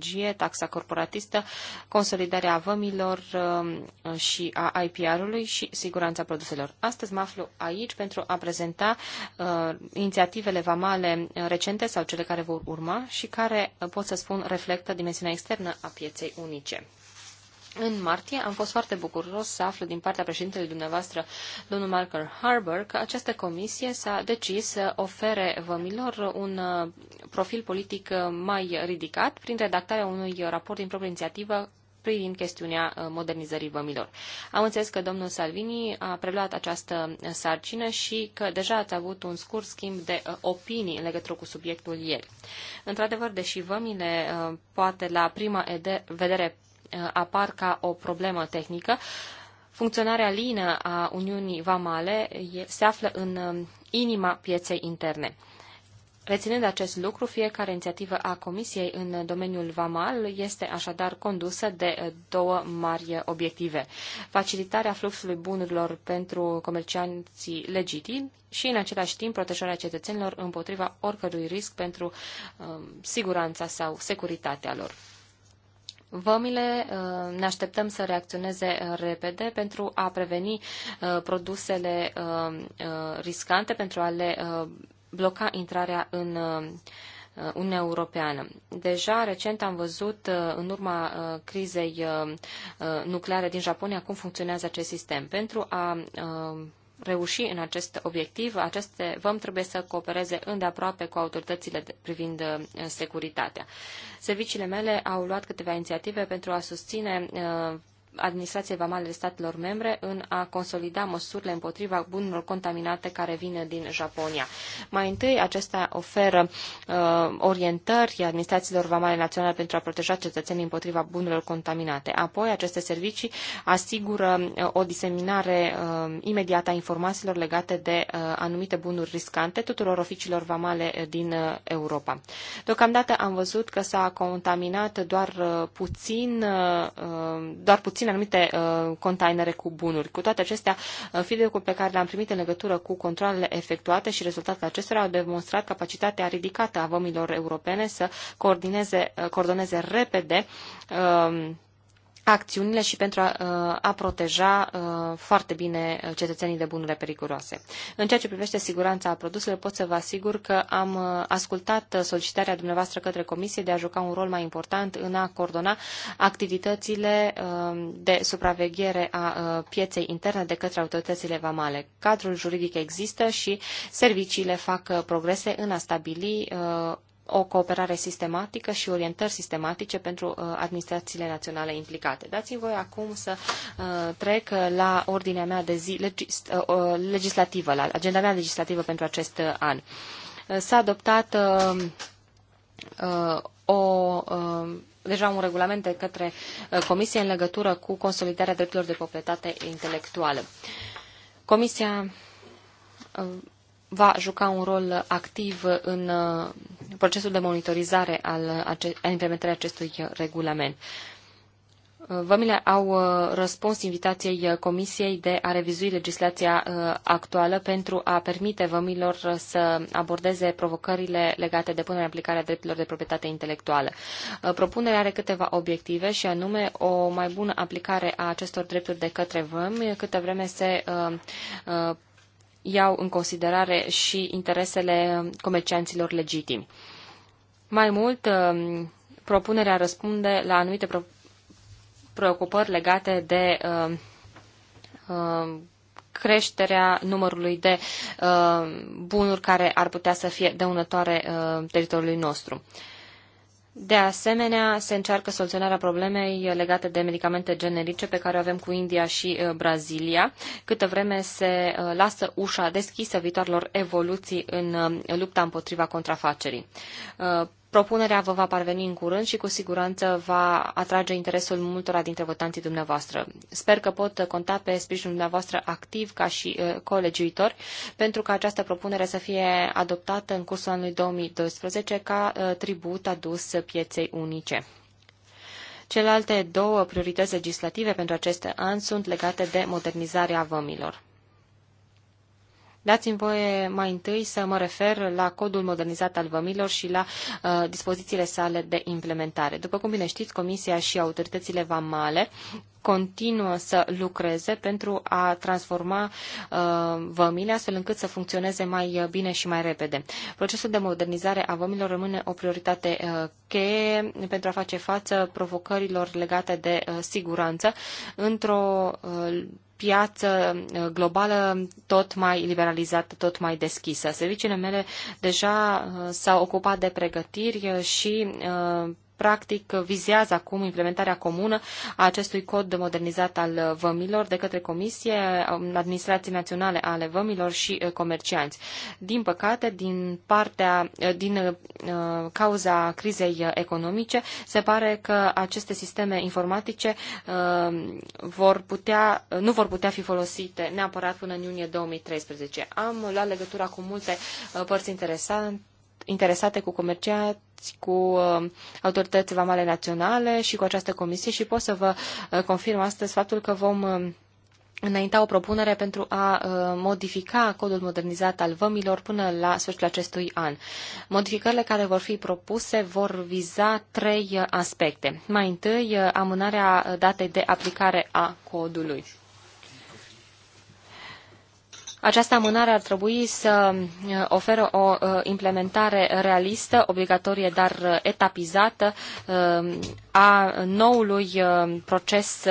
energie, taxa corporatistă, consolidarea vămilor um, și a IPR-ului și siguranța produselor. Astăzi mă aflu aici pentru a prezenta uh, inițiativele vamale recente sau cele care vor urma și care, uh, pot să spun, reflectă dimensiunea externă a pieței unice. În martie am fost foarte bucuros să aflu din partea președintelui dumneavoastră, domnul Marker Harbour, că această comisie s-a decis să ofere vămilor un uh, profil politic uh, mai ridicat prin redactarea unui raport din proprie inițiativă privind chestiunea uh, modernizării vămilor. Am înțeles că domnul Salvini a preluat această sarcină și că deja ați avut un scurt schimb de opinii în legătură cu subiectul ieri. Într-adevăr, deși vămile poate la prima vedere apar ca o problemă tehnică. Funcționarea lină a Uniunii Vamale se află în um, inima pieței interne. Reținând acest lucru, fiecare inițiativă a Comisiei în domeniul VAMAL este așadar condusă de uh, două mari obiective. Facilitarea fluxului bunurilor pentru comercianții legitimi și, în același timp, protejarea cetățenilor împotriva oricărui risc pentru um, siguranța sau securitatea lor. Vămile uh, ne așteptăm să reacționeze uh, repede pentru a preveni uh, produsele riscante, pentru a le bloca intrarea în Uniunea Europeană. Deja recent am văzut în urma crizei nucleare din Japonia cum funcționează acest sistem. Pentru a reuși în acest obiectiv, aceste vom trebuie să coopereze îndeaproape cu autoritățile privind uh, securitatea. Serviciile mele au luat câteva inițiative pentru a susține uh, administrației vamale statelor membre în a consolida măsurile împotriva bunurilor contaminate care vin din Japonia. Mai întâi, acesta oferă uh, orientări administrațiilor vamale naționale pentru a proteja cetățenii împotriva bunurilor contaminate. Apoi, aceste servicii asigură uh, o diseminare uh, imediată a informațiilor legate de uh, anumite bunuri riscante tuturor oficiilor vamale uh, din uh, Europa. Deocamdată am văzut că s-a contaminat doar uh, puțin, uh, uh doar puțin obțin anumite uh, containere cu bunuri. Cu toate acestea, uh, feedback-ul pe care l-am primit în legătură cu controlele efectuate și rezultatele acestora au demonstrat capacitatea ridicată a vămilor europene să coordoneze, uh, coordoneze repede uh, acțiunile și pentru a, ă, a proteja ă, foarte bine ă, cetățenii de bunurile periculoase. În ceea ce privește siguranța produselor, pot să vă asigur că am ascultat solicitarea dumneavoastră către Comisie de a juca un rol mai important în a coordona activitățile de supraveghere a pieței interne de către autoritățile vamale. Cadrul juridic există și serviciile fac progrese în a stabili o cooperare sistematică și orientări sistematice pentru uh, administrațiile naționale implicate. Dați-mi voi acum să uh, trec la ordinea mea de zi legis, uh, legislativă, la agenda mea legislativă pentru acest an. S-a adoptat o deja un regulament de către Comisie în legătură cu consolidarea drepturilor de proprietate intelectuală. Comisia va juca un rol activ în uh, procesul de monitorizare al, implementării acestui regulament. Uh, vămile au uh, răspuns invitației Comisiei de a revizui legislația actuală pentru a permite vămilor să abordeze provocările legate de punerea în aplicare a drepturilor de proprietate intelectuală. Propunerea are câteva obiective și anume o mai bună aplicare a acestor drepturi de către vămi câtă vreme se iau în considerare și interesele comercianților legitimi. Mai mult, um, propunerea răspunde la anumite preocupări legate de um, um, creșterea numărului de bunuri care ar putea să fie dăunătoare teritoriului nostru. De asemenea, se încearcă soluționarea problemei legate de medicamente generice pe care o avem cu India și uh, Brazilia, câtă vreme se uh, lasă ușa deschisă viitoarelor evoluții în uh, lupta împotriva contrafacerii. Propunerea vă va parveni în curând și cu siguranță va atrage interesul multora dintre votanții dumneavoastră. Sper că pot conta pe sprijinul dumneavoastră activ ca și uh, colegiuitor pentru ca această propunere să fie adoptată în cursul anului 2012 ca uh, tribut adus pieței unice. Celelalte două priorități legislative pentru acest an sunt legate de modernizarea vămilor. Dați-mi voie mai întâi să mă refer la codul modernizat al vămilor și la uh, dispozițiile sale de implementare. După cum bine știți, Comisia și autoritățile vamale continuă să lucreze pentru a transforma uh, vămile astfel încât să funcționeze mai bine și mai repede. Procesul de modernizare a vămilor rămâne o prioritate uh, cheie pentru a face față provocărilor legate de uh, siguranță într-o uh, piață uh, globală tot mai liberalizată, tot mai deschisă. Serviciile mele deja uh, s-au ocupat de pregătiri uh, și practic vizează acum implementarea comună a acestui cod modernizat al vămilor de către Comisie, um, Administrații Naționale ale Vămilor și uh, comercianți. Din păcate, din partea, uh, din uh, cauza crizei economice, se pare că aceste sisteme informatice um, vor putea, nu vor putea fi folosite neapărat până în iunie 2013. Am luat legătura cu multe părți interesante interesate cu comerciați, cu uh, autorități vamale naționale și cu această comisie și pot să vă uh, confirm astăzi faptul că vom uh, înainta o propunere pentru a modifica codul modernizat al vămilor până la sfârșitul acestui an. Modificările care vor fi propuse vor viza trei aspecte. Mai întâi, amânarea datei de aplicare a codului. Această amânare ar trebui să uh, oferă o uh, implementare realistă, obligatorie, dar uh, etapizată a noului proces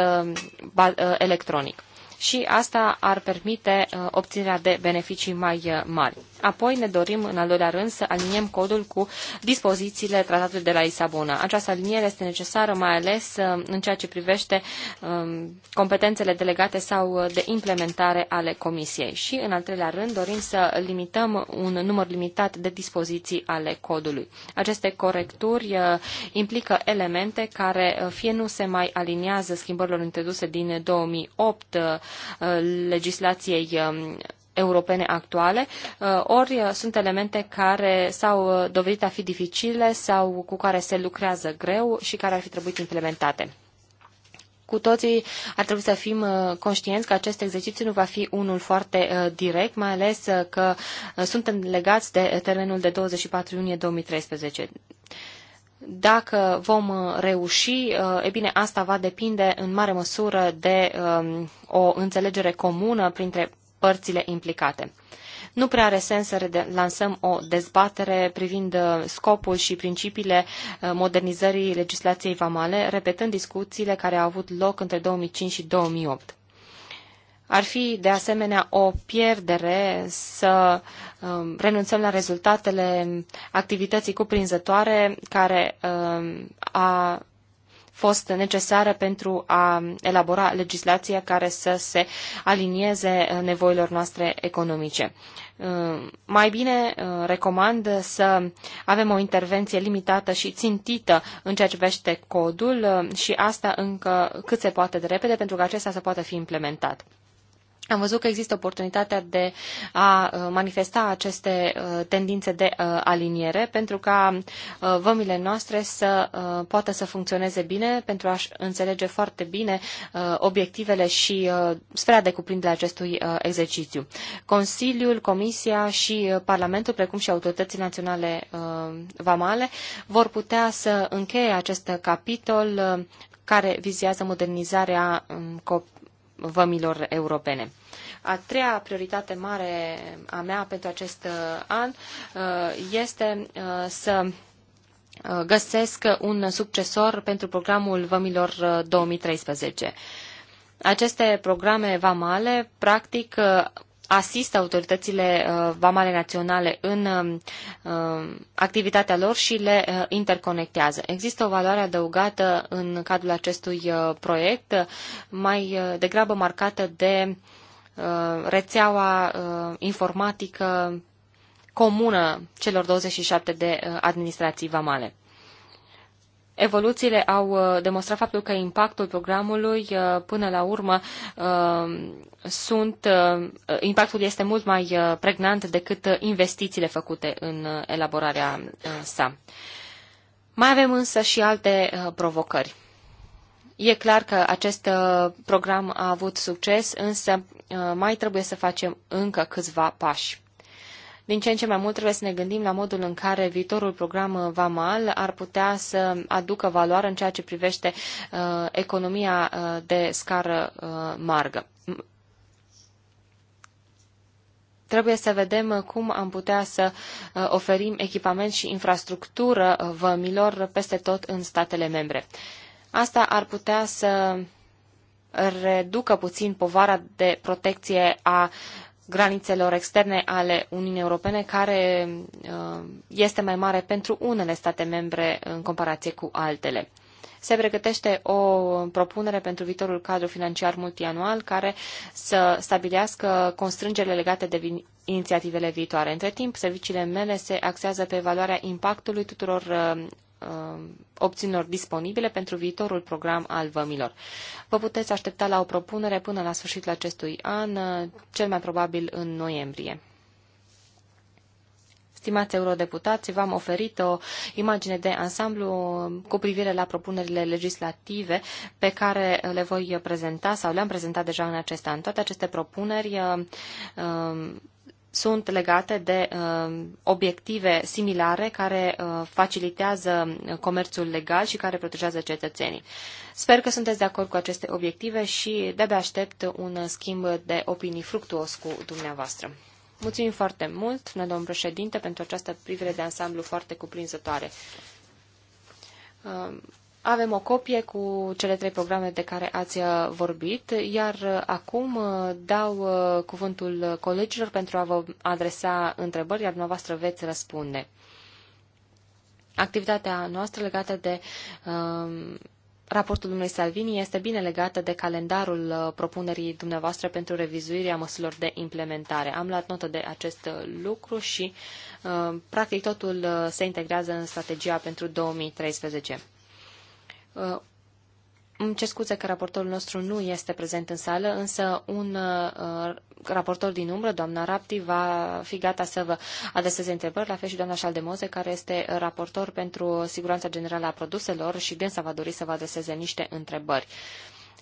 electronic. Și asta ar permite obținerea de beneficii mai mari. Apoi ne dorim, în al doilea rând, să aliniem codul cu dispozițiile tratatului de la Lisabona. Această aliniere este necesară mai ales uh, în ceea ce privește um, competențele delegate sau uh, de implementare ale Comisiei. Și, în al treilea rând, dorim să limităm un număr limitat de dispoziții ale codului. Aceste corecturi uh, implică elemente care uh, fie nu se mai aliniază schimbărilor introduse din 2008 uh, legislației uh, europene actuale, uh, ori uh, sunt elemente care s-au uh, dovedit a fi dificile sau cu care se lucrează greu și care ar fi trebuit implementate cu toții ar trebui să fim conștienți că acest exercițiu nu va fi unul foarte direct, mai ales că suntem legați de termenul de 24 iunie 2013. Dacă vom reuși, e bine, asta va depinde în mare măsură de um, o înțelegere comună printre părțile implicate. Nu prea are sens să lansăm o dezbatere privind uh, scopul și principiile uh, modernizării legislației vamale, repetând discuțiile care au avut loc între 2005 și 2008. Ar fi, de asemenea, o pierdere să um, renunțăm la rezultatele activității cuprinzătoare care um, a fost necesară pentru a elabora legislația care să se alinieze uh, nevoilor noastre economice. Uh, mai bine uh, recomand să avem o intervenție limitată și țintită în ceea ce vește codul și asta încă cât se poate de repede pentru că acesta să poată fi implementat. Am văzut că există oportunitatea de a uh, manifesta aceste uh, tendințe de uh, aliniere pentru ca vămile noastre să poată să funcționeze bine, pentru a-și înțelege foarte bine obiectivele și sfera de cuprindere acestui exercițiu. Consiliul, Comisia și Parlamentul, precum și autoritățile naționale vamale, vor putea să încheie acest capitol care vizează modernizarea um, vămilor europene. A treia prioritate mare a mea pentru acest uh, an uh, este uh, să găsesc un succesor pentru programul vămilor 2013. Aceste programe vamale, practic, asistă autoritățile uh, vamale naționale în uh, uh, activitatea lor și le interconectează. Există o valoare adăugată în cadrul acestui proiect, mai degrabă marcată de rețeaua informatică comună celor 27 de administrații vamale. Evoluțiile au uh, demonstrat faptul că impactul programului uh, până la urmă uh, sunt, impactul este mult mai pregnant decât investițiile făcute în elaborarea sa. Mai avem însă și alte provocări. E clar că acest program a avut succes, însă mai trebuie să facem încă câțiva pași. Din ce în ce mai mult trebuie să ne gândim la modul în care viitorul program uh, VAMAL ar putea să aducă valoare în ceea ce privește uh, economia uh, de scară uh, margă. Trebuie să vedem uh, cum am putea să uh, oferim echipament și infrastructură vămilor peste tot în statele membre. Asta ar putea să reducă puțin povara de protecție a granițelor externe ale Uniunii Europene, care uh, este mai mare pentru unele state membre în comparație cu altele. Se pregătește o propunere pentru viitorul cadru financiar multianual care să stabilească constrângerile legate de inițiativele viitoare. Între timp, serviciile mele se axează pe evaluarea impactului tuturor uh, Um, opțiunilor disponibile pentru viitorul program al vămilor. Vă puteți aștepta la o propunere până la sfârșitul acestui an, uh, cel mai probabil în noiembrie. Stimați eurodeputați, v-am oferit o imagine de ansamblu cu privire la propunerile legislative pe care le voi prezenta sau le-am prezentat deja în acest an. Toate aceste propuneri uh, um, sunt legate de uh, obiective similare care uh, facilitează uh, comerțul legal și care protejează cetățenii. Sper că sunteți de acord cu aceste obiective și de-abia aștept un schimb de opinii fructuos cu dumneavoastră. Mulțumim foarte mult, domnul președinte, pentru această privire de ansamblu foarte cuprinzătoare. Uh, avem o copie cu cele trei programe de care ați uh, vorbit, iar uh, acum uh, dau cuvântul colegilor pentru a vă adresa întrebări, iar dumneavoastră veți răspunde. Activitatea noastră legată de uh, raportul domnului Salvini este bine legată de calendarul propunerii dumneavoastră pentru revizuirea măsurilor de implementare. Am luat notă de acest lucru și, uh, practic, totul se integrează în strategia pentru 2013. Uh, îmi cer scuze că raportorul nostru nu este prezent în sală, însă un uh, raportor din umbră, doamna Rapti, va fi gata să vă adreseze întrebări, la fel și doamna Șaldemoze, care este raportor pentru siguranța generală a produselor și dânsa va dori să vă adreseze niște întrebări.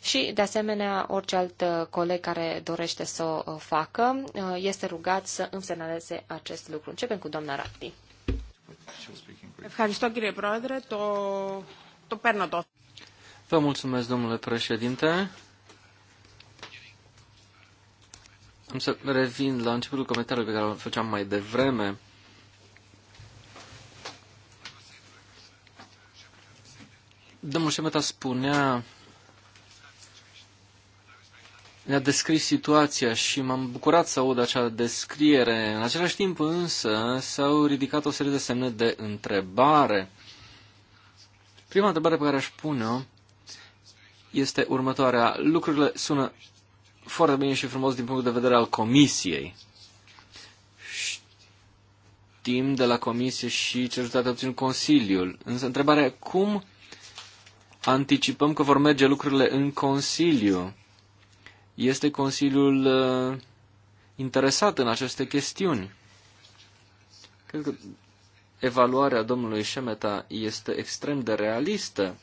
Și, de asemenea, orice alt uh, coleg care dorește să o uh, facă este rugat să însemnaleze acest lucru. Începem cu doamna Rapti. Mulțumesc, κύριε Πρόεδρε. Vă mulțumesc, domnule președinte. Am să revin la începutul comentariului pe care îl făceam mai devreme. Domnul Șemeta spunea, ne-a descris situația și m-am bucurat să aud acea descriere. În același timp însă s-au ridicat o serie de semne de întrebare. Prima întrebare pe care aș pune-o este următoarea. Lucrurile sună foarte bine și frumos din punct de vedere al comisiei. Știm de la comisie și ce rezultate a Consiliul. Însă întrebarea cum anticipăm că vor merge lucrurile în Consiliu? Este Consiliul uh, interesat în aceste chestiuni? Cred că evaluarea domnului Șemeta este extrem de realistă.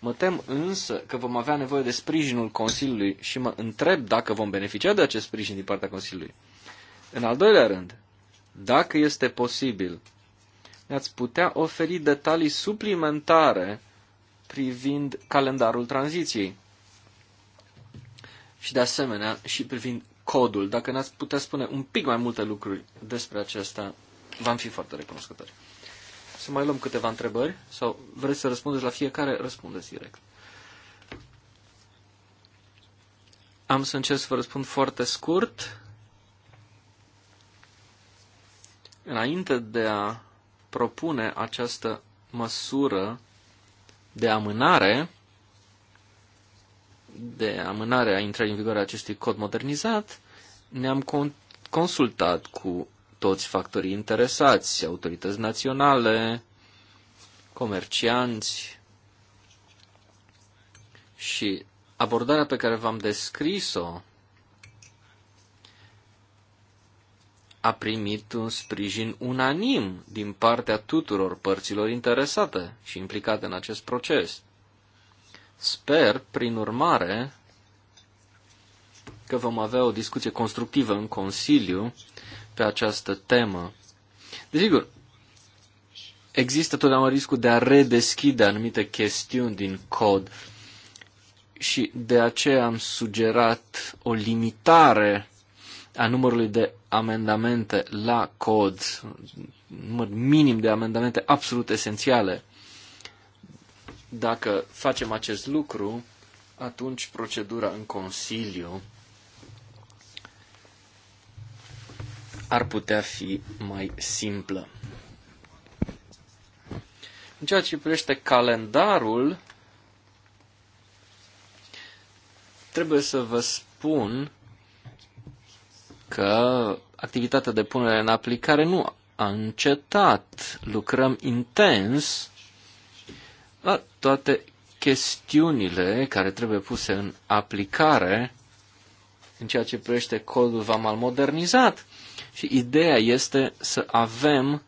Mă tem însă că vom avea nevoie de sprijinul Consiliului și mă întreb dacă vom beneficia de acest sprijin din partea Consiliului. În al doilea rând, dacă este posibil, ne-ați putea oferi detalii suplimentare privind calendarul tranziției și de asemenea și privind codul. Dacă ne-ați putea spune un pic mai multe lucruri despre acesta, v-am fi foarte recunoscători. Să mai luăm câteva întrebări sau vreți să răspundeți la fiecare? Răspundeți direct. Am să încerc să vă răspund foarte scurt. Înainte de a propune această măsură de amânare, de amânare a intrării în vigoare a acestui cod modernizat, ne-am consultat cu toți factorii interesați, autorități naționale, comercianți și abordarea pe care v-am descris-o a primit un sprijin unanim din partea tuturor părților interesate și implicate în acest proces. Sper, prin urmare, că vom avea o discuție constructivă în Consiliu pe această temă. Desigur, există totdeauna riscul de a redeschide anumite chestiuni din cod și de aceea am sugerat o limitare a numărului de amendamente la cod, număr minim de amendamente absolut esențiale. Dacă facem acest lucru, atunci procedura în Consiliu ar putea fi mai simplă. În ceea ce privește calendarul, trebuie să vă spun că activitatea de punere în aplicare nu a încetat. Lucrăm intens la toate chestiunile care trebuie puse în aplicare în ceea ce privește codul vamal modernizat. Și ideea este să avem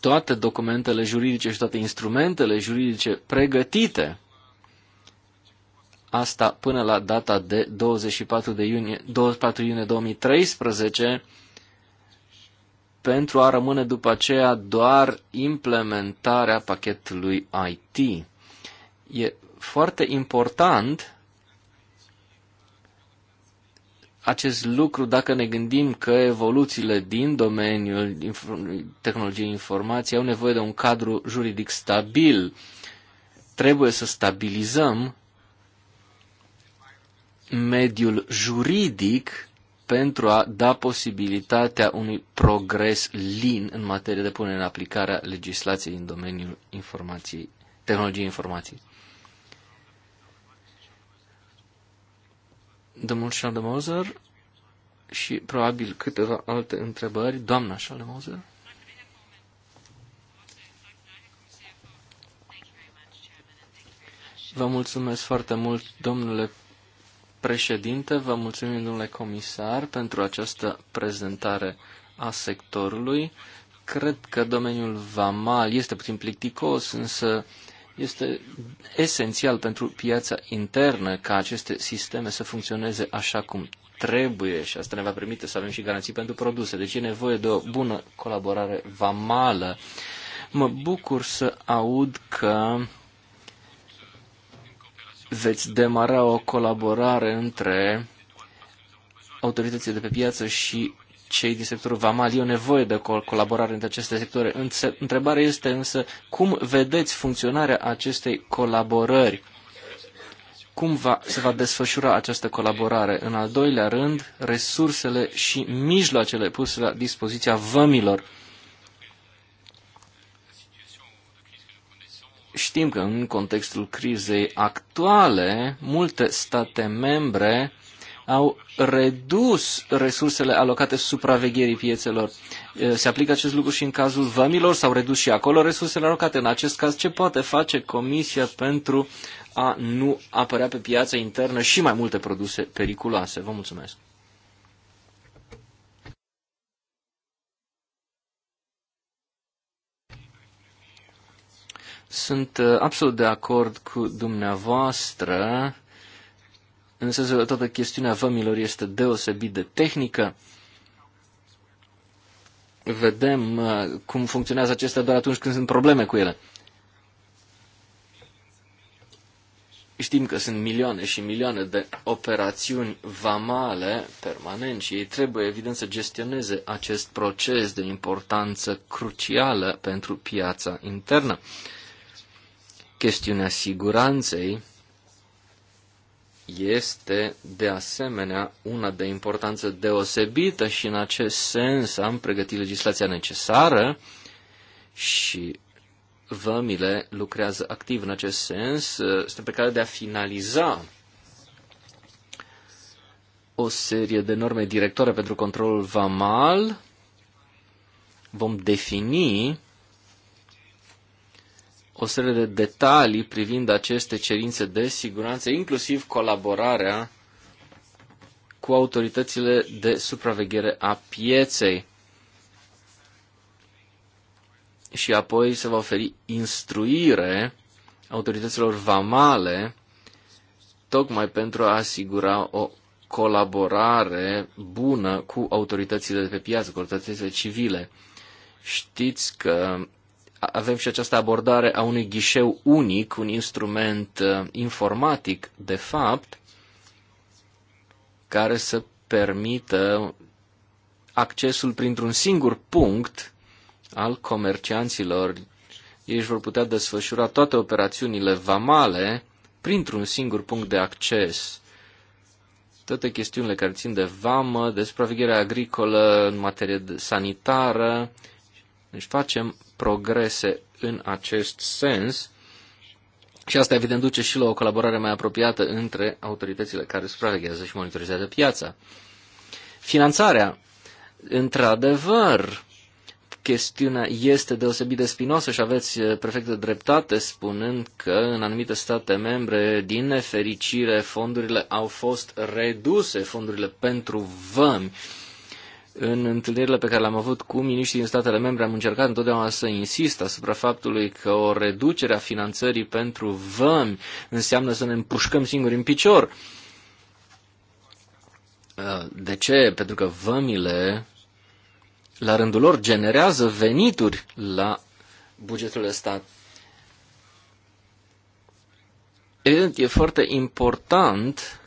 toate documentele juridice și toate instrumentele juridice pregătite. Asta până la data de 24, de iunie, 24 iunie 2013, pentru a rămâne după aceea doar implementarea pachetului IT. E foarte important acest lucru dacă ne gândim că evoluțiile din domeniul tehnologiei informației au nevoie de un cadru juridic stabil. Trebuie să stabilizăm mediul juridic pentru a da posibilitatea unui progres lin în materie de punere în aplicare a legislației în domeniul informației, tehnologiei informației. domnul Schaldemauser și probabil câteva alte întrebări. Doamna Schaldemauser. Vă mulțumesc foarte mult, domnule președinte, vă mulțumim, domnule comisar, pentru această prezentare a sectorului. Cred că domeniul VAMAL este puțin plicticos, însă este esențial pentru piața internă ca aceste sisteme să funcționeze așa cum trebuie și asta ne va permite să avem și garanții pentru produse. Deci e nevoie de o bună colaborare vamală. Mă bucur să aud că veți demara o colaborare între autoritățile de pe piață și cei din sectorul VAMAL, e o nevoie de colaborare între aceste sectoare. Întrebarea este însă cum vedeți funcționarea acestei colaborări? Cum va, se va desfășura această colaborare? În al doilea rând, resursele și mijloacele puse la dispoziția vămilor. Știm că în contextul crizei actuale, multe state membre au redus resursele alocate supravegherii piețelor. Se aplică acest lucru și în cazul vămilor, s-au redus și acolo resursele alocate. În acest caz, ce poate face Comisia pentru a nu apărea pe piața internă și mai multe produse periculoase? Vă mulțumesc! Sunt absolut de acord cu dumneavoastră în sensul că toată chestiunea vămilor este deosebit de tehnică. Vedem uh, cum funcționează acestea doar atunci când sunt probleme cu ele. Știm că sunt milioane și milioane de operațiuni vamale permanent și ei trebuie, evident, să gestioneze acest proces de importanță crucială pentru piața internă. Chestiunea siguranței este de asemenea una de importanță deosebită și în acest sens am pregătit legislația necesară și vămile lucrează activ în acest sens. Este pe care de a finaliza o serie de norme directoare pentru controlul VAMAL. Vom defini o serie de detalii privind aceste cerințe de siguranță, inclusiv colaborarea cu autoritățile de supraveghere a pieței. Și apoi se va oferi instruire autorităților vamale tocmai pentru a asigura o colaborare bună cu autoritățile de pe piață, cu autoritățile civile. Știți că avem și această abordare a unui ghișeu unic, un instrument uh, informatic, de fapt, care să permită accesul printr-un singur punct al comercianților. Ei își vor putea desfășura toate operațiunile vamale printr-un singur punct de acces. Toate chestiunile care țin de vamă, de supraveghere agricolă, în materie de sanitară. Deci facem progrese în acest sens. Și asta, evident, duce și la o colaborare mai apropiată între autoritățile care supraveghează și monitorizează piața. Finanțarea. Într-adevăr, chestiunea este deosebit de spinoasă și aveți eh, perfectă dreptate spunând că în anumite state membre, din nefericire, fondurile au fost reduse, fondurile pentru vămi. Uh, în întâlnirile pe care le-am avut cu miniștrii din statele membre am încercat întotdeauna să insist asupra faptului că o reducere a finanțării pentru vămi înseamnă să ne împușcăm singuri în picior. Uh, de ce? Pentru că vămile, la rândul lor, generează venituri la bugetul de stat. Evident, e foarte important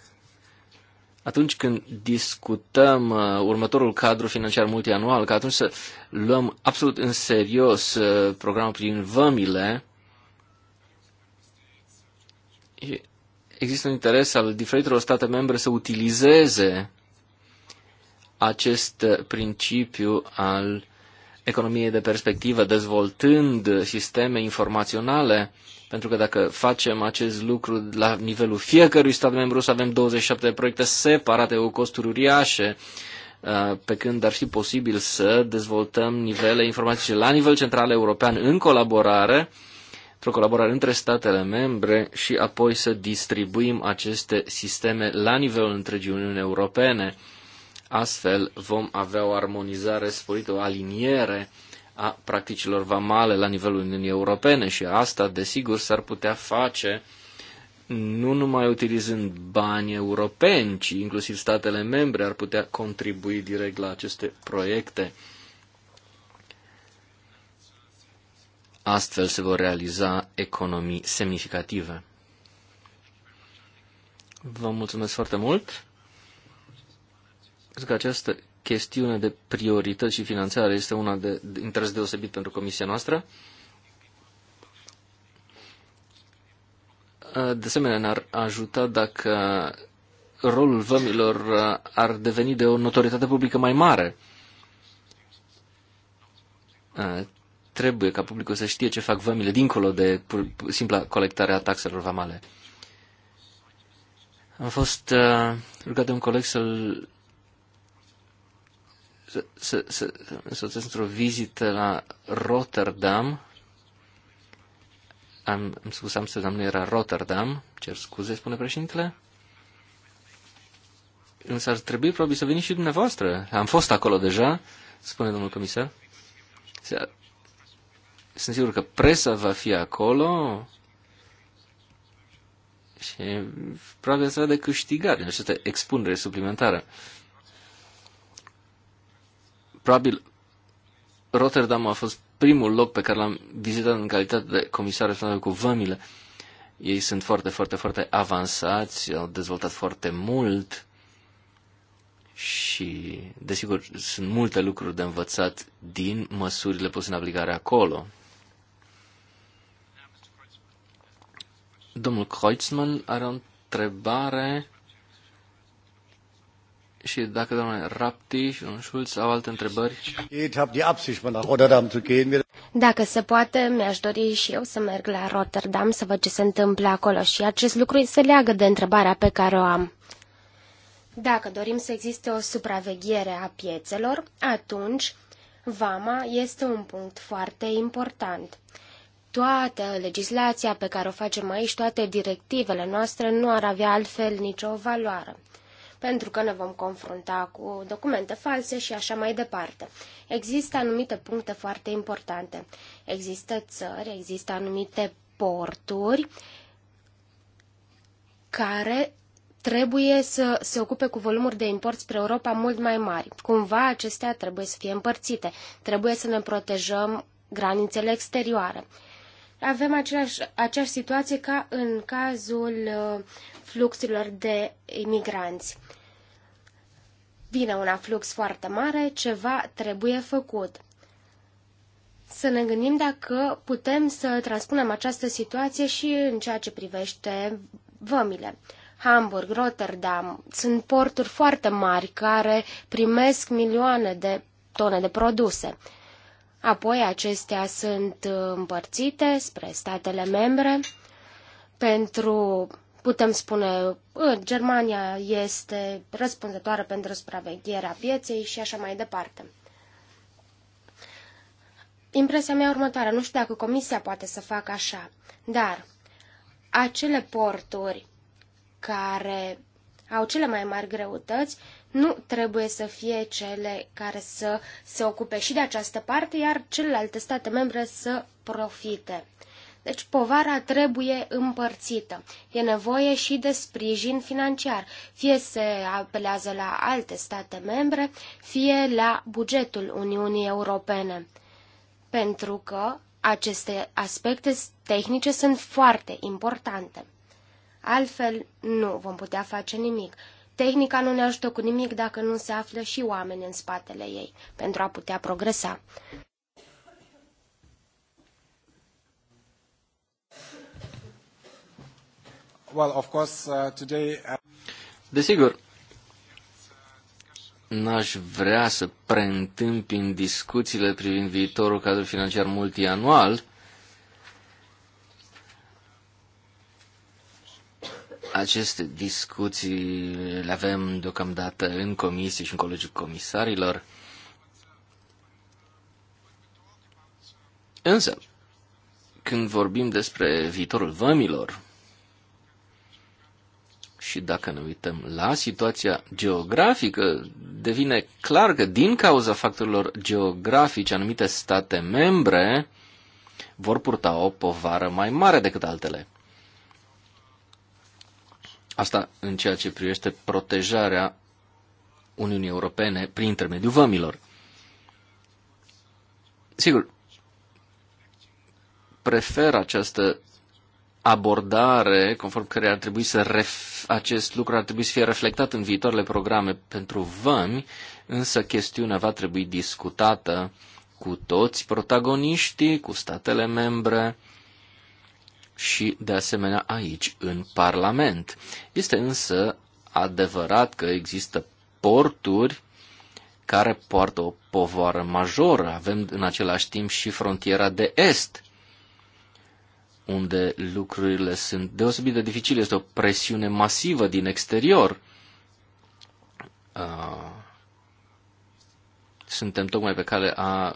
atunci când discutăm uh, următorul cadru financiar multianual, că atunci să luăm absolut în serios uh, programul prin vămile, există un interes al diferitelor state membre să utilizeze acest uh, principiu al economiei de perspectivă, dezvoltând sisteme informaționale pentru că dacă facem acest lucru la nivelul fiecărui stat membru, să avem 27 de proiecte separate cu costuri uriașe, uh, pe când ar fi posibil să dezvoltăm nivele informatice la nivel central european în colaborare, într-o colaborare între statele membre și apoi să distribuim aceste sisteme la nivelul întregii Uniuni Europene. Astfel vom avea o armonizare sporită, o aliniere a practicilor vamale la nivelul Uniunii Europene și asta, desigur, s-ar putea face nu numai utilizând bani europeni, ci inclusiv statele membre ar putea contribui direct la aceste proiecte. Astfel se vor realiza economii semnificative. Vă mulțumesc foarte mult. Cred că această chestiune de priorități și finanțare este una de interes deosebit pentru comisia noastră. De asemenea, ne-ar ajuta dacă rolul vămilor ar deveni de o notorietate publică mai mare. Trebuie ca publicul să știe ce fac vămile dincolo de simpla colectare a taxelor vamale. Am fost uh, rugat de un coleg să-l să, să, să într-o vizită la Rotterdam. Am, am spus Amsterdam, nu era Rotterdam, cer scuze, spune președintele. Însă ar trebui probabil să veniți și dumneavoastră. Am fost acolo deja, spune domnul comisar. Sunt sigur că presa va fi acolo și probabil să de câștigat din această expunere suplimentară. Probabil Rotterdam a fost primul loc pe care l-am vizitat în calitate de comisar responsabil cu vămile. Ei sunt foarte, foarte, foarte avansați, au dezvoltat foarte mult și, desigur, sunt multe lucruri de învățat din măsurile puse în aplicare acolo. Domnul Kreutzmann are o întrebare și dacă domnule Rapti și un Schulz au alte întrebări... Dacă se poate, mi-aș dori și eu să merg la Rotterdam să văd ce se întâmplă acolo și acest lucru se leagă de întrebarea pe care o am. Dacă dorim să existe o supraveghere a piețelor, atunci vama este un punct foarte important. Toată legislația pe care o facem aici, toate directivele noastre nu ar avea altfel nicio valoare pentru că ne vom confrunta cu documente false și așa mai departe. Există anumite puncte foarte importante. Există țări, există anumite porturi care trebuie să se ocupe cu volumuri de import spre Europa mult mai mari. Cumva acestea trebuie să fie împărțite. Trebuie să ne protejăm granițele exterioare avem aceeași, aceeași situație ca în cazul uh, fluxurilor de imigranți. Vine un aflux foarte mare, ceva trebuie făcut. Să ne gândim dacă putem să transpunem această situație și în ceea ce privește vămile. Hamburg, Rotterdam sunt porturi foarte mari care primesc milioane de tone de produse. Apoi acestea sunt împărțite spre statele membre. Pentru, putem spune, ă, Germania este răspunzătoare pentru supravegherea pieței și așa mai departe. Impresia mea următoare, nu știu dacă Comisia poate să facă așa, dar acele porturi care au cele mai mari greutăți nu trebuie să fie cele care să se ocupe și de această parte, iar celelalte state membre să profite. Deci povara trebuie împărțită. E nevoie și de sprijin financiar. Fie se apelează la alte state membre, fie la bugetul Uniunii Europene. Pentru că aceste aspecte tehnice sunt foarte importante. Altfel, nu vom putea face nimic. Tehnica nu ne ajută cu nimic dacă nu se află și oameni în spatele ei pentru a putea progresa. Well, of course, uh, today... Uh, Desigur, n-aș vrea să preîntâmpin discuțiile privind viitorul cadru financiar multianual, Aceste discuții le avem deocamdată în comisie și în colegiul comisarilor. Însă, când vorbim despre viitorul vămilor și dacă ne uităm la situația geografică, devine clar că din cauza factorilor geografice anumite state membre vor purta o povară mai mare decât altele. Asta în ceea ce privește protejarea Uniunii Europene prin intermediul vămilor. Sigur, prefer această abordare conform care ar trebui să ref, acest lucru ar trebui să fie reflectat în viitoarele programe pentru vămi, însă chestiunea va trebui discutată cu toți protagoniștii, cu statele membre, și de asemenea aici în Parlament. Este însă adevărat că există porturi care poartă o povară majoră. Avem în același timp și frontiera de est, unde lucrurile sunt deosebit de dificile. Este o presiune masivă din exterior. Suntem tocmai pe cale a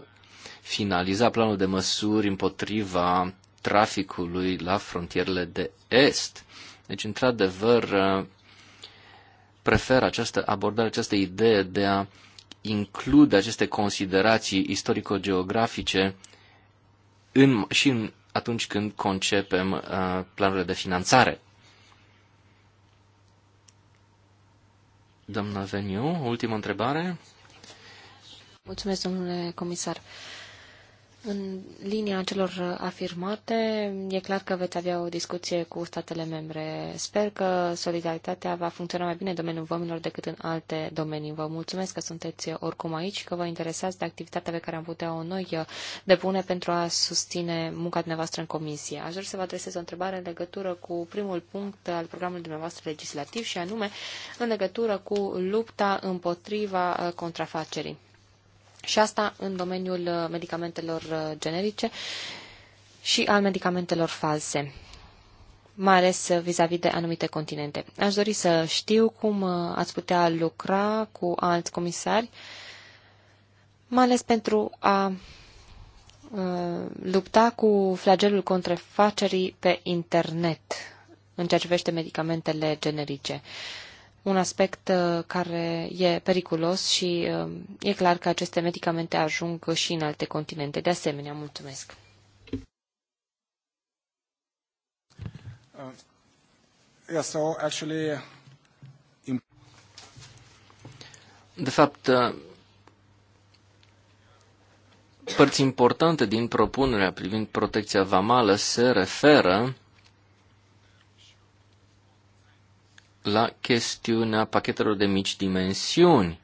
finaliza planul de măsuri împotriva traficului la frontierele de est. Deci, într-adevăr, prefer această abordare, această idee de a include aceste considerații istorico-geografice în, și în, atunci când concepem uh, planurile de finanțare. Doamna Veniu, ultimă întrebare. Mulțumesc, domnule comisar. Uh, în linia celor afirmate, e clar că veți avea o discuție cu statele membre. Sper că solidaritatea va funcționa mai bine în domeniul vămilor decât în alte domenii. Vă mulțumesc că sunteți oricum aici și că vă interesați de activitatea pe care am putea-o noi uh, depune pentru a susține munca dumneavoastră în comisie. Aș dori să vă adresez o întrebare în legătură cu primul punct al programului dumneavoastră legislativ și anume în legătură cu lupta împotriva uh, contrafacerii. Și asta în domeniul uh, medicamentelor uh, generice și al medicamentelor false mai ales uh, vis-a-vis -vis de anumite continente. Aș dori să știu cum ați putea lucra cu alți comisari, mai ales pentru a lupta cu flagelul contrafacerii pe internet în ceea ce privește medicamentele generice. Uh, un aspect uh, care e periculos și uh, e clar că aceste medicamente ajung și în alte continente. De asemenea, mulțumesc. Uh, De fapt, părți importante din propunerea privind protecția vamală se referă la chestiunea pachetelor de mici dimensiuni.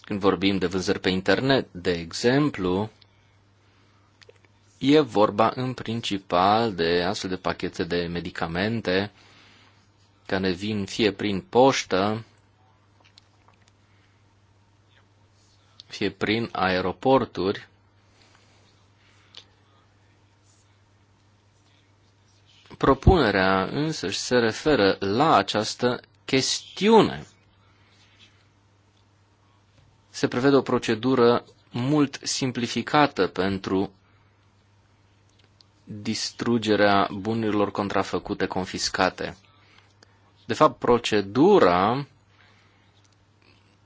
Când vorbim de vânzări pe internet, de exemplu, e vorba în principal de astfel de pachete de medicamente care vin fie prin poștă, fie prin aeroporturi, Propunerea însăși se referă la această chestiune. Se prevede o procedură mult simplificată pentru distrugerea bunurilor contrafăcute confiscate. De fapt, procedura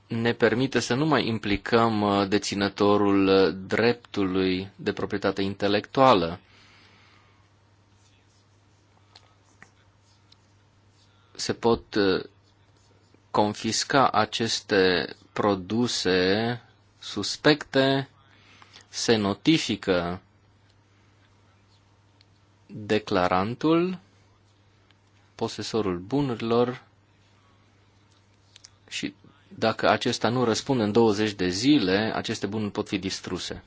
ne permite să nu mai implicăm uh, deținătorul dreptului de proprietate intelectuală. se pot uh, confisca aceste produse suspecte, se notifică declarantul, posesorul bunurilor și dacă acesta nu răspunde în 20 de zile, aceste bunuri pot fi distruse.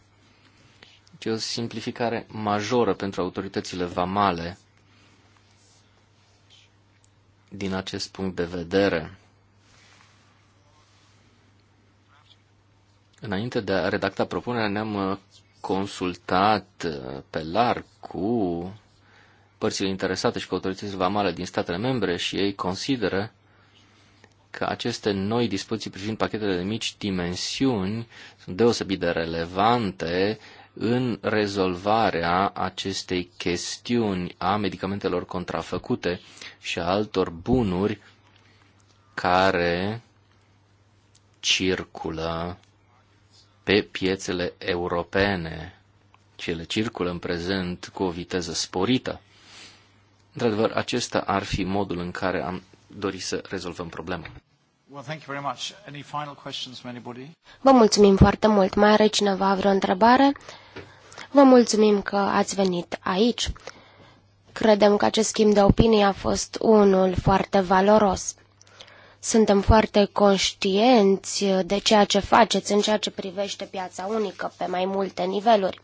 Deci e o simplificare majoră pentru autoritățile vamale din acest punct de vedere. Înainte de a redacta propunerea, ne-am uh, consultat uh, pe larg cu părțile interesate și cu autoritățile vamale din statele membre și ei consideră că aceste noi dispoziții privind pachetele de mici dimensiuni sunt deosebit de relevante în rezolvarea acestei chestiuni a medicamentelor contrafăcute și a altor bunuri care circulă pe piețele europene. Cele circulă în prezent cu o viteză sporită. Într-adevăr, acesta ar fi modul în care am dori să rezolvăm problema. Vă mulțumim foarte mult. Mai are cineva vreo întrebare? Vă mulțumim că ați venit aici. Credem că acest schimb de opinii a fost unul foarte valoros. Suntem foarte conștienți de ceea ce faceți în ceea ce privește piața unică pe mai multe niveluri.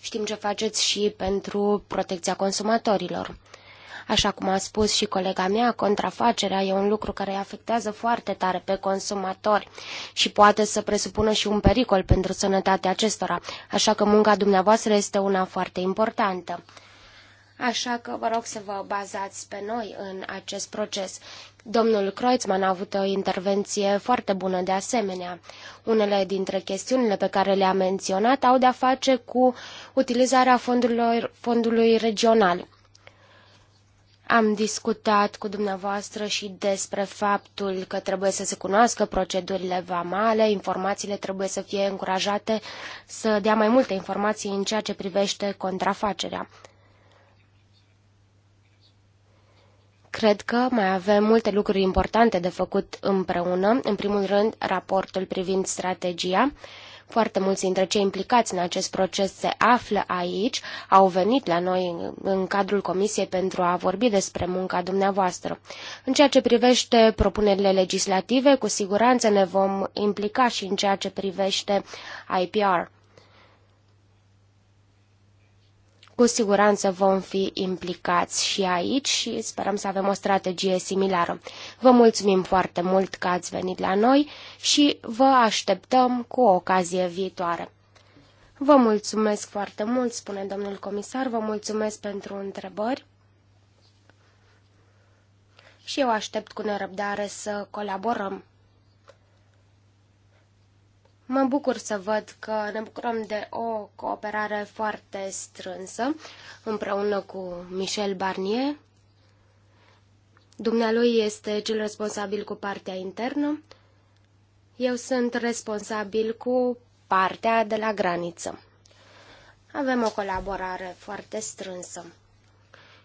Știm ce faceți și pentru protecția consumatorilor. Așa cum a spus și colega mea, contrafacerea e un lucru care îi afectează foarte tare pe consumatori și poate să presupună și un pericol pentru sănătatea acestora, așa că munca dumneavoastră este una foarte importantă. Așa că vă rog să vă bazați pe noi în acest proces. Domnul Kreutzmann a avut o intervenție foarte bună de asemenea. Unele dintre chestiunile pe care le-a menționat au de-a face cu utilizarea fondurilor, fondului regional. Am discutat cu dumneavoastră și despre faptul că trebuie să se cunoască procedurile vamale, informațiile trebuie să fie încurajate să dea mai multe informații în ceea ce privește contrafacerea. Cred că mai avem multe lucruri importante de făcut împreună, în primul rând raportul privind strategia, foarte mulți dintre cei implicați în acest proces se află aici, au venit la noi în cadrul Comisiei pentru a vorbi despre munca dumneavoastră. În ceea ce privește propunerile legislative, cu siguranță ne vom implica și în ceea ce privește IPR. Cu siguranță vom fi implicați și aici și sperăm să avem o strategie similară. Vă mulțumim foarte mult că ați venit la noi și vă așteptăm cu o ocazie viitoare. Vă mulțumesc foarte mult, spune domnul comisar, vă mulțumesc pentru întrebări și eu aștept cu nerăbdare să colaborăm. Mă bucur să văd că ne bucurăm de o cooperare foarte strânsă împreună cu Michel Barnier. Dumnealui este cel responsabil cu partea internă. Eu sunt responsabil cu partea de la graniță. Avem o colaborare foarte strânsă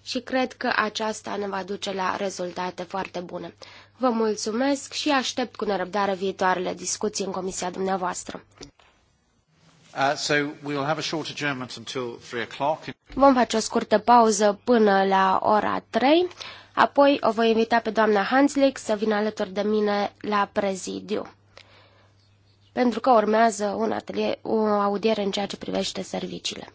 și cred că aceasta ne va duce la rezultate foarte bune. Vă mulțumesc și aștept cu nerăbdare viitoarele discuții în comisia dumneavoastră. Uh, Vom face o scurtă pauză până la ora 3, apoi o voi invita pe doamna Hanslick să vină alături de mine la prezidiu, pentru că urmează un atelier, o audiere în ceea ce privește serviciile.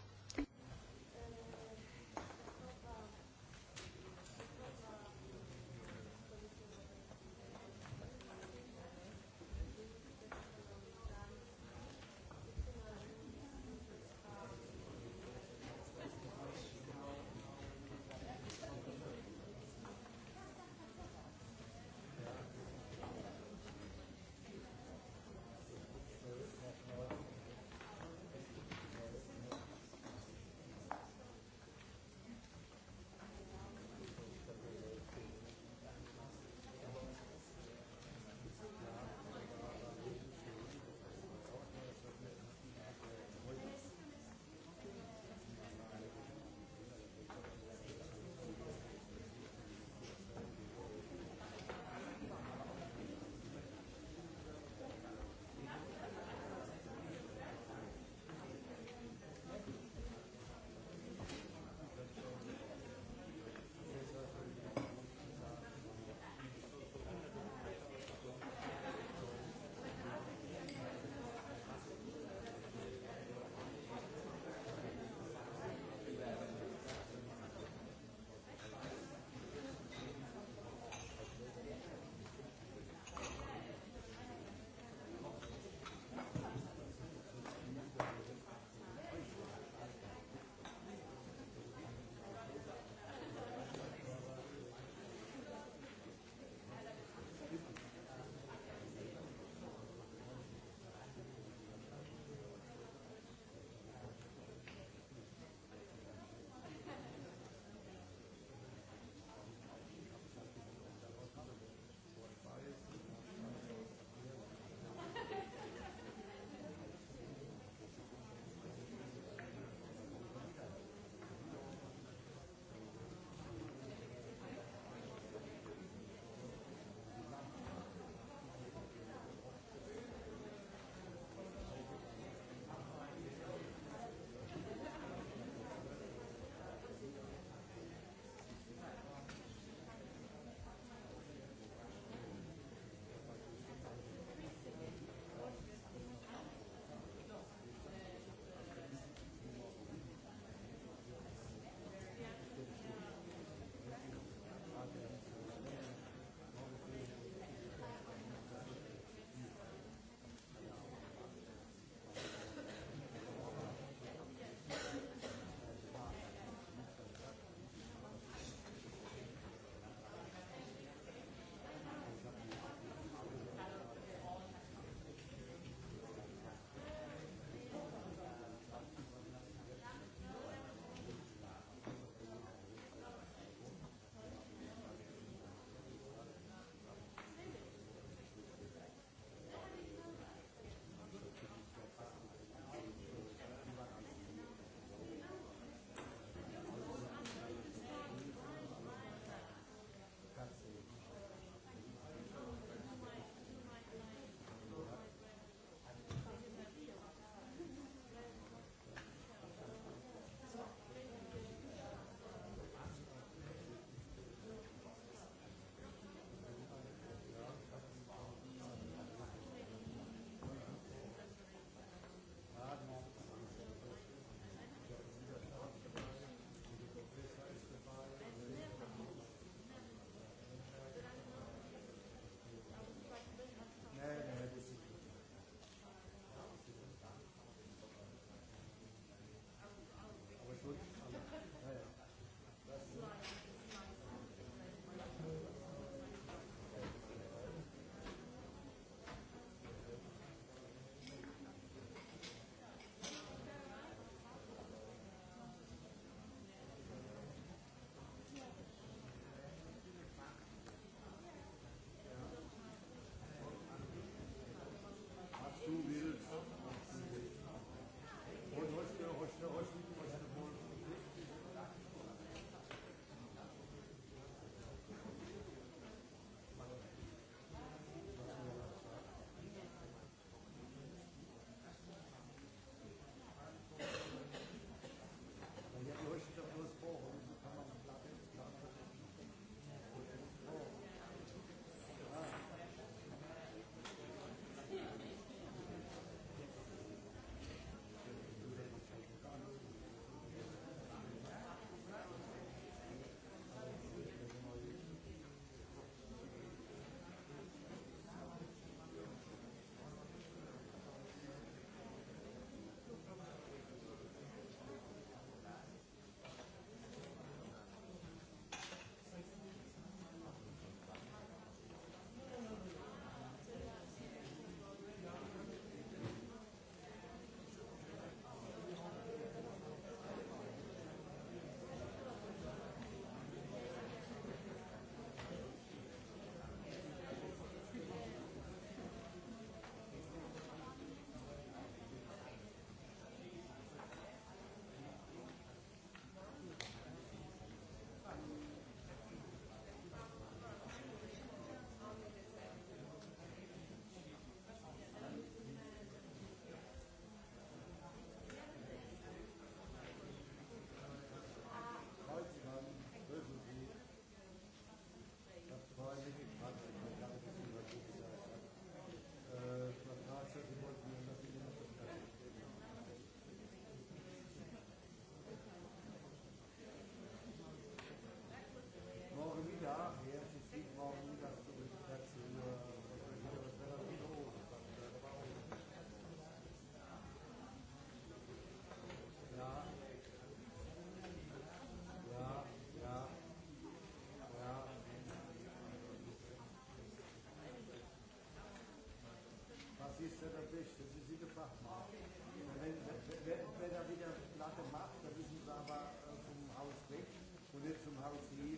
ist er der Beste. Sie sind der Fachmann. Wenn, wenn, wenn er wieder Platte macht, dann müssen Sie aber vom Haus weg und nicht zum Haus hier.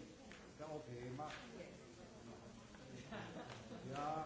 Der OP macht. Ja.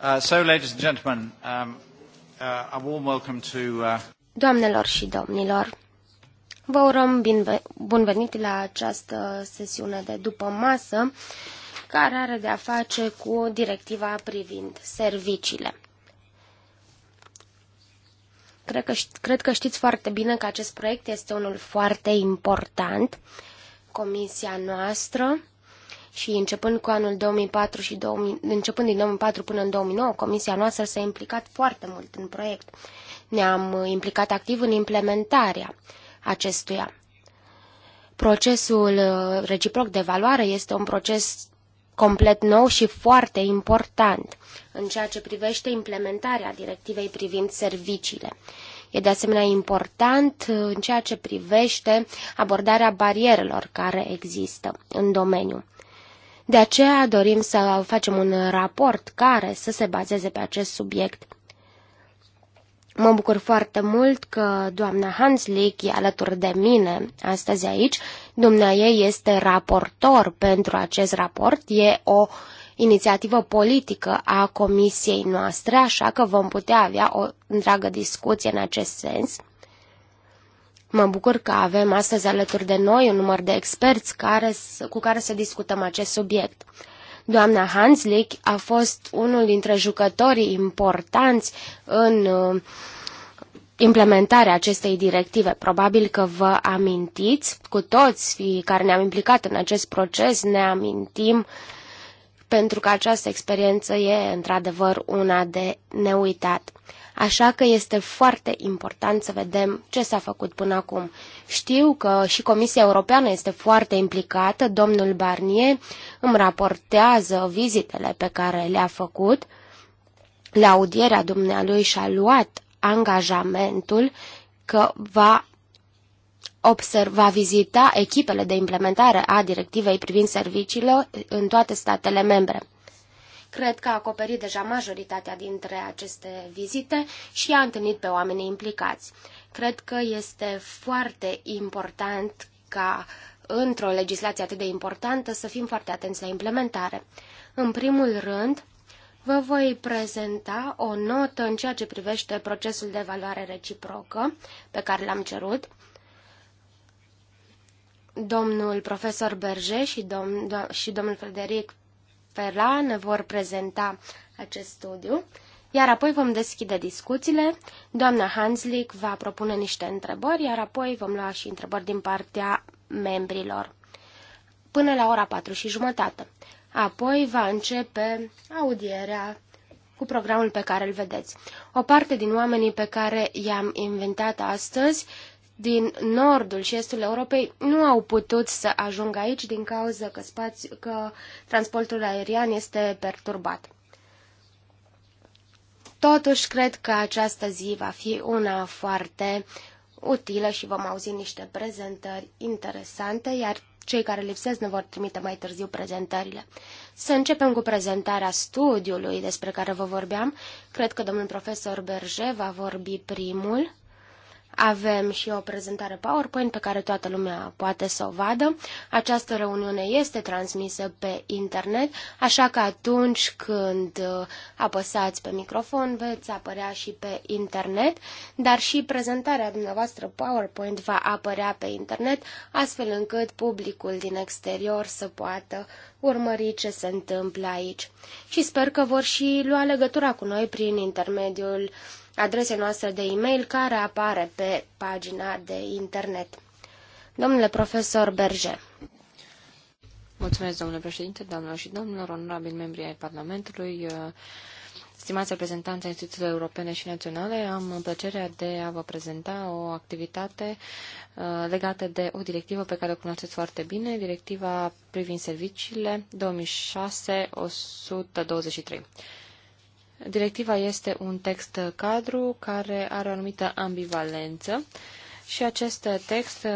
Uh, so, ladies and gentlemen, um, uh, a warm welcome to... Uh... Doamnelor și domnilor, vă urăm bun venit la această sesiune de după masă care are de-a face cu directiva privind serviciile. Cred că, cred că știți foarte bine că acest proiect este unul foarte important. Comisia noastră și începând cu anul 2004 și 2000, începând din 2004 până în 2009, comisia noastră s-a implicat foarte mult în proiect. Ne-am uh, implicat activ în implementarea acestuia. Procesul uh, reciproc de valoare este un proces complet nou și foarte important în ceea ce privește implementarea directivei privind serviciile. E de asemenea important uh, în ceea ce privește abordarea barierelor care există în domeniu. De aceea dorim să facem un raport care să se bazeze pe acest subiect. Mă bucur foarte mult că doamna Hanslick e alături de mine astăzi aici. Dumnea ei este raportor pentru acest raport. E o inițiativă politică a comisiei noastre, așa că vom putea avea o întreagă discuție în acest sens. Mă bucur că avem astăzi alături de noi un număr de experți care, cu care să discutăm acest subiect. Doamna Hanslick a fost unul dintre jucătorii importanți în uh, implementarea acestei directive. Probabil că vă amintiți, cu toți care ne-am implicat în acest proces, ne amintim pentru că această experiență e într-adevăr una de neuitat. Așa că este foarte important să vedem ce s-a făcut până acum. Știu că și Comisia Europeană este foarte implicată. Domnul Barnier îmi raportează vizitele pe care le-a făcut. La audierea dumnealui și-a luat angajamentul că va observa vizita echipele de implementare a directivei privind serviciile în toate statele membre. Cred că a acoperit deja majoritatea dintre aceste vizite și a întâlnit pe oamenii implicați. Cred că este foarte important ca într-o legislație atât de importantă să fim foarte atenți la implementare. În primul rând, vă voi prezenta o notă în ceea ce privește procesul de evaluare reciprocă pe care l-am cerut. Domnul profesor Berge și, dom- do- și domnul Frederic Ferla ne vor prezenta acest studiu, iar apoi vom deschide discuțiile. Doamna Hanslick va propune niște întrebări, iar apoi vom lua și întrebări din partea membrilor până la ora 4 și jumătate. Apoi va începe audierea cu programul pe care îl vedeți. O parte din oamenii pe care i-am inventat astăzi din nordul și estul Europei nu au putut să ajungă aici din cauza că, spați, că transportul aerian este perturbat. Totuși, cred că această zi va fi una foarte utilă și vom auzi niște prezentări interesante, iar cei care lipsesc ne vor trimite mai târziu prezentările. Să începem cu prezentarea studiului despre care vă vorbeam. Cred că domnul profesor Berge va vorbi primul. Avem și o prezentare PowerPoint pe care toată lumea poate să o vadă. Această reuniune este transmisă pe internet, așa că atunci când uh, apăsați pe microfon veți apărea și pe internet, dar și prezentarea dumneavoastră PowerPoint va apărea pe internet, astfel încât publicul din exterior să poată urmări ce se întâmplă aici. Și sper că vor și lua legătura cu noi prin intermediul adrese noastre de e-mail care apare pe pagina de internet. Domnule profesor Berge. Mulțumesc, domnule președinte, doamnelor și domnilor, onorabili membri ai Parlamentului, uh, stimați reprezentanți ai instituțiilor europene și naționale, am plăcerea de a vă prezenta o activitate uh, legată de o directivă pe care o cunoașteți foarte bine, directiva privind serviciile 2006-123. Directiva este un text cadru care are o anumită ambivalență și acest text uh,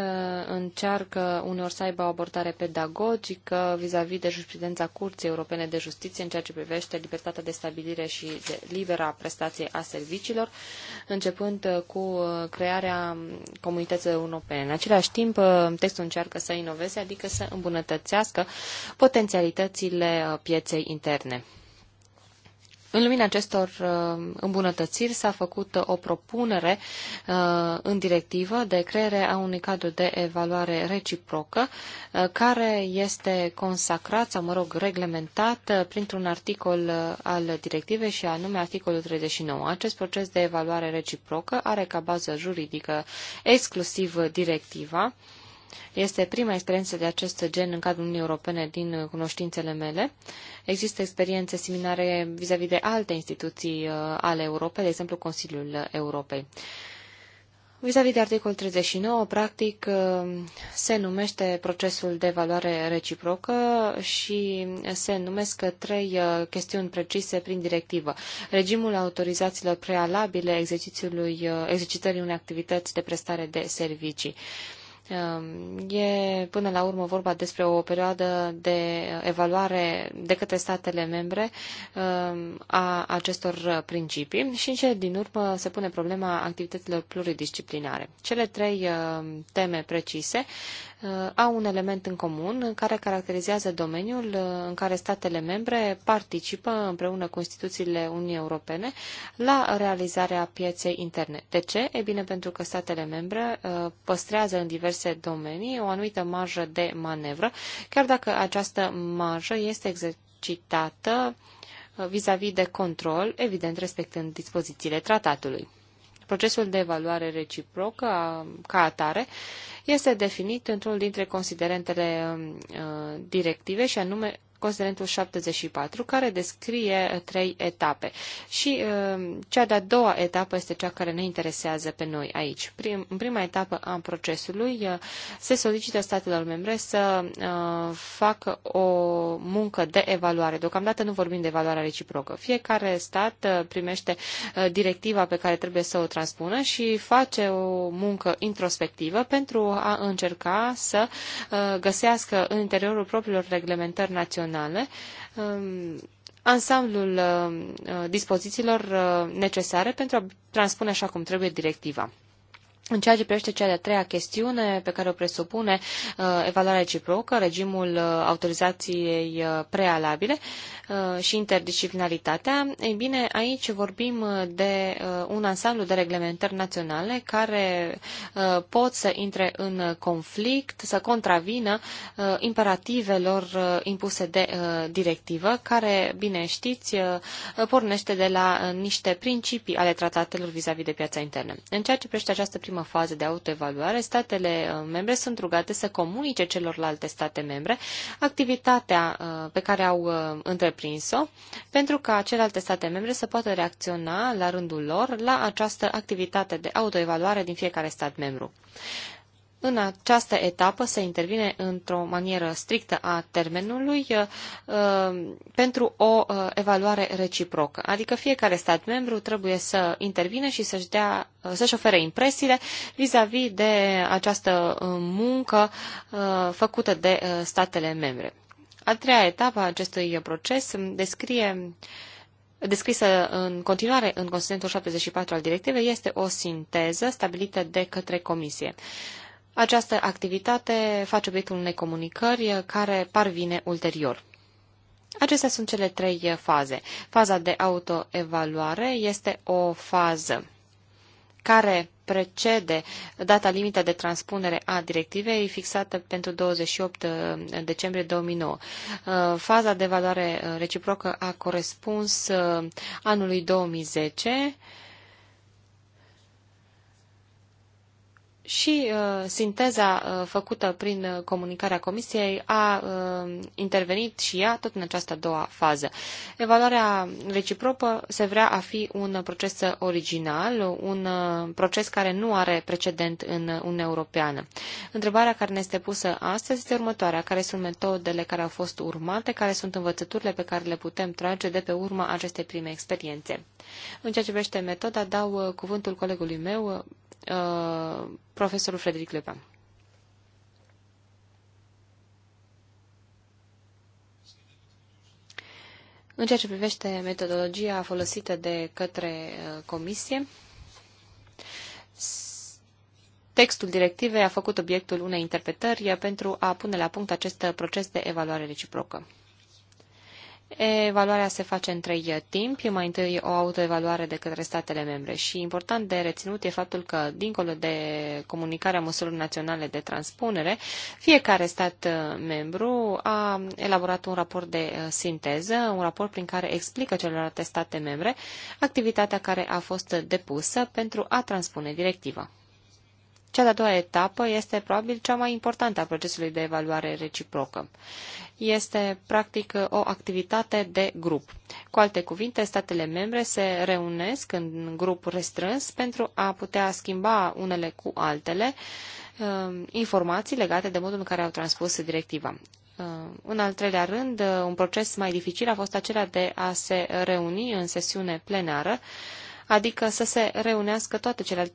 încearcă uneori să aibă o abordare pedagogică vis-a-vis -vis de jurisprudența Curții Europene de Justiție în ceea ce privește libertatea de stabilire și de libera prestație a serviciilor, începând uh, cu uh, crearea comunității europene. În același timp, textul încearcă să inoveze, adică să îmbunătățească potențialitățile pieței interne. În lumina acestor uh, îmbunătățiri s-a făcut o propunere uh, în directivă de creare a unui cadru de evaluare reciprocă uh, care este consacrat sau, mă rog, reglementat printr-un articol al directivei și anume articolul 39. Acest proces de evaluare reciprocă are ca bază juridică exclusiv directiva este prima experiență de acest gen în cadrul Uniunii Europene din cunoștințele mele. Există experiențe similare vis-a-vis de alte instituții uh, ale Europei, de exemplu Consiliul Europei. Vis-a-vis -vis de articol 39, practic uh, se numește procesul de evaluare reciprocă și se numesc trei uh, chestiuni precise prin directivă. Regimul autorizațiilor prealabile exercițiului, exercitării unei activități de prestare de servicii. Ehm, e până la urmă vorba despre o perioadă de evaluare de către statele membre ehm, a acestor principii și în cele din urmă se pune problema activităților pluridisciplinare. Cele trei ehm, teme precise Uh, au un element în comun care caracterizează domeniul uh, în care statele membre participă împreună cu instituțiile Uniunii Europene la realizarea pieței interne. De ce? E bine pentru că statele membre uh, păstrează în diverse domenii o anumită marjă de manevră, chiar dacă această marjă este exercitată vis-a-vis -vis de control, evident respectând dispozițiile tratatului. Procesul de evaluare reciprocă ca atare este definit într-unul dintre considerentele um, uh, directive și anume considerentul 74, care descrie uh, trei etape. Și uh, cea de-a doua etapă este cea care ne interesează pe noi aici. Prim, în prima etapă a procesului uh, se solicită statelor membre să facă o muncă de evaluare. Deocamdată nu vorbim de evaluarea reciprocă. Fiecare stat primește directiva pe care trebuie să o transpună și face o muncă introspectivă pentru a încerca să găsească în interiorul propriilor reglementări naționale naționale, um, ansamblul uh, dispozițiilor uh, necesare pentru a transpune așa cum trebuie directiva. În ceea ce privește cea de-a treia chestiune pe care o presupune uh, evaluarea reciprocă, regimul uh, autorizației uh, prealabile uh, și interdisciplinaritatea, ei bine, aici vorbim uh, de uh, un ansamblu de reglementări naționale care uh, pot să intre în conflict, să contravină uh, imperativelor uh, impuse de uh, directivă, care, bine știți, uh, pornește de la uh, niște principii ale tratatelor vis-a-vis -vis de piața internă. În ceea ce privește această primă ultimă fază de autoevaluare, statele uh, membre sunt rugate să comunice celorlalte state membre activitatea uh, pe care au uh, întreprins-o, pentru ca celelalte state membre să poată reacționa la rândul lor la această activitate de autoevaluare din fiecare stat membru. În această etapă se intervine într-o manieră strictă a termenului uh, uh, pentru o uh, evaluare reciprocă. Adică fiecare stat membru trebuie să intervine și să-și, dea, să-și ofere impresiile vis-a-vis -vis de această muncă făcută de statele membre. A treia etapă a acestui proces descrie descrisă în continuare în consentul 74 al directivei, este o sinteză stabilită de către Comisie. Această activitate face obiectul unei comunicări care parvine ulterior. Acestea sunt cele trei faze. Faza de autoevaluare este o fază care precede data limită de transpunere a directivei fixată pentru 28 uh, decembrie 2009. Uh, faza de evaluare uh, reciprocă a corespuns anului 2010 Și uh, sinteza uh, făcută prin uh, comunicarea Comisiei a uh, intervenit și ea tot în această a doua fază. Evaluarea reciprocă se vrea a fi un proces original, un uh, proces care nu are precedent în Uniunea Europeană. Întrebarea care ne este pusă astăzi este următoarea. Care sunt metodele care au fost urmate? Care sunt învățăturile pe care le putem trage de pe urma acestei prime experiențe? În ceea ce privește metoda, dau uh, cuvântul colegului meu, Uh, profesorul Frederic Lepan. În ceea ce privește metodologia folosită de către uh, comisie, textul directivei a făcut obiectul unei interpretări pentru a pune la punct acest proces de evaluare reciprocă. Evaluarea se face în trei uh, timp, mai întâi o autoevaluare de către statele membre și important de reținut e faptul că, dincolo de comunicarea măsurilor naționale de transpunere, fiecare stat uh, membru a elaborat un raport de uh, sinteză, un raport prin care explică celorlalte state membre activitatea care a fost depusă pentru a transpune directiva. Cea de-a doua etapă este probabil cea mai importantă a procesului de evaluare reciprocă. Este practic o activitate de grup. Cu alte cuvinte, statele membre se reunesc în grup restrâns pentru a putea schimba unele cu altele um, informații legate de modul în care au transpus directiva. Um, în al treilea rând, un proces mai dificil a fost acela de a se reuni în sesiune plenară, adică să se reunească toate cele,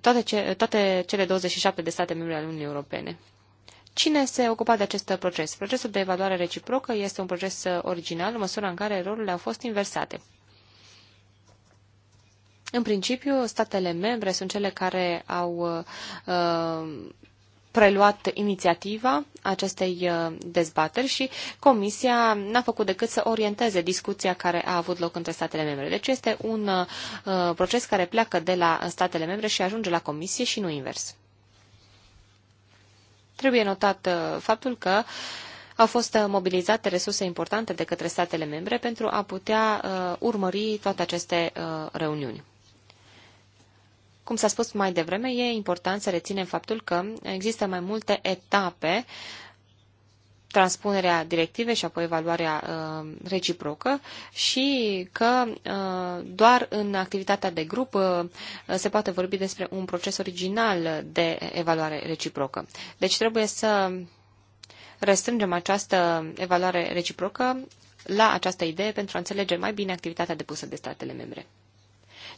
toate, toate cele 27 de state membre ale Uniunii Europene. Cine se ocupa de acest proces? Procesul de evaluare reciprocă este un proces uh, original în măsura în care rolurile au fost inversate. În principiu, statele membre sunt cele care au uh, uh preluat inițiativa acestei uh, dezbateri și Comisia n-a făcut decât să orienteze discuția care a avut loc între statele membre. Deci este un uh, proces care pleacă de la statele membre și ajunge la Comisie și nu invers. Trebuie notat uh, faptul că au fost mobilizate resurse importante de către statele membre pentru a putea urmări toate aceste reuniuni. Cum s-a spus mai devreme, e important să reținem faptul că există mai multe etape transpunerea directivei și apoi evaluarea uh, reciprocă și că uh, doar în activitatea de grup uh, se poate vorbi despre un proces original de evaluare reciprocă. Deci trebuie să restrângem această evaluare reciprocă la această idee pentru a înțelege mai bine activitatea depusă de statele membre.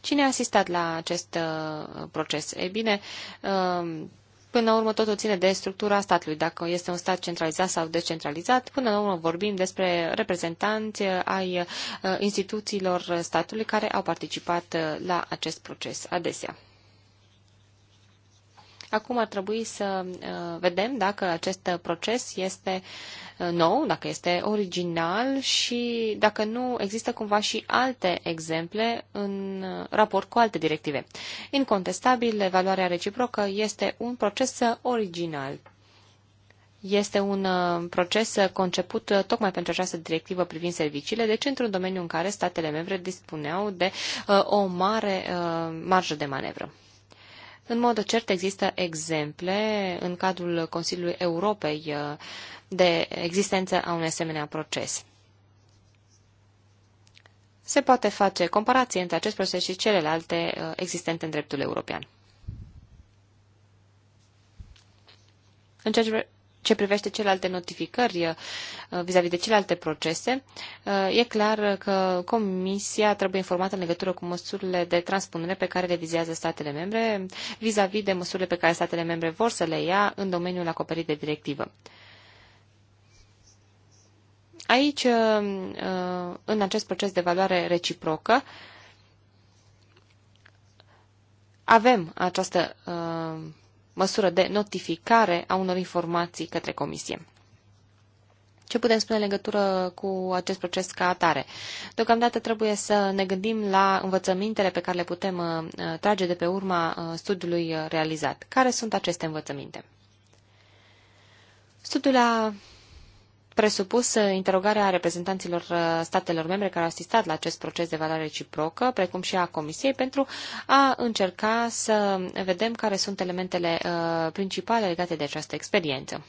Cine a asistat la acest uh, proces? E bine, uh, Până la urmă, totul ține de structura statului, dacă este un stat centralizat sau descentralizat. Până la urmă, vorbim despre reprezentanți ai uh, instituțiilor statului care au participat uh, la acest proces adesea. Acum ar trebui să uh, vedem dacă acest proces este uh, nou, dacă este original și dacă nu există cumva și alte exemple în uh, raport cu alte directive. Incontestabil, evaluarea reciprocă este un proces original. Este un proces conceput tocmai pentru această directivă privind serviciile, deci într-un domeniu în care statele membre dispuneau de o mare marjă de manevră. În mod cert există exemple în cadrul Consiliului Europei uh, de existență a unui asemenea proces. Se poate face comparație între acest proces și celelalte uh, existente în dreptul european. În ceea ce ce privește celelalte notificări uh, vis-a-vis -vis de celelalte procese, uh, e clar că Comisia trebuie informată în legătură cu măsurile de transpunere pe care le vizează statele membre vis-a-vis -vis de măsurile pe care statele membre vor să le ia în domeniul acoperit de directivă. Aici, uh, în acest proces de valoare reciprocă, avem această uh, măsură de notificare a unor informații către comisie. Ce putem spune în legătură cu acest proces ca atare? Deocamdată trebuie să ne gândim la învățămintele pe care le putem uh, trage de pe urma uh, studiului realizat. Care sunt aceste învățăminte? Studiul a presupus interogarea reprezentanților uh, statelor membre care au asistat la acest proces de valoare reciprocă, precum și a Comisiei, pentru a încerca să vedem care sunt elementele uh, principale legate de această experiență.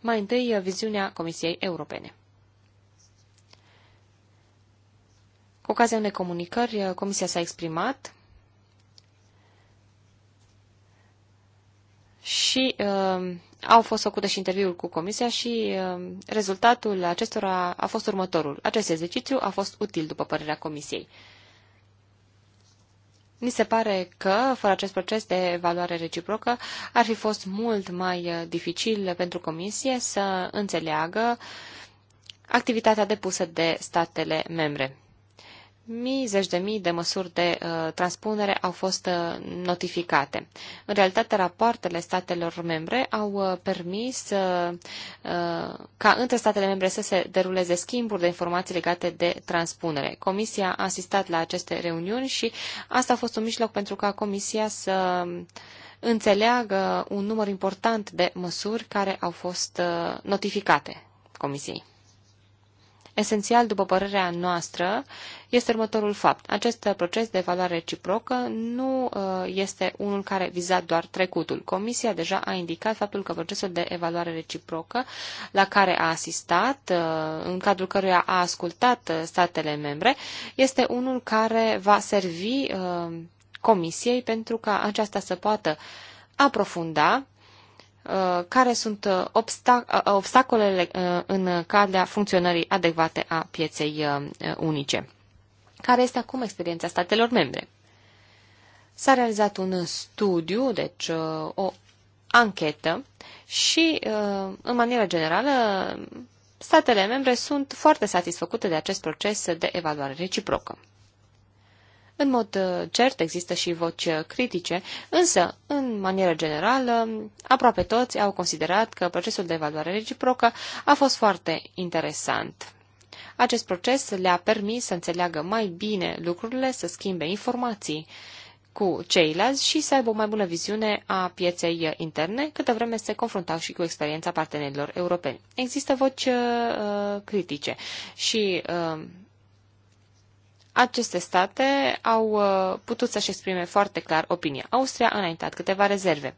Mai întâi, uh, viziunea Comisiei Europene. Cu ocazia unei comunicări, Comisia s-a exprimat și uh, au fost făcute și interviuri cu comisia și uh, rezultatul acestora a fost următorul. Acest exercițiu a fost util, după părerea comisiei. Ni se pare că, fără acest proces de evaluare reciprocă, ar fi fost mult mai uh, dificil pentru comisie să înțeleagă activitatea depusă de statele membre mii, zeci de mii de măsuri de uh, transpunere au fost uh, notificate. În realitate, rapoartele statelor membre au uh, permis uh, uh, ca între statele membre să se deruleze schimburi de informații legate de transpunere. Comisia a asistat la aceste reuniuni și asta a fost un mijloc pentru ca Comisia să uh, înțeleagă un număr important de măsuri care au fost notificate Comisiei. Esențial, după părerea noastră, este următorul fapt. Acest proces de evaluare reciprocă nu uh, este unul care viza doar trecutul. Comisia deja a indicat faptul că procesul de evaluare reciprocă la care a asistat, uh, în cadrul căruia a ascultat uh, statele membre, este unul care va servi Comisiei pentru ca aceasta să poată aprofunda Uh, care sunt uh, uh, obstacolele în calea funcționării adecvate a pieței unice. Care este acum experiența statelor membre? S-a realizat un studiu, deci o anchetă și, în manieră generală, statele membre sunt foarte satisfăcute de acest proces de evaluare reciprocă. În mod uh, cert, există și voci uh, critice, însă, în manieră generală, aproape toți au considerat că procesul de evaluare reciprocă a fost foarte interesant. Acest proces le-a permis să înțeleagă mai bine lucrurile, să schimbe informații cu ceilalți și să aibă o mai bună viziune a pieței interne, câtă vreme se confruntau și cu experiența partenerilor europeni. Există voci uh, critice și uh, aceste state au uh, putut să-și exprime foarte clar opinia. Austria a înaintat câteva rezerve.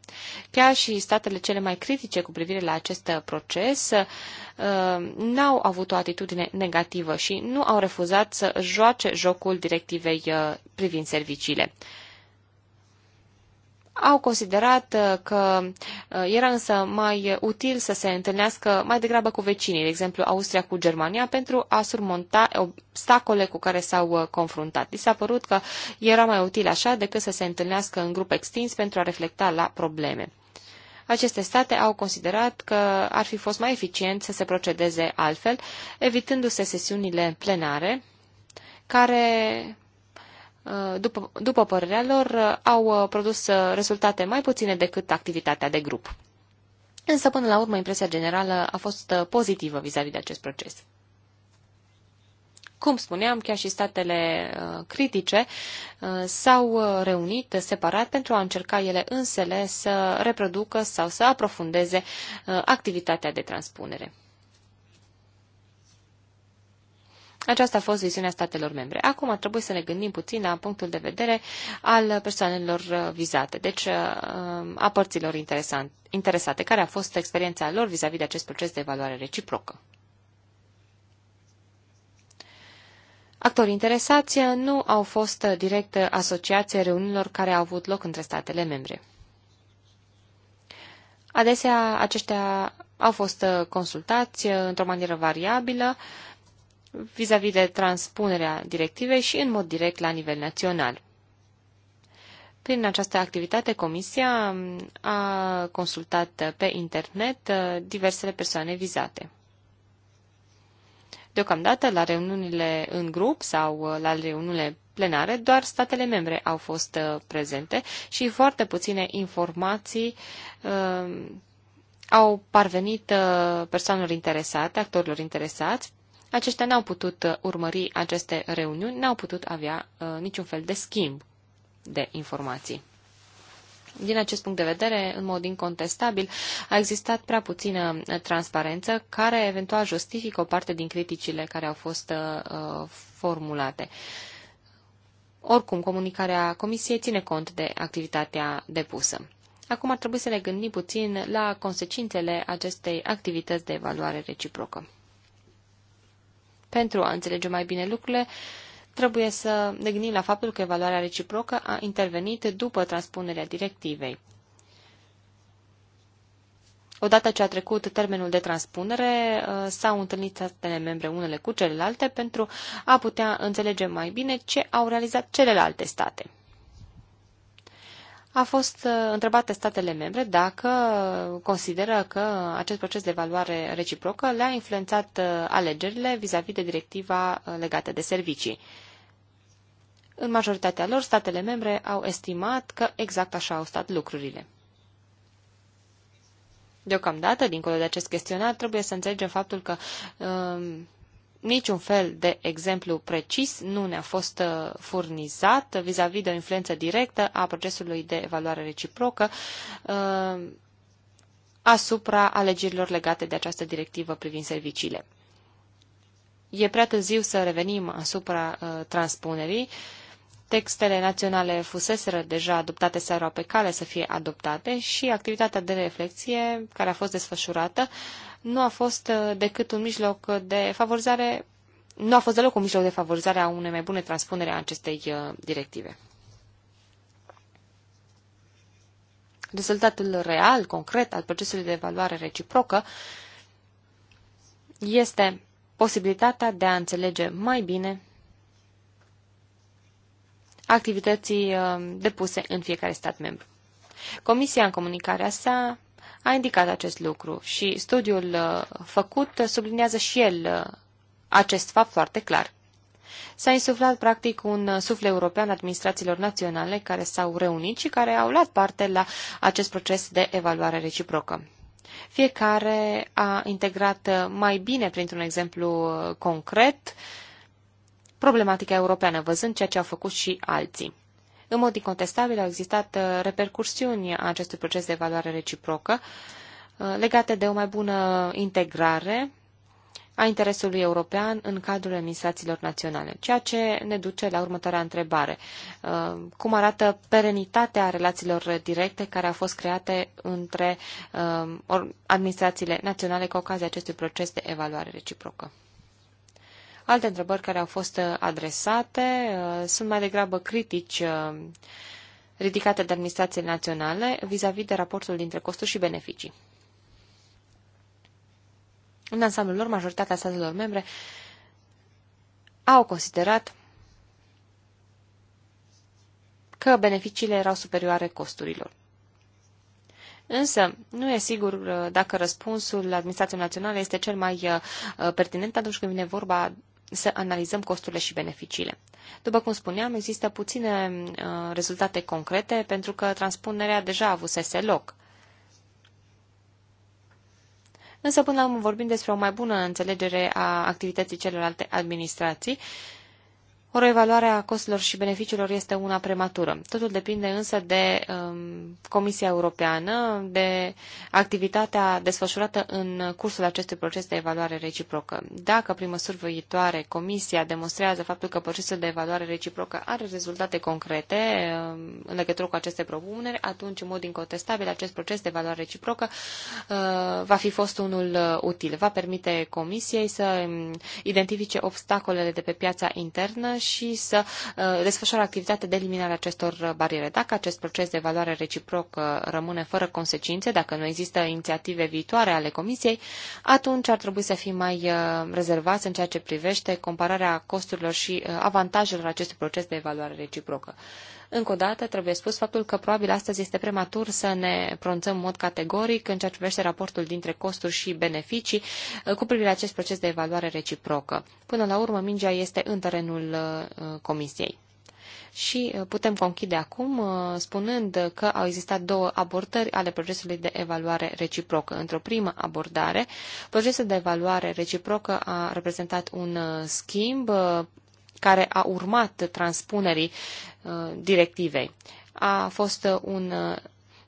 Chiar și statele cele mai critice cu privire la acest proces uh, n-au avut o atitudine negativă și nu au refuzat să joace jocul directivei uh, privind serviciile au considerat uh, că uh, era însă mai util să se întâlnească mai degrabă cu vecinii, de exemplu Austria cu Germania, pentru a surmonta obstacole cu care s-au uh, confruntat. Li s-a părut că era mai util așa decât să se întâlnească în grup extins pentru a reflecta la probleme. Aceste state au considerat că ar fi fost mai eficient să se procedeze altfel, evitându-se sesiunile plenare, care Uh, după, după părerea lor, uh, au uh, produs rezultate mai puține decât activitatea de grup. Însă, până la urmă, impresia generală a fost pozitivă vis-a-vis -vis de acest proces. Cum spuneam, chiar și statele critice s-au reunit separat pentru a încerca ele însele să reproducă sau să aprofundeze activitatea de transpunere. Aceasta a fost viziunea statelor membre. Acum ar trebui să ne gândim puțin la punctul de vedere al persoanelor uh, vizate, deci uh, um, a părților interesate, care a fost experiența lor vis-a-vis -vis de acest proces de evaluare reciprocă. Actorii interesați nu au fost direct asociați reuniunilor care au avut loc între statele membre. Adesea aceștia au fost consultați într-o manieră variabilă, vis-a-vis -vis de transpunerea directivei și în mod direct la nivel național. Prin această activitate, Comisia a consultat pe internet uh, diversele persoane vizate. Deocamdată, la reuniunile în grup sau uh, la reuniunile plenare, doar statele membre au fost uh, prezente și foarte puține informații uh, au parvenit uh, persoanelor interesate, actorilor interesați, aceștia n-au putut uh, urmări aceste reuniuni, n-au putut avea uh, niciun fel de schimb de informații. Din acest punct de vedere, în mod incontestabil, a existat prea puțină uh, transparență care eventual justifică o parte din criticile care au fost uh, uh, formulate. Oricum, comunicarea Comisiei ține cont de activitatea depusă. Acum ar trebui să ne gândim puțin la consecințele acestei activități de evaluare reciprocă. Pentru a înțelege mai bine lucrurile, trebuie să ne gândim la faptul că evaluarea reciprocă a intervenit după transpunerea directivei. Odată ce a trecut termenul de transpunere, uh, s-au întâlnit statele membre unele cu celelalte pentru a putea înțelege mai bine ce au realizat celelalte state a fost uh, întrebate statele membre dacă consideră că acest proces de evaluare reciprocă le-a influențat uh, alegerile vis-a-vis de directiva uh, legată de servicii. În majoritatea lor, statele membre au estimat că exact așa au stat lucrurile. Deocamdată, dincolo de acest chestionar, trebuie să înțelegem faptul că um, Niciun fel de exemplu precis nu ne-a fost uh, furnizat vis-a-vis -vis de o influență directă a procesului de evaluare reciprocă uh, asupra alegerilor legate de această directivă privind serviciile. E prea târziu să revenim asupra uh, transpunerii. Textele naționale fuseseră deja adoptate să erau pe cale să fie adoptate și activitatea de reflexie care a fost desfășurată uh, nu a fost uh, decât un mijloc de favorizare, nu a fost deloc un mijloc de favorizare a unei mai bune transpunere a acestei uh, directive. Rezultatul real, concret, al procesului de evaluare reciprocă este posibilitatea de a înțelege mai bine activității uh, depuse în fiecare stat membru. Comisia, în comunicarea sa, a indicat acest lucru și studiul uh, făcut subliniază și el uh, acest fapt foarte clar. S-a insuflat practic un uh, suflet european administrațiilor naționale care s-au reunit și care au luat parte la acest proces de evaluare reciprocă. Fiecare a integrat mai bine, printr-un exemplu concret, problematica europeană, văzând ceea ce au făcut și alții. În mod incontestabil au existat uh, repercursiuni a acestui proces de evaluare reciprocă uh, legate de o mai bună integrare a interesului european în cadrul administrațiilor naționale, ceea ce ne duce la următoarea întrebare. Uh, cum arată perenitatea relațiilor directe care au fost create între administrațiile naționale cu ocazia acestui proces de evaluare reciprocă? Alte întrebări care au fost uh, adresate uh, sunt mai degrabă critici uh, ridicate de administrațiile naționale vis-a-vis -vis de raportul dintre costuri și beneficii. În ansamblul lor, majoritatea statelor membre au considerat că beneficiile erau superioare costurilor. Însă, nu e sigur dacă răspunsul administrației naționale este cel mai pertinent atunci când vine vorba să analizăm costurile și beneficiile. După cum spuneam, există puține uh, rezultate concrete pentru că transpunerea deja avusese loc. Însă până urmă, vorbim despre o mai bună înțelegere a activității celorlalte administrații o reevaluare a costurilor și beneficiilor este una prematură. Totul depinde însă de um, Comisia Europeană, de activitatea desfășurată în cursul acestui proces de evaluare reciprocă. Dacă prin măsuri viitoare Comisia demonstrează faptul că procesul de evaluare reciprocă are rezultate concrete um, în legătură cu aceste propuneri, atunci, în mod incontestabil, acest proces de evaluare reciprocă uh, va fi fost unul uh, util. Va permite Comisiei să um, identifice obstacolele de pe piața internă și să uh, desfășoare activitatea de eliminare a acestor bariere. Dacă acest proces de evaluare reciprocă uh, rămâne fără consecințe, dacă nu există inițiative viitoare ale Comisiei, atunci ar trebui să fim mai uh, rezervați în ceea ce privește compararea costurilor și avantajelor acestui proces de evaluare reciprocă. Încă o dată trebuie spus faptul că probabil astăzi este prematur să ne pronunțăm în mod categoric în ceea ce privește raportul dintre costuri și beneficii uh, cu privire la acest proces de evaluare reciprocă. Până la urmă, mingea este în terenul uh, Comisiei. Și uh, putem conchide acum spunând că au existat două abordări ale procesului de evaluare reciprocă. Într-o primă abordare, procesul de evaluare reciprocă a reprezentat un schimb care a urmat transpunerii uh, directivei. A fost un uh,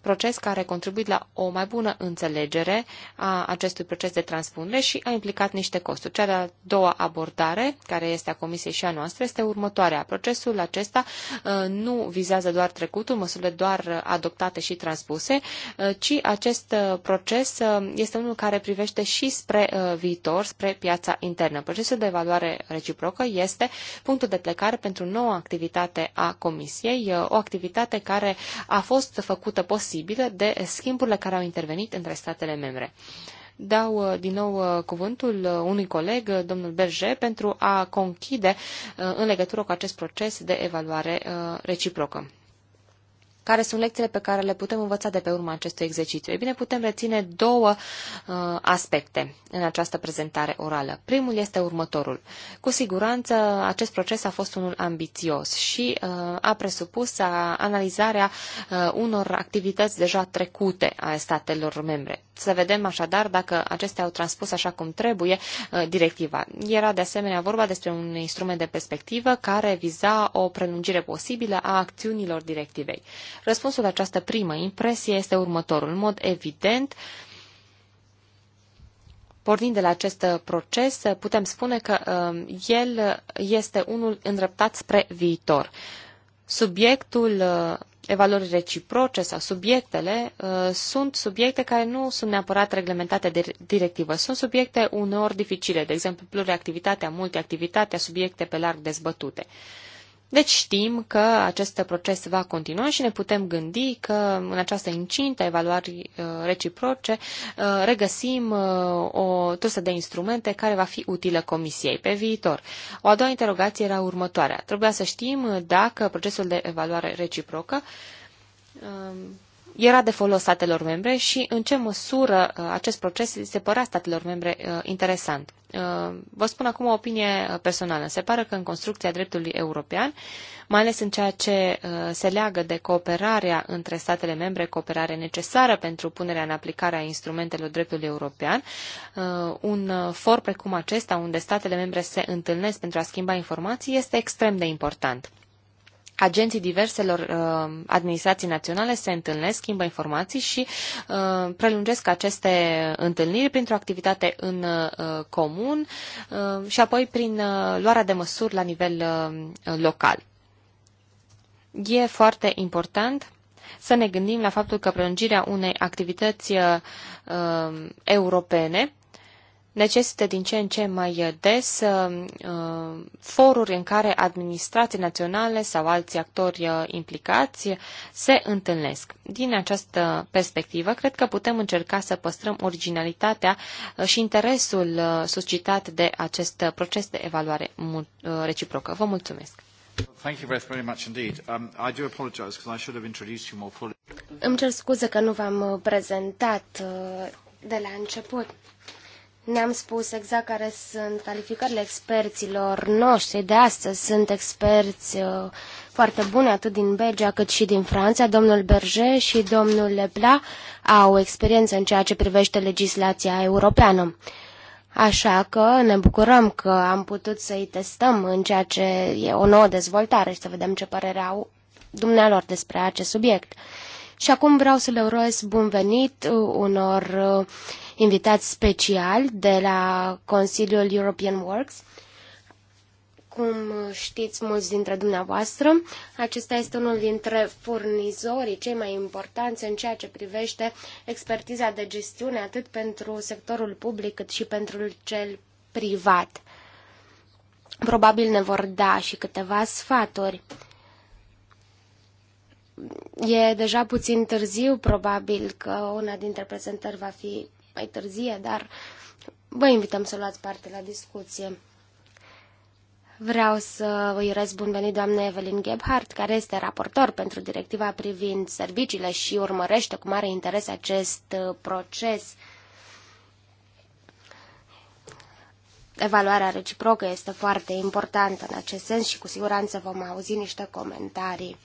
proces care a contribuit la o mai bună înțelegere a acestui proces de transpunere și a implicat niște costuri. Cea de-a doua abordare, care este a Comisiei și a noastră, este următoarea. Procesul acesta uh, nu vizează doar trecutul, măsurile doar adoptate și transpuse, uh, ci acest uh, proces este unul care privește și spre viitor, spre piața internă. Procesul de evaluare reciprocă este punctul de plecare pentru noua activitate a Comisiei, o activitate care a fost făcută posibilă posibilă de schimburile care au intervenit între statele membre. Dau uh, din nou uh, cuvântul uh, unui coleg, domnul Berger, pentru a conchide în legătură cu acest proces de evaluare reciprocă care sunt lecțiile pe care le putem învăța de pe urma acestui exercițiu? Ei bine, putem reține două uh, aspecte în această prezentare orală. Primul este următorul. Cu siguranță, acest proces a fost unul ambițios și uh, a presupus a, analizarea uh, unor activități deja trecute a statelor membre. Să vedem așadar dacă acestea au transpus așa cum trebuie uh, directiva. Era de asemenea vorba despre un instrument de perspectivă care viza o prelungire posibilă a acțiunilor directivei. Răspunsul la această primă impresie este următorul. În mod evident, pornind de la acest proces, putem spune că um, el este unul îndreptat spre viitor. Subiectul uh, evaluării reciproce sau subiectele uh, sunt subiecte care nu sunt neapărat reglementate de directivă. Sunt subiecte uneori dificile, de exemplu pluriactivitatea, multiactivitatea, subiecte pe larg dezbătute. Uh, deci știm că acest proces va continua și ne putem gândi că în această incintă evaluări uh, reciproce uh, regăsim uh, o trusă de instrumente care va fi utilă Comisiei pe viitor. O a doua interogație era următoarea. Trebuia să știm dacă procesul de evaluare reciprocă um, era de folos statelor membre și în ce măsură uh, acest proces se părea statelor membre uh, interesant. Uh, vă spun acum o opinie personală. Se pare că în construcția dreptului european, mai ales în ceea ce se leagă de cooperarea între statele membre, cooperare necesară pentru punerea în aplicare a instrumentelor dreptului european, un for precum acesta, unde statele membre se întâlnesc pentru a schimba informații, este extrem de important agenții diverselor uh, administrații naționale se întâlnesc, schimbă informații și uh, prelungesc aceste întâlniri printr-o activitate în uh, comun uh, și apoi prin uh, luarea de măsuri la nivel uh, local. E foarte important să ne gândim la faptul că prelungirea unei activități uh, uh europene necesită din ce în ce mai des uh, uh, foruri în care administrații naționale sau alți actori uh, implicați se întâlnesc. Din această perspectivă, cred că putem încerca să păstrăm originalitatea și interesul suscitat de acest proces de evaluare reciprocă. Vă mulțumesc! Um, Îmi cer scuze că nu v-am prezentat de la început. Ne-am spus exact care sunt calificările experților noștri de astăzi. Sunt experți uh, foarte buni atât din Belgia cât și din Franța. Domnul Berger și domnul Lepla au experiență în ceea ce privește legislația europeană. Așa că ne bucurăm că am putut să-i testăm în ceea ce e o nouă dezvoltare și să vedem ce părere au dumnealor despre acest subiect. Și acum vreau să le urez bun venit uh, unor uh, invitat special de la Consiliul European Works. Cum știți mulți dintre dumneavoastră, acesta este unul dintre furnizorii cei mai importanți în ceea ce privește expertiza de gestiune atât pentru sectorul public cât și pentru cel privat. Probabil ne vor da și câteva sfaturi e deja puțin târziu, probabil că una dintre prezentări va fi mai târzie, dar vă invităm să luați parte la discuție. Vreau să îi urez bun venit doamne Evelyn Gebhardt, care este raportor pentru directiva privind serviciile și urmărește cu mare interes acest uh, proces. Evaluarea reciprocă este foarte importantă în acest sens și cu siguranță vom auzi niște comentarii.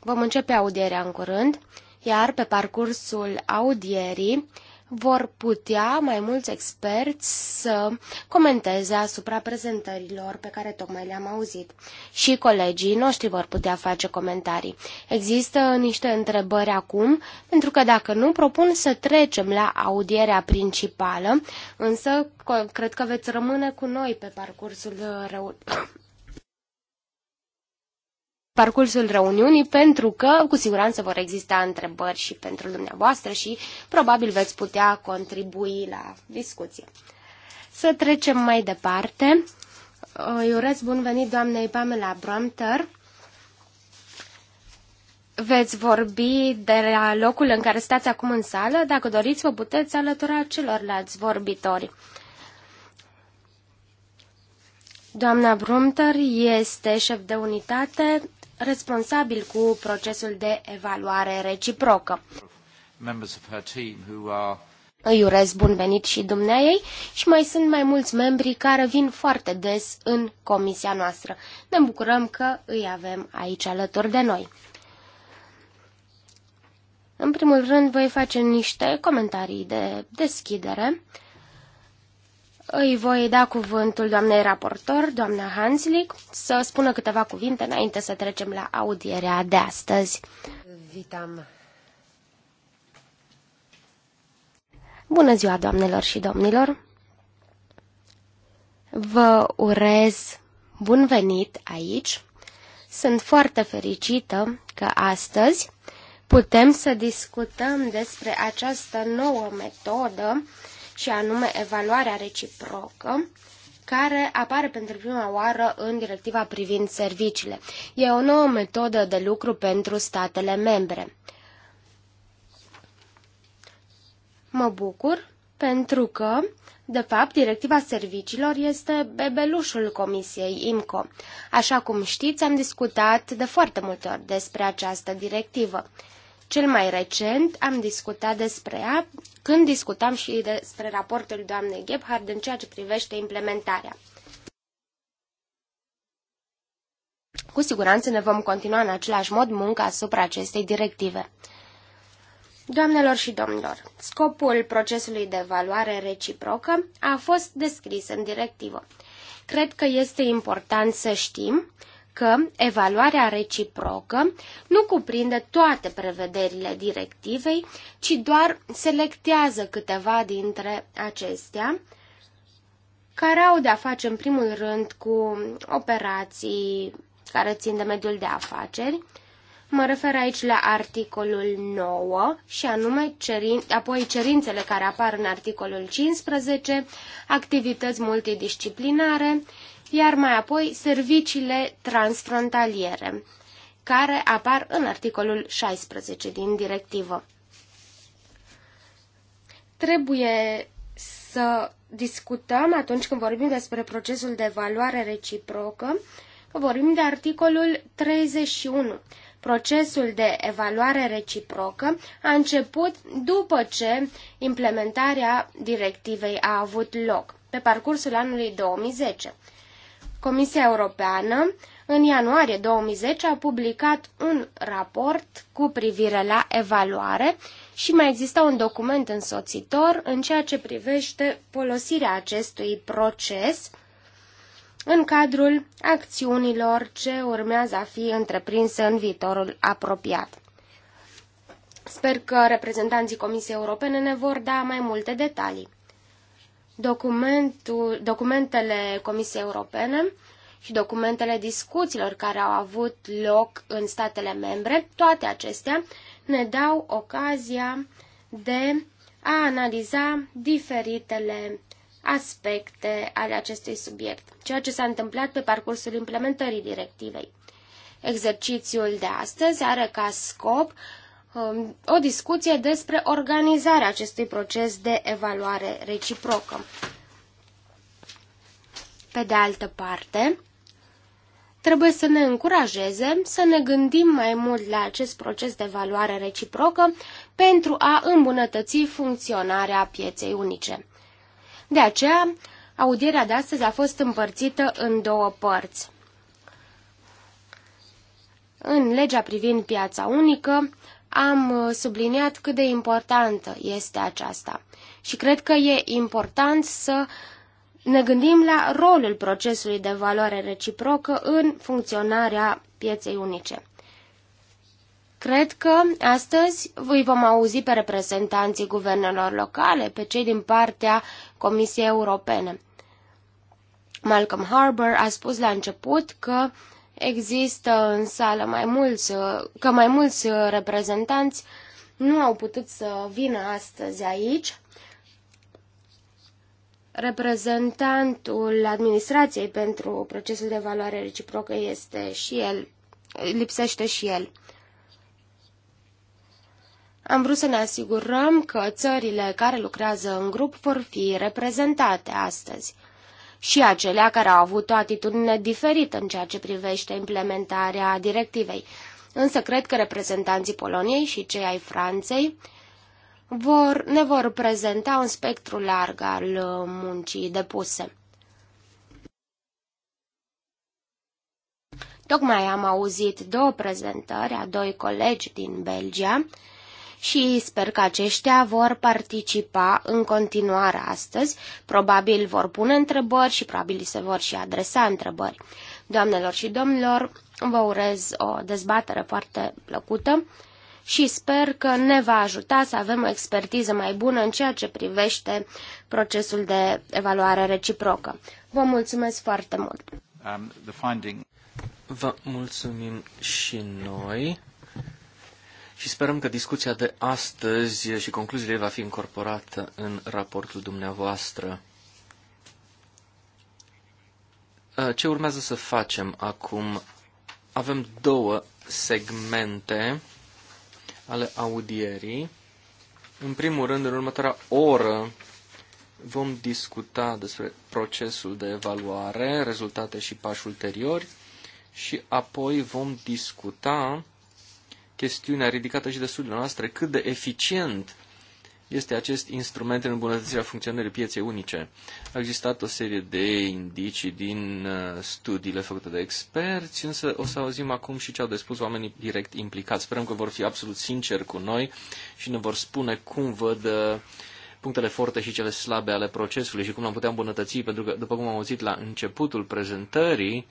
Vom începe audierea în curând, iar pe parcursul audierii vor putea mai mulți experți să comenteze asupra prezentărilor pe care tocmai le-am auzit. Și colegii noștri vor putea face comentarii. Există niște întrebări acum, pentru că dacă nu, propun să trecem la audierea principală, însă cred că veți rămâne cu noi pe parcursul parcursul reuniunii, pentru că cu siguranță vor exista întrebări și pentru dumneavoastră și probabil veți putea contribui la discuție. Să trecem mai departe. Îi urez bun venit doamnei Pamela Bromter. Veți vorbi de la locul în care stați acum în sală. Dacă doriți, vă puteți alătura celorlalți vorbitori. Doamna Brumter este șef de unitate responsabil cu procesul de evaluare reciprocă. Îi urez bun venit și dumneaei și mai sunt mai mulți membri care vin foarte des în comisia noastră. Ne bucurăm că îi avem aici alături de noi. În primul rând voi face niște comentarii de deschidere îi voi da cuvântul doamnei raportor, doamna Hanslick, să spună câteva cuvinte înainte să trecem la audierea de astăzi. Vitam! Bună ziua, doamnelor și domnilor! Vă urez bun venit aici. Sunt foarte fericită că astăzi putem să discutăm despre această nouă metodă și anume evaluarea reciprocă, care apare pentru prima oară în directiva privind serviciile. E o nouă metodă de lucru pentru statele membre. Mă bucur pentru că, de fapt, directiva serviciilor este bebelușul Comisiei IMCO. Așa cum știți, am discutat de foarte multe ori despre această directivă. Cel mai recent am discutat despre ea când discutam și despre raportul doamnei Gebhard în ceea ce privește implementarea. Cu siguranță ne vom continua în același mod munca asupra acestei directive. Doamnelor și domnilor, scopul procesului de evaluare reciprocă a fost descris în directivă. Cred că este important să știm că evaluarea reciprocă nu cuprinde toate prevederile directivei, ci doar selectează câteva dintre acestea, care au de-a face în primul rând cu operații care țin de mediul de afaceri. Mă refer aici la articolul 9 și anume cerin, apoi cerințele care apar în articolul 15, activități multidisciplinare, iar mai apoi serviciile transfrontaliere, care apar în articolul 16 din directivă. Trebuie să discutăm atunci când vorbim despre procesul de evaluare reciprocă, că vorbim de articolul 31. Procesul de evaluare reciprocă a început după ce implementarea directivei a avut loc, pe parcursul anului 2010. Comisia Europeană în ianuarie 2010 a publicat un raport cu privire la evaluare și mai exista un document însoțitor în ceea ce privește folosirea acestui proces în cadrul acțiunilor ce urmează a fi întreprinse în viitorul apropiat. Sper că reprezentanții Comisiei Europene ne vor da mai multe detalii documentul, documentele Comisiei Europene și documentele discuțiilor care au avut loc în statele membre, toate acestea ne dau ocazia de a analiza diferitele aspecte ale acestui subiect, ceea ce s-a întâmplat pe parcursul implementării directivei. Exercițiul de astăzi are ca scop Um, o discuție despre organizarea acestui proces de evaluare reciprocă. Pe de altă parte, trebuie să ne încurajeze să ne gândim mai mult la acest proces de evaluare reciprocă pentru a îmbunătăți funcționarea pieței unice. De aceea, audierea de astăzi a fost împărțită în două părți. În legea privind piața unică, am uh, subliniat cât de importantă este aceasta. Și cred că e important să ne gândim la rolul procesului de valoare reciprocă în funcționarea pieței unice. Cred că astăzi îi vom auzi pe reprezentanții guvernelor locale, pe cei din partea Comisiei Europene. Malcolm Harbour a spus la început că uh, Există în sală mai mulți, că mai mulți reprezentanți nu au putut să vină astăzi aici. Reprezentantul administrației pentru procesul de valoare reciprocă este și el, lipsește și el. Am vrut să ne asigurăm că țările care lucrează în grup vor fi reprezentate astăzi și acelea care au avut o atitudine diferită în ceea ce privește implementarea directivei. Însă cred că reprezentanții Poloniei și cei ai Franței vor, ne vor prezenta un spectru larg al uh, muncii depuse. Tocmai am auzit două prezentări a doi colegi din Belgia, și sper că aceștia vor participa în continuare astăzi. Probabil vor pune întrebări și probabil se vor și adresa întrebări. Doamnelor și domnilor, vă urez o dezbatere foarte plăcută și sper că ne va ajuta să avem o expertiză mai bună în ceea ce privește procesul de evaluare reciprocă. Vă mulțumesc foarte mult! Um, Vă mulțumim și noi și sperăm că discuția de astăzi și concluziile va fi incorporată în raportul dumneavoastră. Uh, ce urmează să facem acum? Avem două segmente ale audierii. În primul rând, în următoarea oră, vom discuta despre procesul de evaluare, rezultate și pași ulteriori și apoi vom discuta chestiunea ridicată și de studiul noastre, cât de eficient este acest instrument în îmbunătățirea funcționării pieței unice. A existat o serie de indicii din uh, studiile făcute de experți, însă o să auzim acum și ce au de spus oamenii direct implicați. Sperăm că vor fi absolut sinceri cu noi și ne vor spune cum văd uh, punctele forte și cele slabe ale procesului și cum l-am putea îmbunătăți, pentru că, după cum am auzit la începutul prezentării,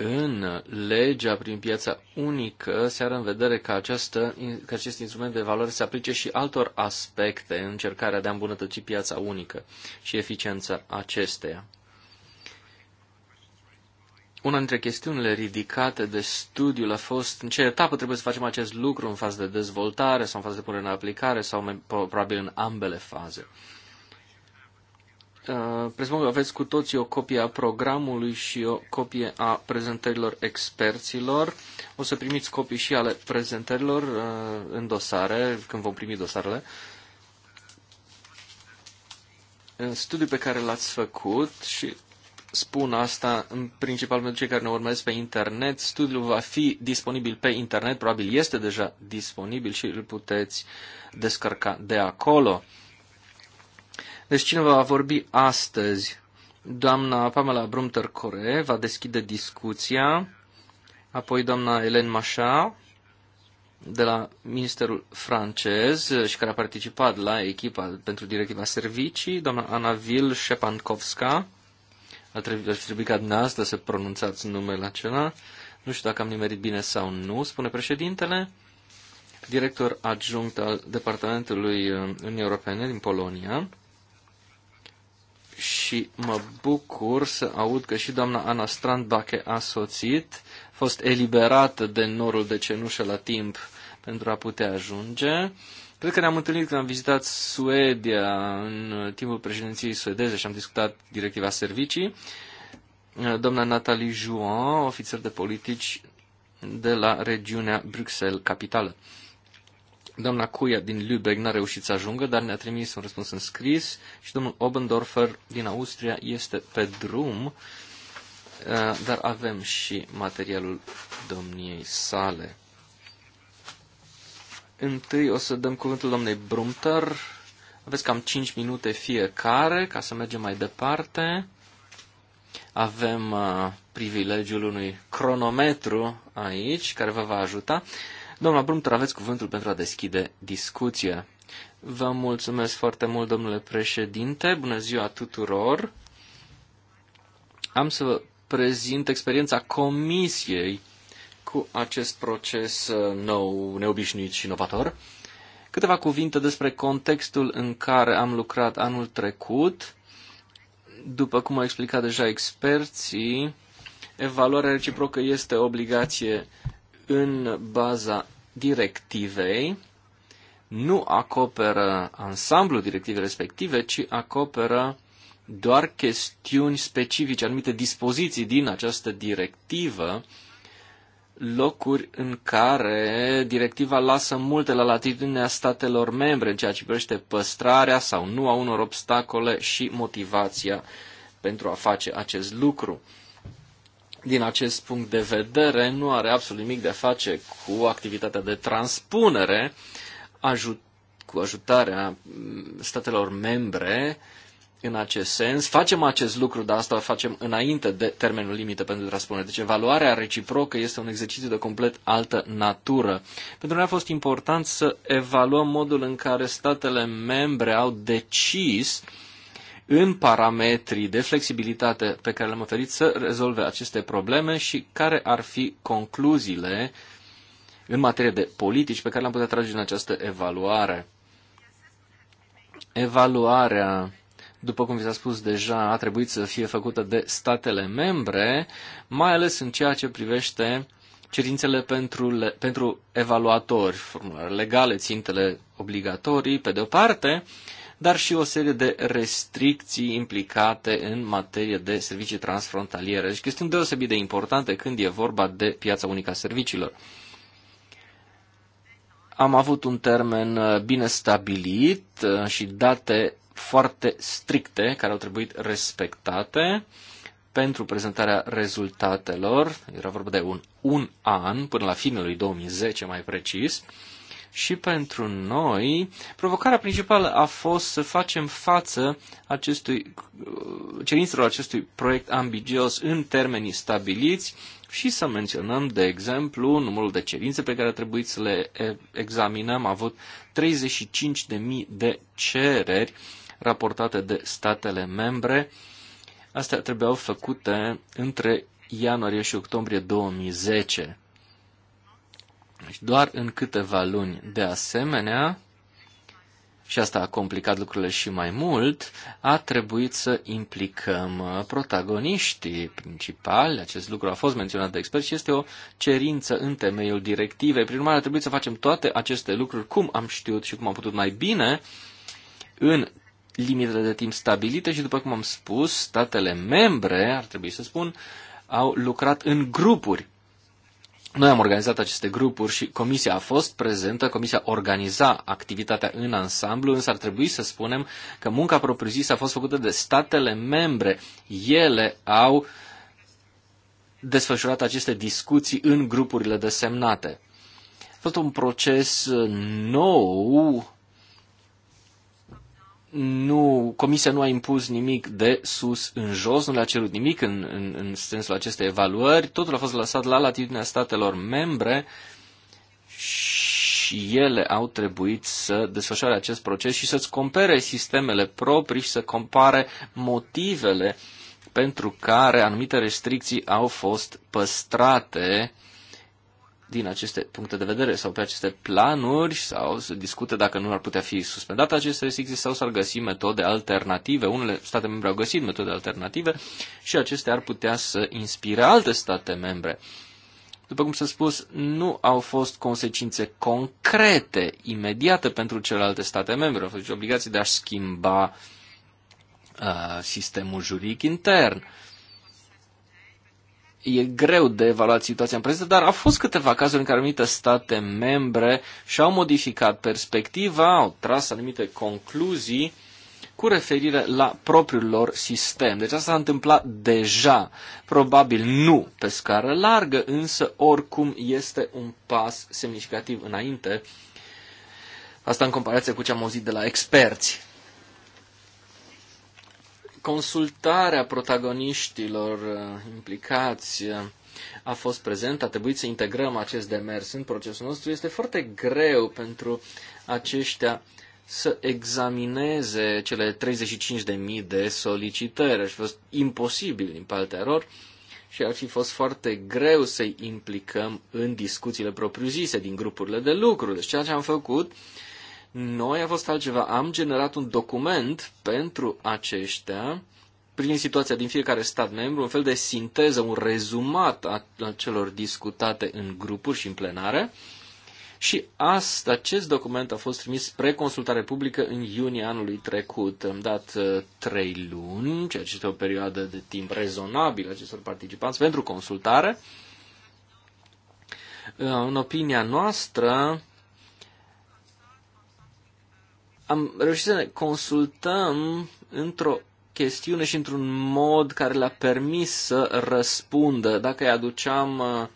în legea prin piața unică se are în vedere că, această, că acest instrument de valoare se aplice și altor aspecte în încercarea de a îmbunătăți piața unică și eficiența acesteia. Una dintre chestiunile ridicate de studiul a fost în ce etapă trebuie să facem acest lucru, în fază de dezvoltare sau în fază de punere în aplicare sau mai, probabil în ambele faze. Uh, Uh, presupun că aveți cu toții o copie a programului și o copie a prezentărilor experților. O să primiți copii și ale prezentărilor uh, în dosare, când vom primi dosarele. Uh, studiul pe care l-ați făcut și spun asta în principal pentru cei care ne urmăresc pe internet. Studiul va fi disponibil pe internet, probabil este deja disponibil și îl puteți descărca de acolo. Deci cine va vorbi astăzi? Doamna Pamela Brumter-Core va deschide discuția, apoi doamna Elen Mașa de la Ministerul francez și care a participat la echipa pentru directiva servicii, doamna Ana Vil Șepankovska, ar trebui, ar trebui ca dumneavoastră să pronunțați numele acela, nu știu dacă am nimerit bine sau nu, spune președintele, director adjunct al Departamentului uh, Uniunii Europene din Polonia, și mă bucur să aud că și doamna Ana Strandbache a soțit, a fost eliberată de norul de cenușă la timp pentru a putea ajunge. Cred că ne-am întâlnit când am vizitat Suedia în timpul președinției suedeze și am discutat directiva servicii. Doamna Natalie Juan, ofițer de politici de la regiunea Bruxelles, capitală. Doamna Cuia din Lübeck n-a reușit să ajungă, dar ne-a trimis un răspuns în scris și domnul Obendorfer din Austria este pe drum, uh, dar avem și materialul domniei sale. Întâi o să dăm cuvântul domnei Brumter. Aveți cam 5 minute fiecare ca să mergem mai departe. Avem uh, privilegiul unui cronometru aici care vă va ajuta. Domnul Brumtor, aveți cuvântul pentru a deschide discuția. Vă mulțumesc foarte mult, domnule președinte. Bună ziua tuturor. Am să vă prezint experiența comisiei cu acest proces uh, nou, neobișnuit și inovator. Câteva cuvinte despre contextul în care am lucrat anul trecut. După cum au explicat deja experții, evaluarea reciprocă este o obligație în baza directivei nu acoperă ansamblul directivei respective, ci acoperă doar chestiuni specifice, anumite dispoziții din această directivă, locuri în care directiva lasă multe la latitudinea statelor membre în ceea ce privește păstrarea sau nu a unor obstacole și motivația pentru a face acest lucru din acest punct de vedere, nu are absolut nimic de a face cu activitatea de transpunere, ajut, cu ajutarea mm, statelor membre în acest sens. Facem acest lucru, dar asta o facem înainte de termenul limită pentru transpunere. Deci evaluarea reciprocă este un exercițiu de complet altă natură. Pentru noi a fost important să evaluăm modul în care statele membre au decis uh, în parametrii de flexibilitate pe care le-am oferit să rezolve aceste probleme și care ar fi concluziile în materie de politici pe care le-am putea trage din această evaluare. Evaluarea, după cum vi s-a spus deja, a trebuit să fie făcută de statele membre, mai ales în ceea ce privește cerințele pentru, pentru evaluatori, formulare legale, țintele obligatorii, pe de o parte, dar și o serie de restricții implicate în materie de servicii transfrontaliere. Deci chestiuni deosebit de importante când e vorba de piața unică a serviciilor. Am avut un termen uh, bine stabilit uh, și date foarte stricte care au trebuit respectate pentru prezentarea rezultatelor. Era vorba de un, un an, până la finele lui 2010 mai precis și pentru noi, provocarea principală a fost să facem față acestui, cerințelor acestui proiect ambigios în termenii stabiliți și să menționăm, de exemplu, numărul de cerințe pe care a trebuit să le examinăm. A avut 35.000 de cereri raportate de statele membre. Astea trebuiau făcute între ianuarie și octombrie 2010. Deci doar în câteva luni. De asemenea, și asta a complicat lucrurile și mai mult, a trebuit să implicăm uh, protagoniștii principali. Acest lucru a fost menționat de experți și este o cerință în temeiul directivei. Prin urmare, a trebuit să facem toate aceste lucruri cum am știut și cum am putut mai bine în limitele de timp stabilite și, după cum am spus, statele membre, ar trebui să spun, au lucrat în grupuri noi am organizat aceste grupuri și comisia a fost prezentă, comisia organiza activitatea în ansamblu, însă ar trebui să spunem că munca propriu-zisă a fost făcută de statele membre. Ele au desfășurat aceste discuții în grupurile desemnate. A fost un proces nou nu, comisia nu a impus nimic de sus în jos, nu le-a cerut nimic în, în, în sensul acestei evaluări, totul a fost lăsat la latitudinea statelor membre și ele au trebuit să desfășoare acest proces și să-ți compere sistemele proprii și să compare motivele pentru care anumite restricții au fost păstrate uh, din aceste puncte de vedere sau pe aceste planuri sau să discute dacă nu ar putea fi suspendate aceste restricții sau s-ar găsi metode alternative. Unele state membre au găsit metode alternative și acestea ar putea să inspire alte state membre. După cum s-a spus, nu au fost consecințe concrete, imediate pentru celelalte state membre. Au fost obligații de a-și schimba uh, sistemul juridic intern. Uh, e greu de evaluat situația în prezent, dar au fost câteva cazuri în care anumite state membre și-au modificat perspectiva, au tras anumite concluzii cu referire la propriul lor sistem. Deci asta s-a întâmplat deja, probabil nu pe scară largă, însă oricum este un pas semnificativ înainte. Asta în comparație cu ce am auzit de la experți consultarea protagoniștilor uh, implicați uh, a fost prezent, a trebuit să integrăm acest demers în procesul nostru. Este foarte greu pentru aceștia să examineze cele 35.000 de solicitări. Ar fi fost imposibil din partea lor și ar fi fost foarte greu să-i implicăm în discuțiile propriu-zise din grupurile de lucru. Deci ceea ce am făcut noi a fost altceva. Am generat un document pentru aceștia, prin situația din fiecare stat membru, un fel de sinteză, un rezumat a celor discutate în grupuri și în plenare. Și asta, acest document a fost trimis spre consultare publică în iunie anului trecut. Am dat uh, trei luni, ceea ce este o perioadă de timp rezonabilă acestor participanți pentru consultare. Uh, în opinia noastră, am reușit să ne consultăm într-o chestiune și într-un mod care le-a permis să răspundă. Dacă îi aduceam, uh,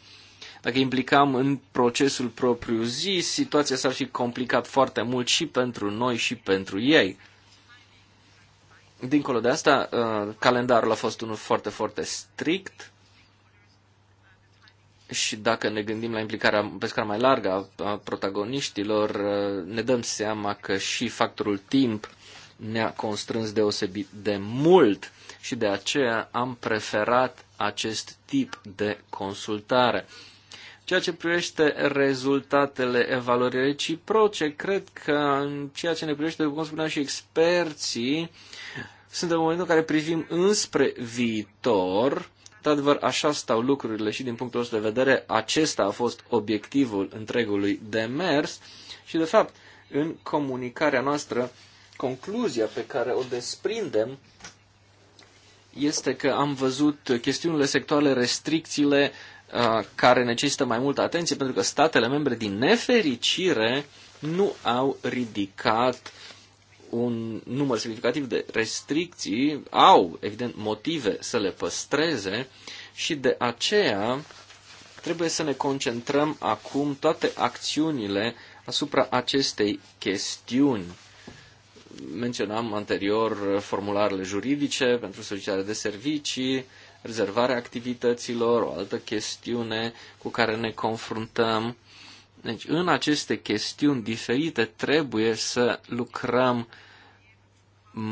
dacă îi implicam în procesul propriu zis, situația s-ar fi complicat foarte mult și pentru noi și pentru ei. Dincolo de asta, uh, calendarul a fost unul foarte, foarte strict și dacă ne gândim la implicarea pe scară mai largă a protagoniștilor, uh, ne dăm seama că și factorul timp ne-a constrâns deosebit de mult și de aceea am preferat acest tip de consultare. Ceea ce privește rezultatele evaluării reciproce, cred că în ceea ce ne privește, cum spuneam și experții, suntem în momentul în care privim înspre viitor Într-adevăr, așa stau lucrurile și din punctul ăsta de vedere, acesta a fost obiectivul întregului demers și, de fapt, în comunicarea noastră, concluzia pe care o desprindem este că am văzut chestiunile sectoare, restricțiile uh, care necesită mai multă atenție, pentru că statele membre, din nefericire, nu au ridicat un număr semnificativ de restricții, au, evident, motive să le păstreze și de aceea trebuie să ne concentrăm acum toate acțiunile asupra acestei chestiuni. Menționam anterior formularele juridice pentru solicitarea de servicii, rezervarea activităților, o altă chestiune cu care ne confruntăm deci, în aceste chestiuni diferite trebuie să lucrăm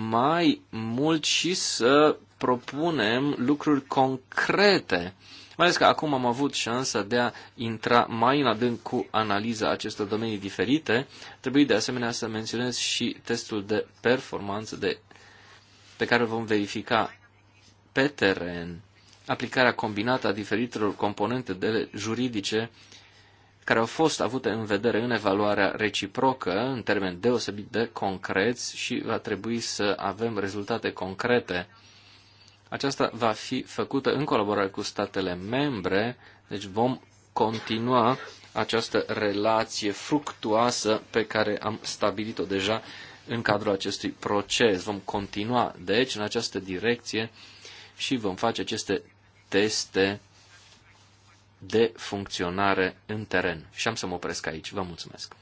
mai mult și să propunem lucruri concrete. Mai ales că acum am avut șansa de a intra mai în adânc cu analiza acestor domenii diferite. Trebuie de asemenea să menționez și testul de performanță de, pe care vom verifica pe teren aplicarea combinată a diferitelor componente de juridice care au fost avute în vedere în evaluarea reciprocă, în termeni deosebit de concreți și va trebui să avem rezultate concrete. Aceasta va fi făcută în colaborare cu statele membre, deci vom continua această relație fructuoasă pe care am stabilit-o deja în cadrul acestui proces. Vom continua, deci, în această direcție și vom face aceste teste de funcționare în teren. Și am să mă opresc aici. Vă mulțumesc.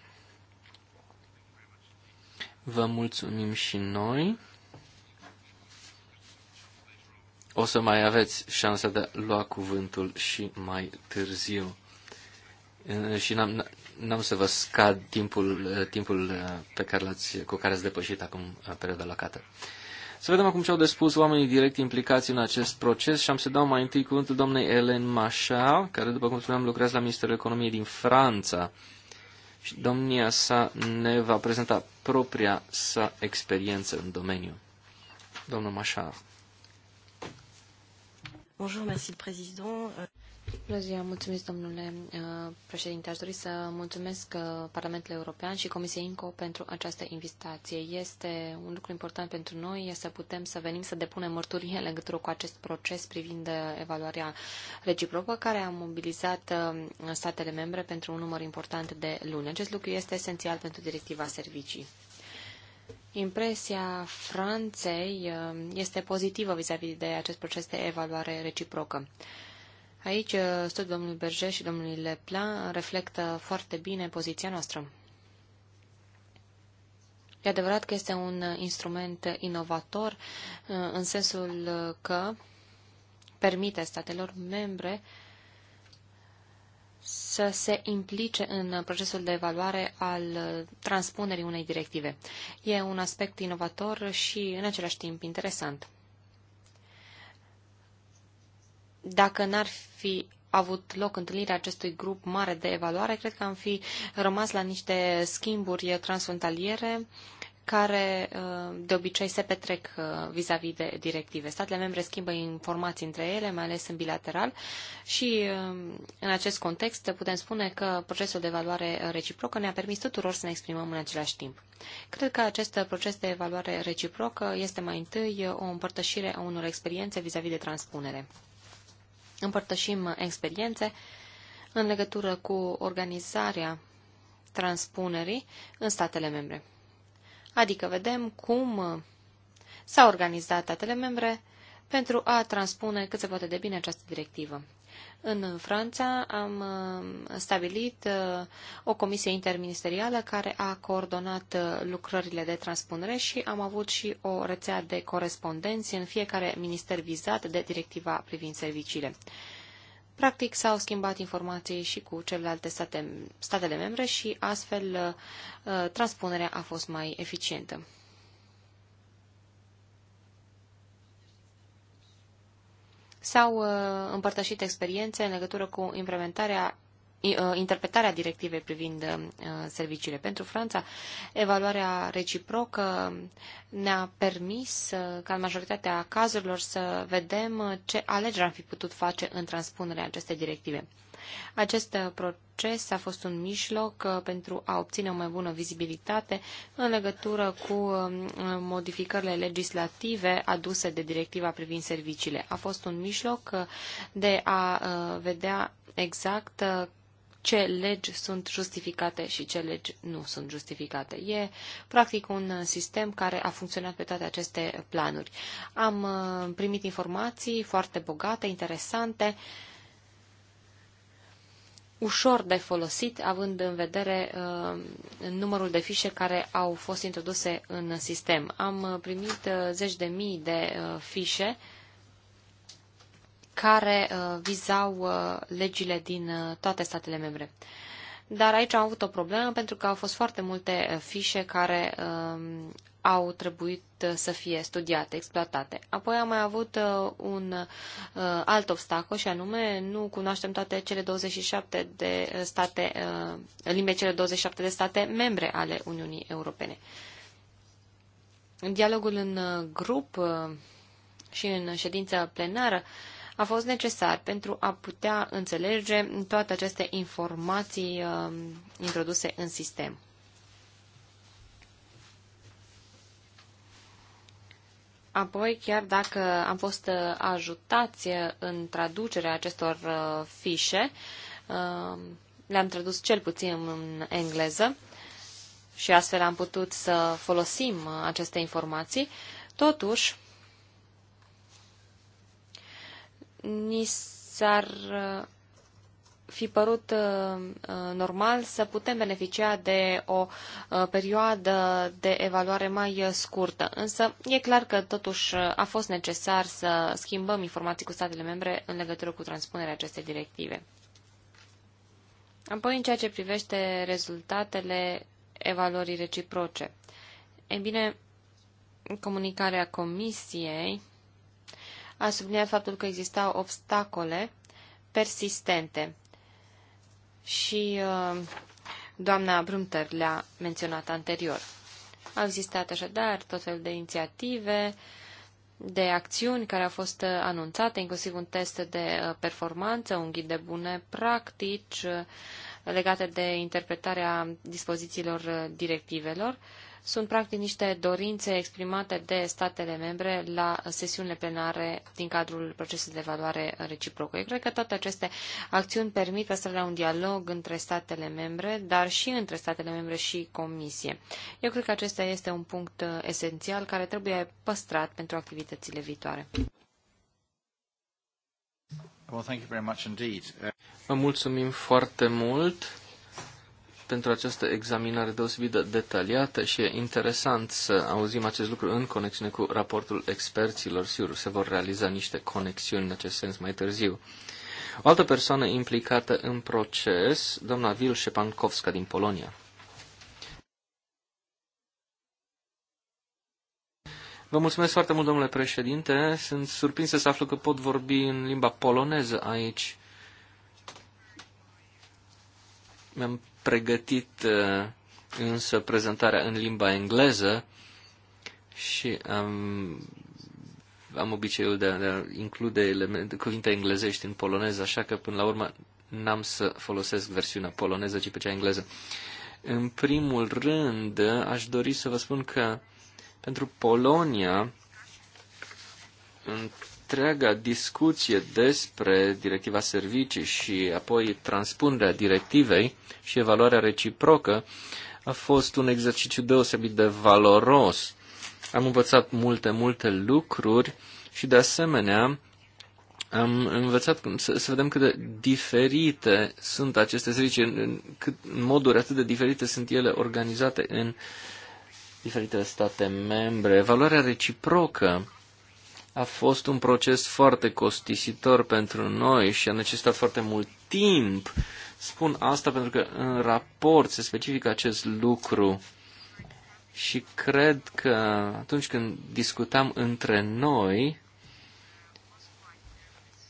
Vă mulțumim și noi. O să mai aveți șansa de a lua cuvântul și mai târziu. Și n-am, n-am să vă scad timpul, timpul pe care l-ați, cu care ați depășit acum perioada locată. Să vedem acum ce au de spus oamenii direct implicați în acest proces și am să dau mai întâi cuvântul doamnei Ellen Mașa, care, după cum spuneam, lucrează la Ministerul Economiei din Franța și domnia sa ne va prezenta propria sa experiență în domeniu. Domnul Mașa. Bonjour, merci, président. Bună ziua, mulțumesc, domnule uh, președinte. Aș dori să mulțumesc uh, Parlamentului European și Comisiei INCO pentru această invitație. Este un lucru important pentru noi să putem să venim să depunem mărturie în legătură cu acest proces privind uh, evaluarea reciprocă, care a mobilizat statele membre pentru un număr important de luni. Acest lucru este esențial pentru directiva servicii. Impresia Franței este pozitivă vis a -vis de acest proces de evaluare reciprocă. Aici uh, studiul domnului Berger și domnului Leplan reflectă foarte bine poziția noastră. E adevărat că este un instrument inovator uh, în sensul uh, că permite statelor membre să se implice în procesul de evaluare al transpunerii unei directive. E un aspect inovator și în același timp interesant. Dacă n-ar fi avut loc întâlnirea acestui grup mare de evaluare, cred că am fi rămas la niște schimburi transfrontaliere care uh, de obicei se petrec uh, vis-a-vis -vis de directive. Statele membre schimbă informații între ele, mai ales în bilateral și uh, în acest context putem spune că procesul de evaluare reciprocă ne-a permis tuturor să ne exprimăm în același timp. Cred că acest proces de evaluare reciprocă este mai întâi o împărtășire a unor experiențe vis-a-vis -vis de transpunere. Împărtășim experiențe în legătură cu organizarea transpunerii în statele membre. Adică vedem cum s-au organizat statele membre pentru a transpune cât se poate de bine această directivă. În Franța am uh, stabilit uh, o comisie interministerială care a coordonat uh, lucrările de transpunere și am avut și o rețea de corespondenți în fiecare minister vizat de directiva privind serviciile. Practic s-au schimbat informații și cu celelalte state, statele membre și astfel transpunerea a fost mai eficientă. S-au uh, împărtășit experiențe în legătură cu implementarea uh, interpretarea directivei privind uh, serviciile. Pentru Franța, evaluarea reciprocă ne-a permis ca în majoritatea cazurilor să vedem ce alegeri am fi putut face în transpunerea acestei directive. Acest uh, proces a fost un mijloc uh, pentru a obține o mai bună vizibilitate în legătură cu um, modificările legislative aduse de directiva privind serviciile. A fost un mijloc uh, de a vedea exact ce legi sunt justificate și ce legi nu sunt justificate. E practic un sistem care a funcționat pe toate aceste planuri. Am primit informații foarte bogate, interesante, ușor de folosit, având în vedere uh, numărul de fișe care au fost introduse în sistem. Am uh, primit uh, zeci de mii de uh, fișe care uh, vizau uh, legile din uh, toate statele membre. Uh, dar aici am avut o problemă pentru că au fost foarte multe uh, fișe care um, au trebuit uh, să fie studiate, exploatate. Apoi am mai avut uh, un alt obstacol și anume nu cunoaștem toate cele 27 de state, limbe cele 27 de state membre ale Uniunii Europene. Dialogul în grup și în ședința plenară uh, a fost necesar pentru a putea înțelege toate aceste informații uh, introduse în sistem. Apoi, chiar dacă am fost uh, ajutați uh, în traducerea acestor uh, fișe, uh, le-am tradus cel puțin în engleză și astfel am putut să folosim uh, aceste informații. Totuși, ni s-ar uh, fi părut uh, uh, normal să putem beneficia de o perioadă de evaluare mai scurtă. Însă e clar că totuși a fost necesar să schimbăm informații cu statele membre în legătură cu transpunerea acestei directive. Apoi, în ceea ce privește rezultatele evaluării reciproce. E bine, comunicarea Comisiei a subliniat faptul că existau obstacole persistente și uh, doamna Brumter le-a menționat anterior. Au existat așadar tot felul de inițiative, de acțiuni care au fost uh, anunțate, inclusiv un test de uh, performanță, un ghid de bune practici legate de interpretarea dispozițiilor directivelor sunt practic niște dorințe exprimate de statele membre la sesiunile plenare din cadrul procesului de evaluare reciprocă. Eu cred că toate aceste acțiuni permit păstrarea un dialog între statele membre, dar și între statele membre și Comisie. Eu cred că acesta este un punct esențial care trebuie păstrat pentru activitățile viitoare. Vă mulțumim foarte mult pentru această examinare deosebit de detaliată și e interesant să auzim acest lucru în conexiune cu raportul experților. Sigur, se vor realiza niște conexiuni în acest sens mai târziu. O altă persoană implicată în proces, doamna Vil Șepankovska din Polonia. Vă mulțumesc foarte mult, domnule președinte. Sunt surprins să aflu că pot vorbi în limba poloneză aici. Mi-am pregătit uh, însă prezentarea în limba engleză și am, am obiceiul de a, de a include elemente, cuvinte englezești în poloneză, așa că până la urmă n-am să folosesc versiunea poloneză, ci pe cea engleză. În primul rând, aș dori să vă spun că pentru Polonia, întreaga discuție despre directiva servicii și apoi transpunerea directivei și evaluarea reciprocă a fost un exercițiu deosebit de valoros. Am învățat multe, multe lucruri și de asemenea am învățat să, să vedem cât de diferite sunt aceste servicii, în, cât, în moduri atât de diferite sunt ele organizate în diferite state membre. Valoarea reciprocă a fost un proces foarte costisitor pentru noi și a necesitat foarte mult timp. Spun asta pentru că în raport se specifică acest lucru și cred că atunci când discutam între noi,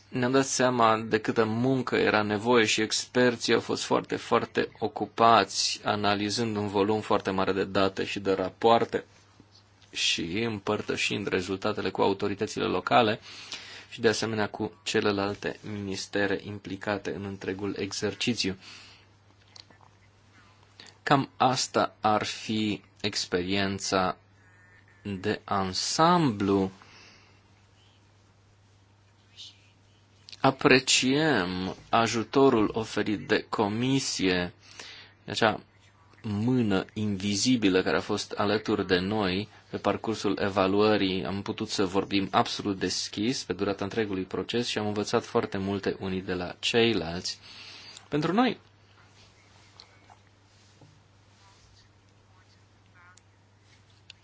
ne-am dat seama de câtă muncă era nevoie și experții au fost foarte, foarte ocupați analizând un volum foarte mare de date și de rapoarte și împărtășind rezultatele cu autoritățile locale și de asemenea cu celelalte ministere implicate în întregul exercițiu. Cam asta ar fi experiența de ansamblu. Apreciem ajutorul oferit de comisie, acea mână invizibilă care a fost alături de noi pe parcursul evaluării am putut să vorbim absolut deschis pe durata întregului proces și am învățat foarte multe unii de la ceilalți. Pentru noi,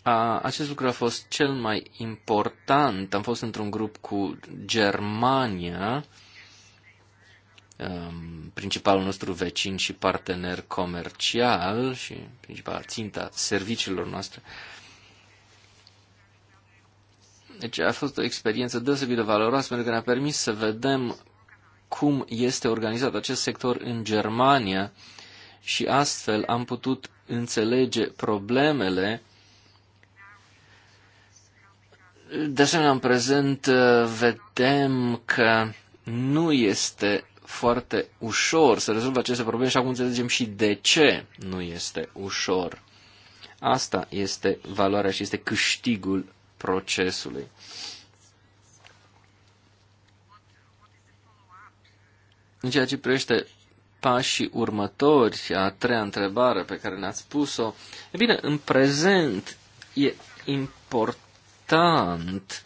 A, acest lucru a fost cel mai important. Am fost într-un grup cu Germania, um, principalul nostru vecin și partener comercial și principala ținta serviciilor noastre. Deci a fost o experiență deosebit de valoroasă pentru că ne-a permis să vedem cum este organizat acest sector în Germania și astfel am putut înțelege problemele. De asemenea, în prezent uh, vedem că nu este foarte ușor să rezolvă aceste probleme și acum înțelegem și de ce nu este ușor. Asta este valoarea și este câștigul procesului. În ceea ce privește pașii următori, a treia întrebare pe care ne-ați pus-o, e bine, în prezent e important,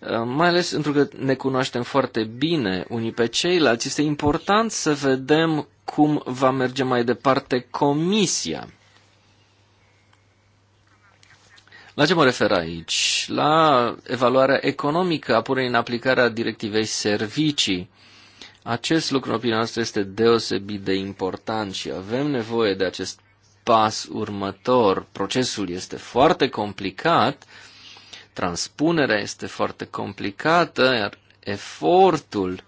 uh, mai ales pentru că ne cunoaștem foarte bine unii pe ceilalți, este important să vedem cum va merge mai departe comisia. La ce mă refer aici? La evaluarea economică a punerii în aplicare a directivei servicii. Acest lucru, în opinia noastră, este deosebit de important și avem nevoie de acest pas următor. Procesul este foarte complicat, transpunerea este foarte complicată, iar efortul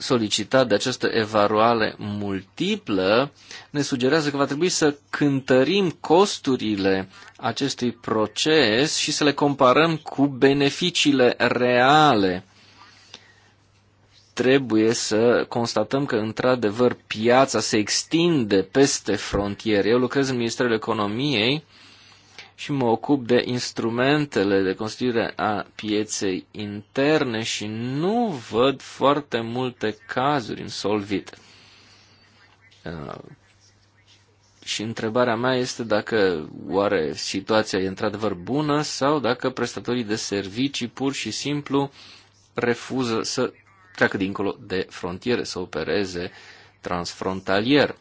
solicitat de această evaluare multiplă ne sugerează că va trebui să cântărim costurile acestui proces și să le comparăm cu beneficiile reale. Trebuie să constatăm că, într-adevăr, piața se extinde peste frontiere. Eu lucrez în Ministerul Economiei și mă ocup de instrumentele de construire a pieței interne și nu văd foarte multe cazuri insolvite. Uh, și întrebarea mea este dacă oare situația e într-adevăr bună sau dacă prestatorii de servicii pur și simplu refuză să treacă dincolo de frontiere, să opereze transfrontalier.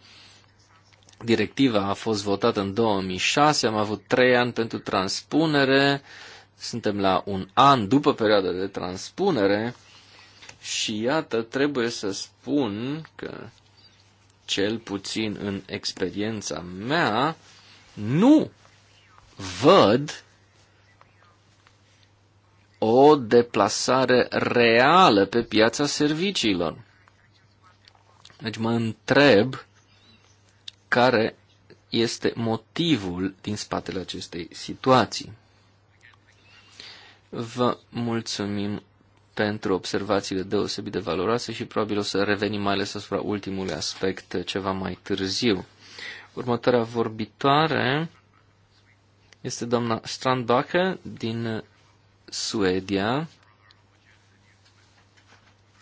Directiva a fost votată în 2006, am avut trei ani pentru transpunere, suntem la un an după perioada de transpunere și iată, trebuie să spun că cel puțin în experiența mea, nu văd o deplasare reală pe piața serviciilor. Deci mă întreb care este motivul din spatele acestei situații. Vă mulțumim pentru observațiile deosebit de valoroase și probabil o să revenim mai ales asupra ultimului aspect ceva mai târziu. Următoarea vorbitoare este doamna Strandbacher din Suedia.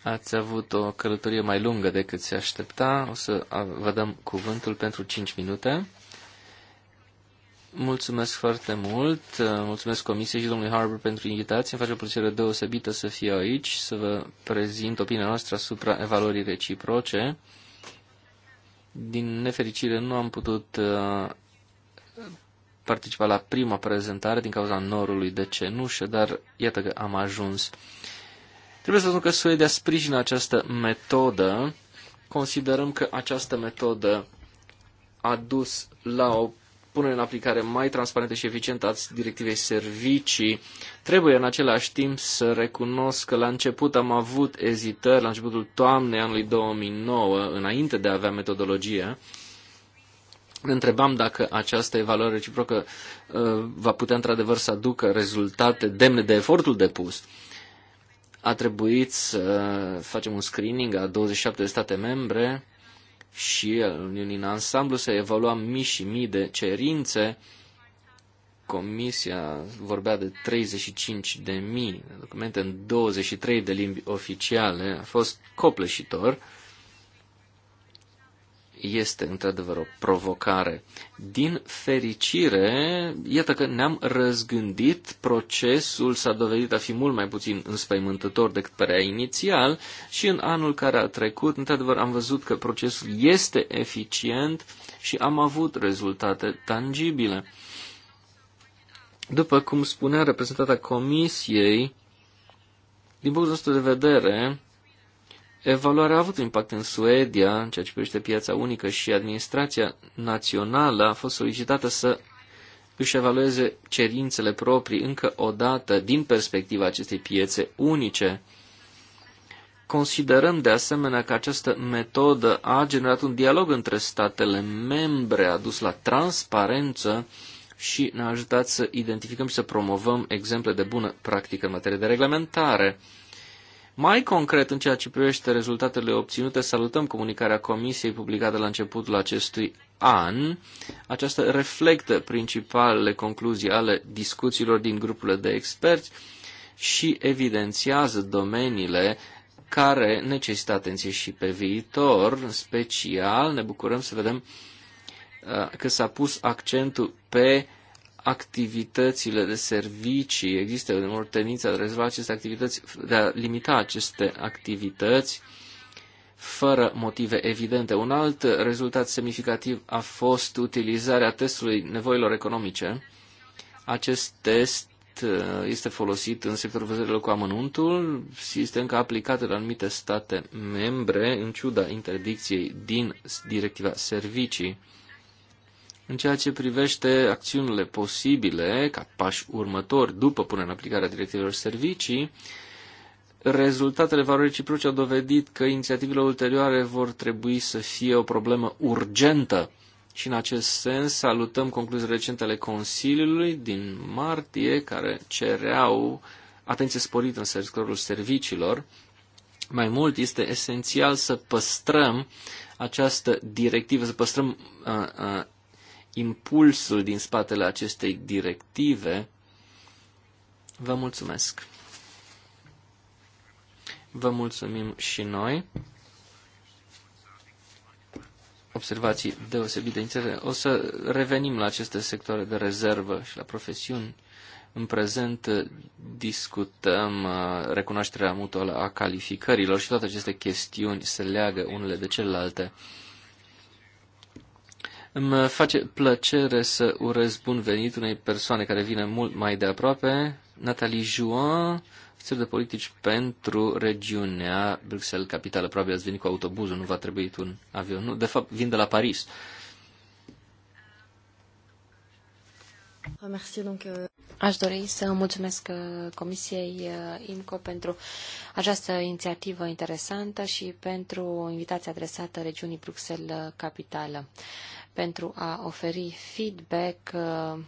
Ați avut o călătorie mai lungă decât se aștepta. O să vă dăm cuvântul pentru 5 minute. Mulțumesc foarte mult, mulțumesc Comisiei și domnului Harbour pentru invitație. Îmi face o plăcere deosebită să fiu aici, să vă prezint opinia noastră asupra evaluării reciproce. Din nefericire nu am putut uh, participa la prima prezentare din cauza norului de cenușă, dar iată că am ajuns. Trebuie să spun că Suedia sprijină această metodă. Considerăm că această metodă a dus la o punere în aplicare mai transparentă și eficientă a directivei servicii. Trebuie în același timp să recunosc că la început am avut ezitări, la începutul toamnei anului 2009, înainte de a avea metodologie. Întrebam dacă această evaluare reciprocă uh, va putea într-adevăr să aducă rezultate demne de efortul depus a trebuit să facem un screening a 27 de state membre și al Uniunii în ansamblu, să evaluăm mii și mii de cerințe. Comisia vorbea de 35 de mii documente în 23 de limbi oficiale. A fost copleșitor este într-adevăr o provocare. Din fericire, iată că ne-am răzgândit, procesul s-a dovedit a fi mult mai puțin înspăimântător decât părea inițial și în anul care a trecut, într-adevăr, am văzut că procesul este eficient și am avut rezultate tangibile. După cum spunea reprezentata comisiei, din punctul nostru de vedere, Evaluarea a avut un impact în Suedia, în ceea ce privește piața unică și administrația națională a fost solicitată să își evalueze cerințele proprii încă o dată din perspectiva acestei piețe unice. Considerăm de asemenea că această metodă a generat un dialog între statele membre, a dus la transparență și ne-a ajutat să identificăm și să promovăm exemple de bună practică în materie de reglementare. Mai concret, în ceea ce privește rezultatele obținute, salutăm comunicarea Comisiei publicată la începutul acestui an. Aceasta reflectă principalele concluzii ale discuțiilor din grupurile de experți și evidențiază domeniile care necesită atenție și pe viitor. În special, ne bucurăm să vedem uh, că s-a pus accentul pe activitățile de servicii, există de mult tendința de a rezolva aceste activități, de a limita aceste activități fără motive evidente. Un alt rezultat semnificativ a fost utilizarea testului nevoilor economice. Acest test uh, este folosit în sectorul văzărilor cu amănuntul, este încă aplicat în anumite state membre, în ciuda interdicției din directiva servicii. În ceea ce privește acțiunile posibile, ca pași următori după punerea în aplicare a directivelor servicii, rezultatele valorii reciproce au dovedit că inițiativele ulterioare vor trebui să fie o problemă urgentă. Și în acest sens salutăm concluziile recente ale Consiliului din martie, care cereau atenție sporită în sectorul serviciilor. Mai mult, este esențial să păstrăm această directivă, să păstrăm uh, uh, impulsul din spatele acestei directive. Vă mulțumesc! Vă mulțumim și noi. Observații deosebit de O să revenim la aceste sectoare de rezervă și la profesiuni. În prezent uh, discutăm uh, recunoașterea mutuală a calificărilor și toate aceste chestiuni se leagă unele de celelalte. Îmi face plăcere să urez bun venit unei persoane care vine mult mai de aproape, Nathalie Juan, ofițer de politici pentru regiunea Bruxelles Capitală. Probabil ați venit cu autobuzul, nu va trebui un avion. Nu, de fapt, vin de la Paris. Euh, Aș dori să mulțumesc uh, Comisiei uh, IMCO pentru această inițiativă interesantă și pentru invitația adresată regiunii Bruxelles Capitală pentru a oferi feedback uh,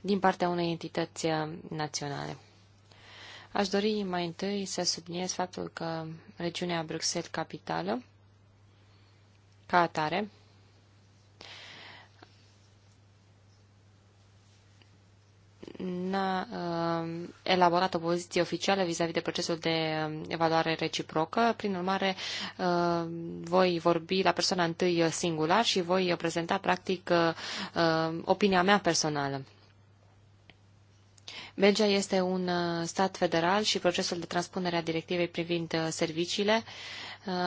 din partea unei entități uh, naționale. Aș dori mai întâi să subliniez faptul că regiunea Bruxelles Capitală, ca atare, n-a uh, elaborat o poziție oficială vis-a-vis -vis de procesul de um, evaluare reciprocă. Prin urmare, uh, voi vorbi la persoana întâi singular și voi prezenta, practic, uh, opinia mea personală. Belgia este un stat federal și procesul de transpunere a directivei privind serviciile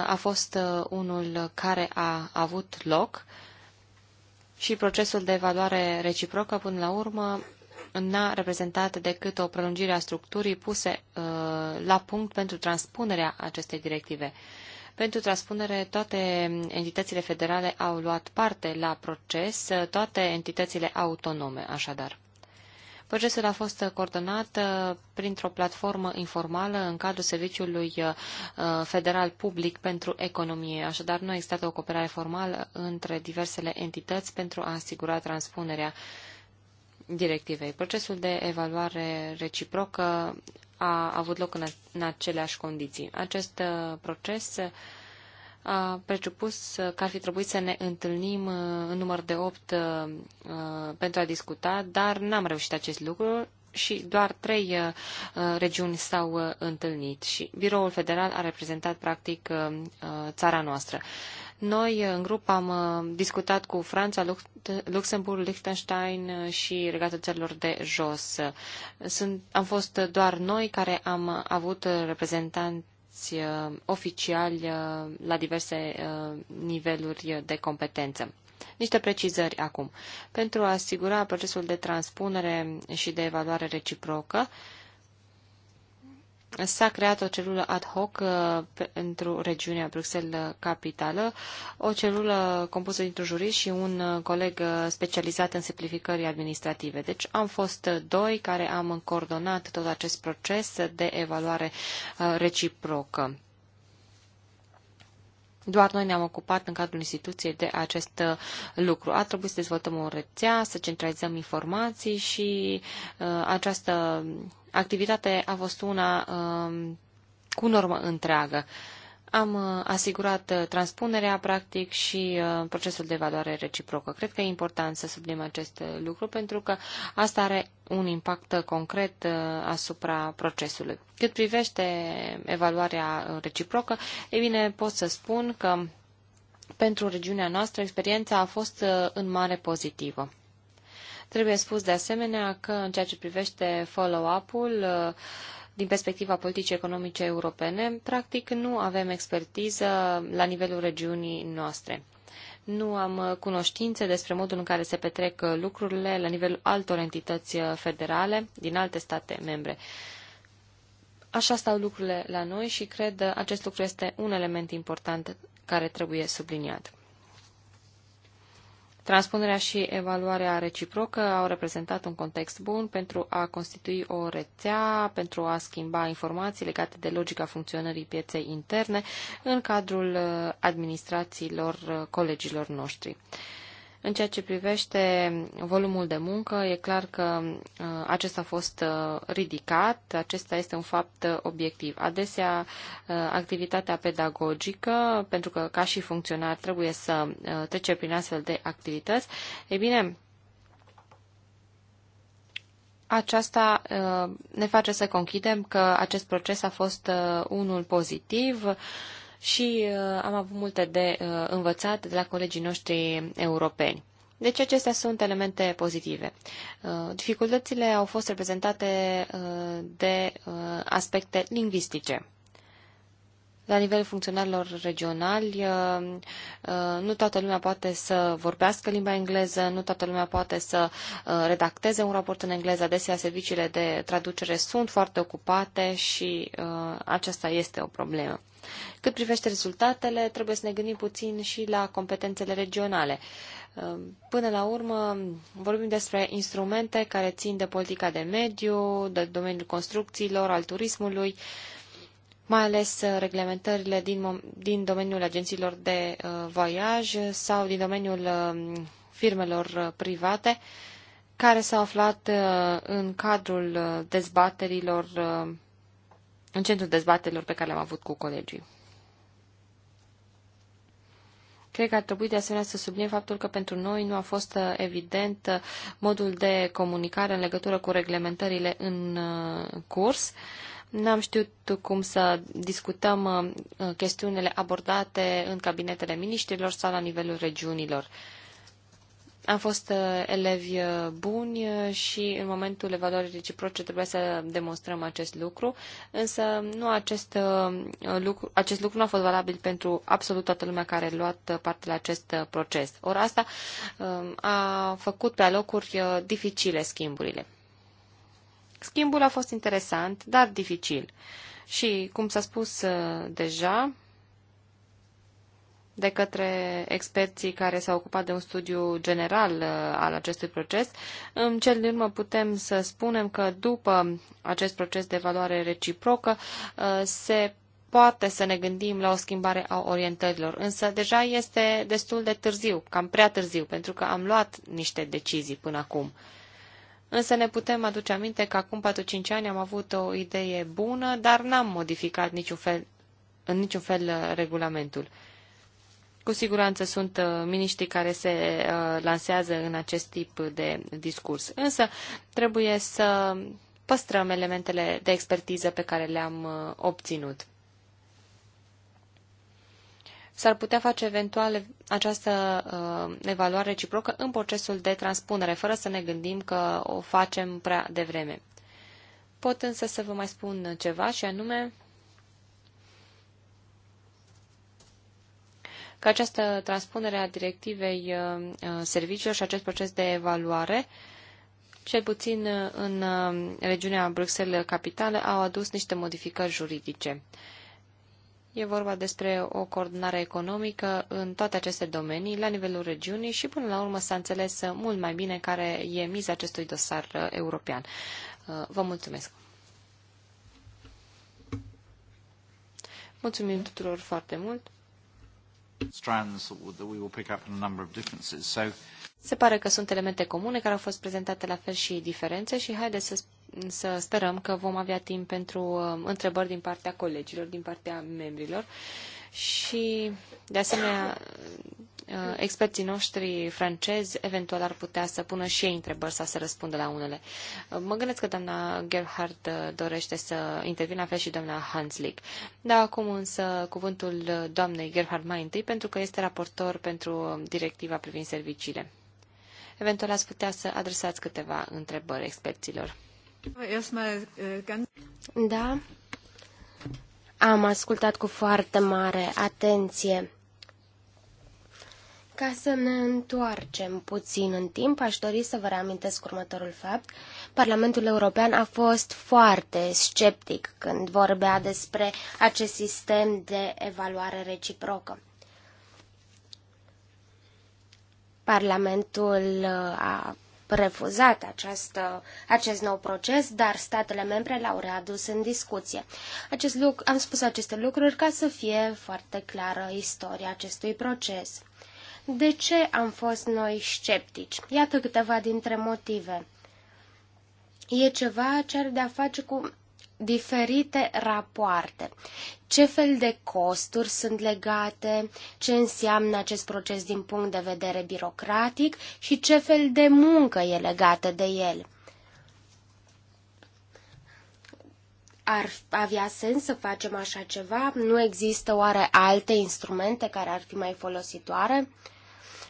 a fost unul care a avut loc și procesul de evaluare reciprocă, până la urmă, n-a reprezentat decât o prelungire a structurii puse uh, la punct pentru transpunerea acestei directive. Pentru transpunere, toate entitățile federale au luat parte la proces, uh, toate entitățile autonome, așadar. Procesul a fost coordonat uh, printr-o platformă informală în cadrul Serviciului Federal Public pentru Economie. Așadar, nu a existat o cooperare formală între diversele entități pentru a asigura transpunerea directivei. Procesul de evaluare reciprocă a avut loc în, în aceleași condiții. Acest uh, proces uh, a presupus uh, că ar fi trebuit să ne întâlnim în număr de opt pentru a discuta, dar n-am reușit acest lucru și doar trei regiuni s-au întâlnit și Biroul Federal a reprezentat practic țara noastră. Noi, în grup, am uh, discutat cu Franța, Luxemburg, Liechtenstein uh, și Regatul Țărilor de Jos. Sunt, am fost doar noi care am avut reprezentanți uh, oficiali la diverse niveluri de competență. Niște precizări acum. Pentru a asigura procesul de transpunere și de evaluare reciprocă, uh, s-a creat o celulă ad hoc uh, pentru regiunea Bruxelles uh, Capitală, o celulă compusă dintr-un jurist și un uh, coleg specializat în simplificări administrative. Deci am fost doi care am coordonat tot acest proces de evaluare reciprocă. Doar noi ne-am ocupat în cadrul instituției de acest uh, lucru. A trebuit să dezvoltăm o rețea, să centralizăm informații și uh, această activitate a fost una uh, cu normă întreagă. Uh, am uh, asigurat uh, transpunerea, practic, și uh, procesul de evaluare reciprocă. Cred că e important să subliniem acest lucru, pentru că asta are un impact concret asupra procesului. Cât privește evaluarea reciprocă, e bine, pot să spun că pentru regiunea noastră experiența a fost în mare pozitivă. Trebuie spus de asemenea că în ceea ce privește follow-up-ul, uh, din perspectiva politicii economice europene, practic nu avem expertiză la nivelul regiunii noastre. Nu am cunoștințe despre modul în care se petrec lucrurile la nivelul altor entități federale din alte state membre. Așa stau lucrurile la noi și cred acest lucru este un element important care trebuie subliniat. Transpunerea și evaluarea reciprocă au reprezentat un context bun pentru a constitui o rețea, pentru a schimba informații legate de logica funcționării pieței interne în cadrul uh, administrațiilor uh, colegilor noștri. În ceea ce privește volumul de muncă, e clar că uh, acesta a fost uh, ridicat, acesta este un fapt uh, obiectiv. Adesea, activitatea pedagogică, pentru că ca și funcționar trebuie să trece prin astfel de activități, e bine, aceasta ne face să conchidem că acest proces a fost unul pozitiv, și uh, am avut multe de uh, învățat de la colegii noștri europeni. Deci acestea sunt elemente pozitive. Uh, dificultățile au fost reprezentate de aspecte lingvistice. La nivelul funcționarilor regionali, nu toată lumea poate să vorbească limba engleză, nu toată lumea poate să redacteze un raport în engleză. Adesea serviciile de traducere sunt foarte ocupate și aceasta este o problemă. Cât privește rezultatele, trebuie să ne gândim puțin și la competențele regionale. Ehm, Până la urmă, vorbim despre instrumente care țin de politica de mediu, de domeniul construcțiilor, al turismului, mai ales reglementările din, din domeniul agențiilor de uh, voiaj sau din domeniul uh, firmelor eh, private, care s-au aflat uh, în cadrul dezbaterilor în centrul dezbatelor pe care le-am avut cu colegii. Cred că ar trebui de asemenea să subliniem faptul că pentru noi nu a fost evident modul de comunicare în legătură cu reglementările în uh, curs. N-am știut cum să discutăm uh, chestiunile abordate în cabinetele miniștrilor sau la nivelul regiunilor. Am fost uh, elevi uh, buni uh, și în momentul evaluării reciproce trebuia să demonstrăm acest lucru, însă nu acest lucru, acest lucru nu a fost valabil pentru absolut toată lumea care a luat parte la acest proces. Or asta um, a făcut pe alocuri dificile schimburile. Schimbul a fost interesant, dar dificil. Și, cum s-a spus deja, de către experții care s-au ocupat de un studiu general uh, al acestui proces. În cel din urmă putem să spunem că după acest proces de evaluare reciprocă uh, se poate să ne gândim la o schimbare a orientărilor, însă deja este destul de târziu, cam prea târziu, pentru că am luat niște decizii până acum. Însă ne putem aduce aminte că acum 4-5 ani am avut o idee bună, dar n-am modificat niciun fel, în niciun fel uh, regulamentul. Cu siguranță sunt uh, miniștri care se uh, lansează în acest tip de discurs. Însă trebuie să păstrăm elementele de expertiză pe care le-am uh, obținut. S-ar putea face eventual această uh, evaluare reciprocă în procesul de transpunere, fără să ne gândim că o facem prea devreme. Pot însă să vă mai spun ceva și anume că această transpunere a directivei uh, uh, serviciilor și acest proces de evaluare cel puțin uh, în regiunea Bruxelles Capitală, au adus niște modificări juridice. E vorba despre o coordonare economică în toate aceste domenii, la nivelul regiunii și până la urmă s-a înțeles mult mai bine care e miza acestui dosar european. Vă mulțumesc! Mulțumim tuturor foarte mult! Se pare că sunt elemente comune care au fost prezentate la fel și diferențe și haideți să, să sperăm că vom avea timp pentru uh, întrebări din partea colegilor, din partea membrilor. Uh, și, de asemenea, uh, experții noștri francezi eventual ar putea să pună și ei întrebări sau să răspundă la unele. Uh, mă gândesc că doamna Gerhard uh, dorește să intervină, la fel și doamna Hanslick. Da, acum însă cuvântul doamnei Gerhard mai întâi, pentru că este raportor pentru directiva privind serviciile. Eventual ați putea să adresați câteva întrebări experților. Äh, da, am ascultat cu foarte mare atenție. Ca să ne întoarcem puțin în timp, aș dori să vă reamintesc următorul fapt. Parlamentul European a fost foarte sceptic când vorbea despre acest sistem de evaluare reciprocă. Parlamentul a refuzat această, acest nou proces, dar statele membre l-au readus în discuție. Acest lucru, am spus aceste lucruri ca să fie foarte clară istoria acestui proces. De ce am fost noi sceptici? Iată câteva dintre motive. E ceva ce are de-a face cu diferite rapoarte. Ce fel de costuri sunt legate, ce înseamnă acest proces din punct de vedere birocratic și ce fel de muncă e legată de el. ar avea sens să facem așa ceva? Nu există oare alte instrumente care ar fi mai folositoare?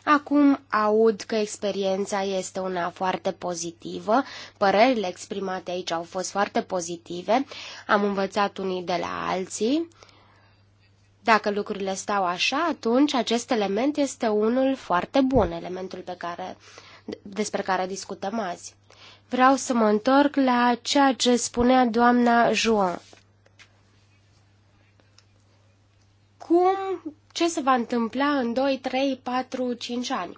Acum aud că experiența este una foarte pozitivă, părerile exprimate aici au fost foarte pozitive, am învățat unii de la alții. Dacă lucrurile stau așa, atunci acest element este unul foarte bun, elementul pe care, despre care discutăm azi. Vreau să mă întorc la ceea ce spunea doamna Juan. Cum ce se va întâmpla în 2, 3, 4, 5 ani.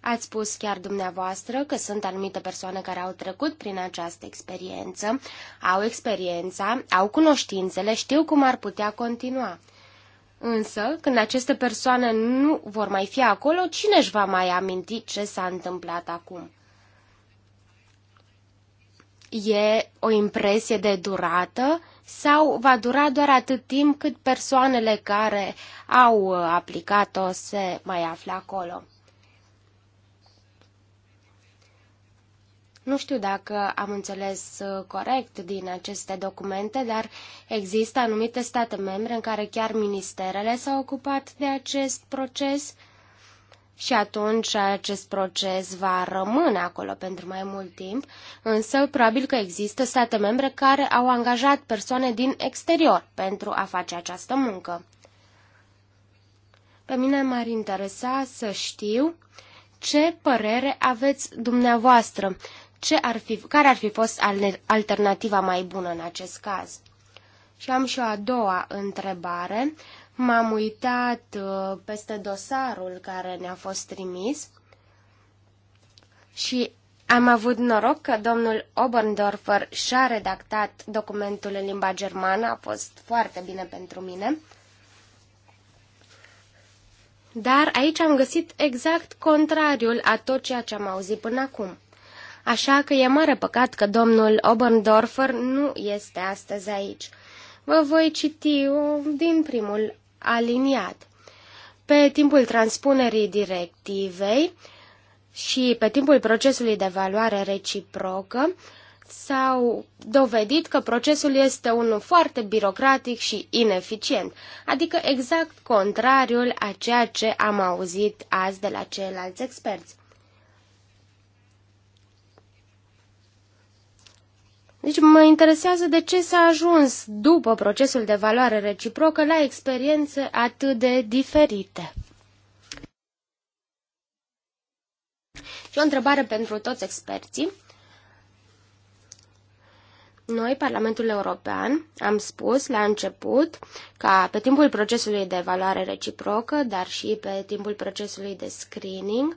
Ați spus chiar dumneavoastră că sunt anumite persoane care au trecut prin această experiență, au experiența, au cunoștințele, știu cum ar putea continua. Însă, când aceste persoane nu vor mai fi acolo, cine își va mai aminti ce s-a întâmplat acum? E o impresie de durată sau va dura doar atât timp cât persoanele care au uh, aplicat-o se mai află acolo. Nu știu dacă am înțeles uh, corect din aceste documente, dar există anumite state membre în care chiar ministerele s-au ocupat de acest proces și atunci acest proces va rămâne acolo pentru mai mult timp, însă probabil că există state membre care au angajat persoane din exterior pentru a face această muncă. Pe mine m-ar interesa să știu ce părere aveți dumneavoastră, ce ar fi, care ar fi fost alternativa mai bună în acest caz. Și am și o a doua întrebare. M-am uitat uh, peste dosarul care ne-a fost trimis și am avut noroc că domnul Oberndorfer și-a redactat documentul în limba germană, a fost foarte bine pentru mine. Dar aici am găsit exact contrariul a tot ceea ce am auzit până acum. Așa că e mare păcat că domnul Oberndorfer nu este astăzi aici. Vă voi citi din primul aliniat. Pe timpul transpunerii directivei și pe timpul procesului de valoare reciprocă, s-au dovedit că procesul este unul foarte birocratic și ineficient, adică exact contrariul a ceea ce am auzit azi de la ceilalți experți. Deci mă interesează de ce s-a ajuns după procesul de valoare reciprocă la experiențe atât de diferite. Și o întrebare pentru toți experții. Noi, Parlamentul European, am spus la început ca pe timpul procesului de evaluare reciprocă, dar și pe timpul procesului de screening,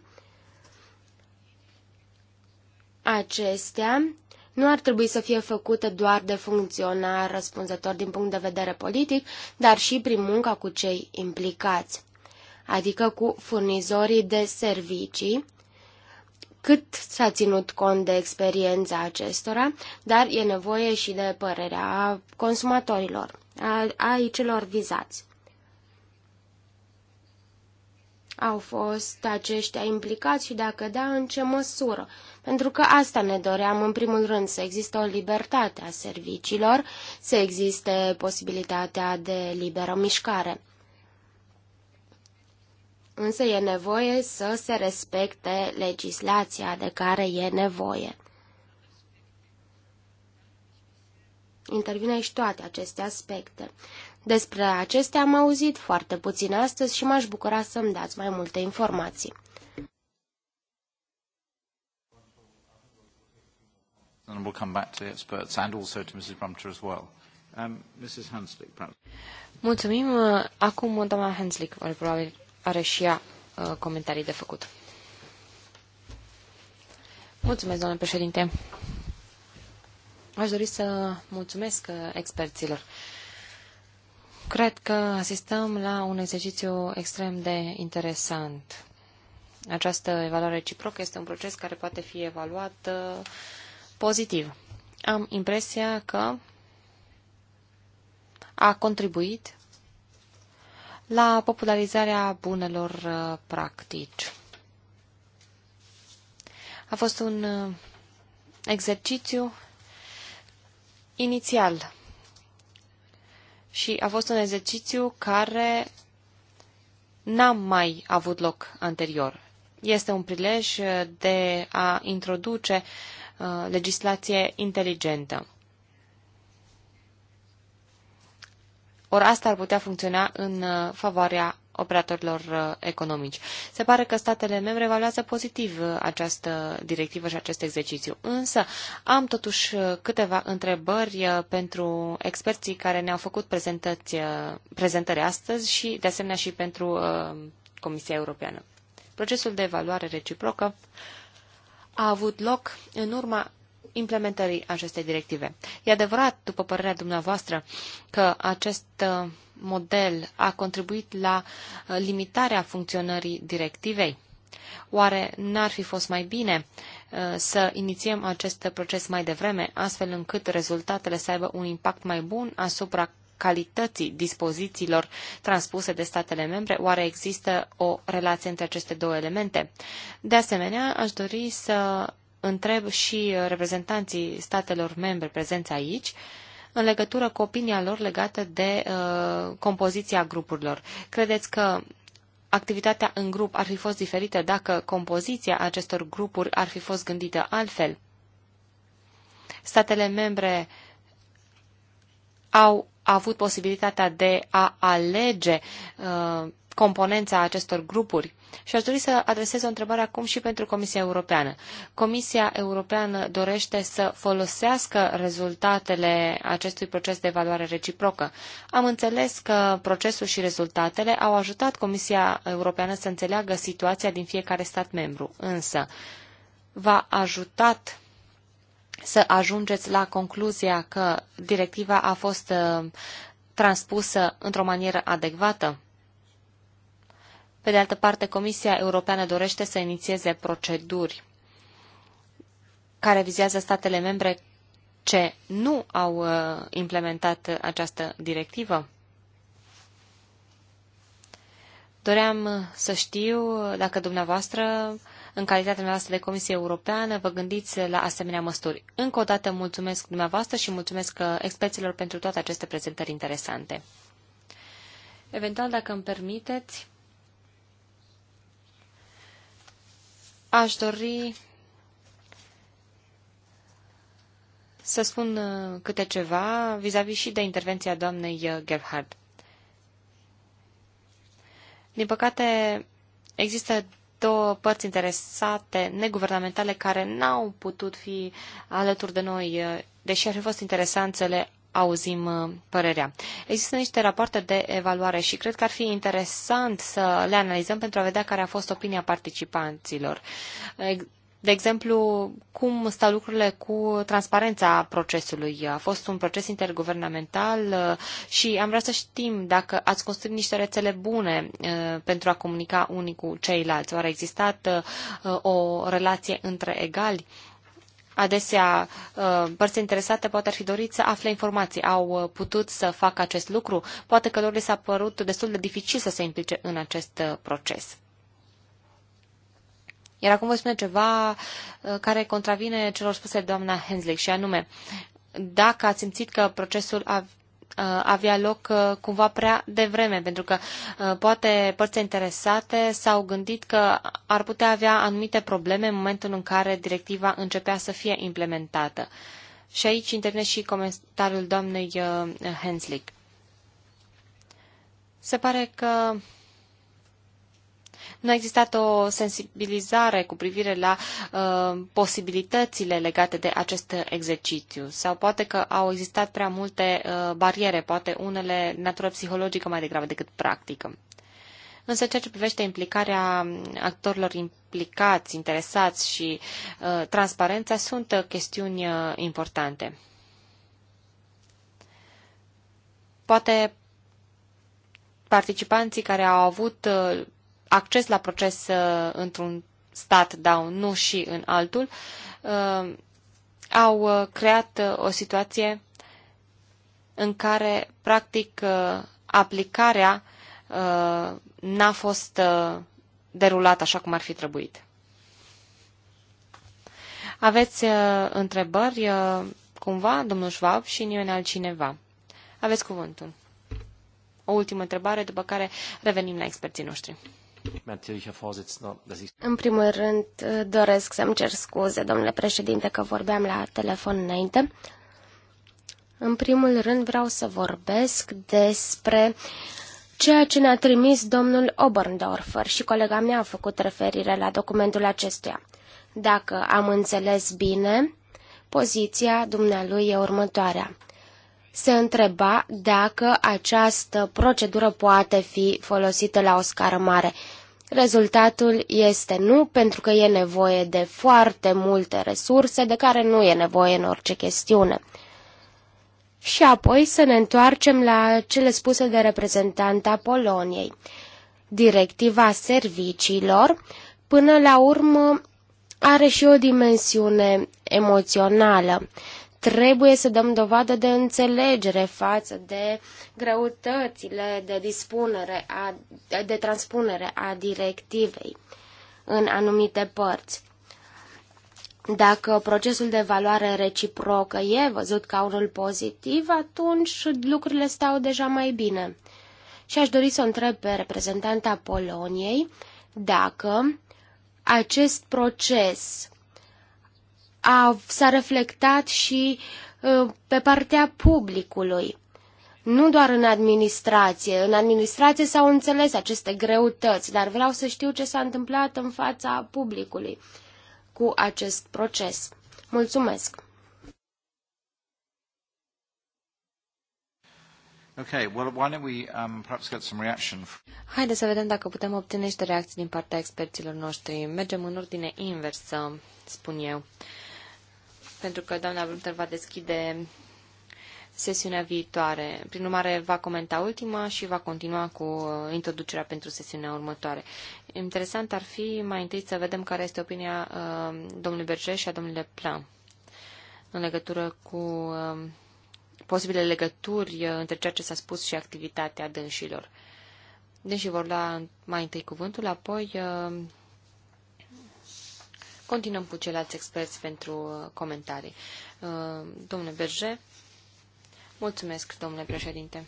acestea nu ar trebui să fie făcută doar de funcționar răspunzător din punct de vedere politic, dar și prin munca cu cei implicați, adică cu furnizorii de servicii, cât s-a ținut cont de experiența acestora, dar e nevoie și de părerea consumatorilor, a, a celor vizați. Au fost aceștia implicați și dacă da, în ce măsură? Pentru că asta ne doream, în primul rând, să existe o libertate a serviciilor, să existe posibilitatea de liberă mișcare. Însă e nevoie să se respecte legislația de care e nevoie. Intervine și toate aceste aspecte. Despre acestea am auzit foarte puțin astăzi și m-aș bucura să-mi dați mai multe informații. and we'll come back to the experts and also to Mrs. Brumter as well. Um, Mrs. Hanslick, perhaps. Mulțumim. Uh, acum doamna Hanslick probabil are și ea uh, comentarii de făcut. Mulțumesc, doamnă președinte. Aș dori să mulțumesc uh, experților. Cred că asistăm la un exercițiu extrem de interesant. Această evaluare reciprocă este un proces care poate fi evaluat uh, pozitiv. Am impresia că a contribuit la popularizarea bunelor uh, practici. A fost un uh, exercițiu inițial și a fost un exercițiu care n-a mai avut loc anterior. Este un prilej de a introduce Uh, legislație inteligentă. Ori asta ar putea funcționa în uh, favoarea operatorilor uh, economici. Se pare că statele membre evaluează pozitiv această directivă și acest exercițiu. Însă am totuși câteva întrebări pentru experții care ne-au făcut prezentări astăzi și de asemenea și pentru Comisia Europeană. Procesul de evaluare reciprocă a avut loc în urma implementării acestei directive. E adevărat, după părerea dumneavoastră, că acest uh, model a contribuit la uh, limitarea funcționării directivei? Oare n-ar fi fost mai bine uh, să inițiem acest proces mai devreme, astfel încât rezultatele să aibă un impact mai bun asupra calității dispozițiilor transpuse de statele membre, oare există o relație între aceste două elemente? De asemenea, aș dori să întreb și reprezentanții statelor membre prezenți aici, în legătură cu opinia lor legată de uh, compoziția grupurilor. Credeți că activitatea în grup ar fi fost diferită dacă compoziția acestor grupuri ar fi fost gândită altfel? Statele membre au a avut posibilitatea de a alege uh, componența acestor grupuri. Și aș dori să adresez o întrebare acum și pentru Comisia Europeană. Comisia Europeană dorește să folosească rezultatele acestui proces de evaluare reciprocă. Am înțeles că procesul și rezultatele au ajutat Comisia Europeană să înțeleagă situația din fiecare stat membru, însă v-a ajutat să ajungeți la concluzia că directiva a fost uh, transpusă într-o manieră adecvată? Pe de altă parte, Comisia Europeană dorește să inițieze proceduri care vizează statele membre ce nu au uh, implementat această directivă? Doream să știu dacă dumneavoastră în calitatea noastră de Comisie Europeană, vă gândiți la asemenea măsuri. Încă o dată mulțumesc dumneavoastră și mulțumesc uh, experților pentru toate aceste prezentări interesante. Eventual, dacă îmi permiteți, aș dori să spun uh, câte ceva vis-a-vis -vis și de intervenția doamnei uh, Gerhard. Din păcate, există două părți interesate neguvernamentale care n-au putut fi alături de noi, uh, deși ar fi fost interesant să le auzim uh, părerea. Există niște rapoarte de evaluare și cred că ar fi interesant să le analizăm pentru a vedea care a fost opinia participanților. De exemplu, cum stau lucrurile cu transparența procesului? A fost un proces interguvernamental uh, și am vrea să știm dacă ați construit niște rețele bune uh, pentru a comunica unii cu ceilalți. Oare a existat uh, o relație între egali? Adesea, părți interesate poate ar fi dorit să afle informații. Au putut să facă acest lucru? Poate că lor le s-a părut destul de dificil să se implice în acest proces. Iar acum voi spune ceva uh, care contravine celor spuse doamna Hensley și anume, dacă ați simțit că procesul a uh, avea loc uh, cumva prea devreme, pentru că poate părțile interesate s-au gândit că ar putea avea anumite probleme în momentul în care directiva începea să fie implementată. Și aici intervine și comentariul doamnei Henslick. Se pare că nu a existat o sensibilizare cu privire la uh, posibilitățile legate de acest exercițiu sau poate că au existat prea multe uh, bariere, poate unele natură psihologică mai degrabă decât practică. Însă ceea ce privește implicarea mm, actorilor implicați, interesați și uh, transparența sunt uh, chestiuni uh, importante. Poate participanții care au avut uh, acces la proces uh, într-un stat down, nu și în altul, uh, au uh, creat o situație în care, practic, aplicarea n-a fost derulată așa cum ar fi trebuit. Aveți întrebări cumva, domnul Schwab și nimeni altcineva? Aveți cuvântul. O ultimă întrebare, după care revenim la experții noștri. În primul rând, uh, doresc să-mi cer scuze, domnule președinte, că vorbeam la telefon înainte. În primul rând, vreau să vorbesc despre ceea ce ne-a trimis domnul Oberndorfer și colega mea a făcut referire la documentul acestuia. Dacă am înțeles bine, poziția dumnealui e următoarea se întreba dacă această procedură poate fi folosită la o scară mare. Rezultatul este nu, pentru că e nevoie de foarte multe resurse de care nu e nevoie în orice chestiune. Și apoi să ne întoarcem la cele spuse de reprezentanta Poloniei. Directiva serviciilor, până la urmă, are și o dimensiune emoțională. Trebuie să dăm dovadă de înțelegere față de greutățile de dispunere, a, de transpunere a directivei în anumite părți. Dacă procesul de evaluare reciprocă e văzut ca unul pozitiv, atunci lucrurile stau deja mai bine. Și aș dori să o întreb pe reprezentanta Poloniei dacă acest proces s-a reflectat și ă, pe partea publicului. Nu doar în administrație. În administrație s-au înțeles aceste greutăți, dar vreau să știu ce s-a întâmplat în fața publicului cu acest proces. Mulțumesc! Okay, well, why don't we um, perhaps get some reaction? Haideți să vedem dacă putem obține niște reacții din partea experților noștri. Mergem în ordine inversă, spun eu. Uh, pentru că doamna Brunter va deschide sesiunea viitoare. Prin urmare, va comenta ultima și va continua cu introducerea pentru sesiunea următoare. Interesant ar fi mai întâi să vedem care este opinia uh, domnului Berger și a domnului Plan în legătură cu uh, posibile legături uh, între ceea ce s-a spus și activitatea dânșilor. Deci vor lua mai întâi cuvântul, apoi uh, Continuăm cu ceilalți experți pentru uh, comentarii. Uh, domnule Berge, mulțumesc, domnule președinte.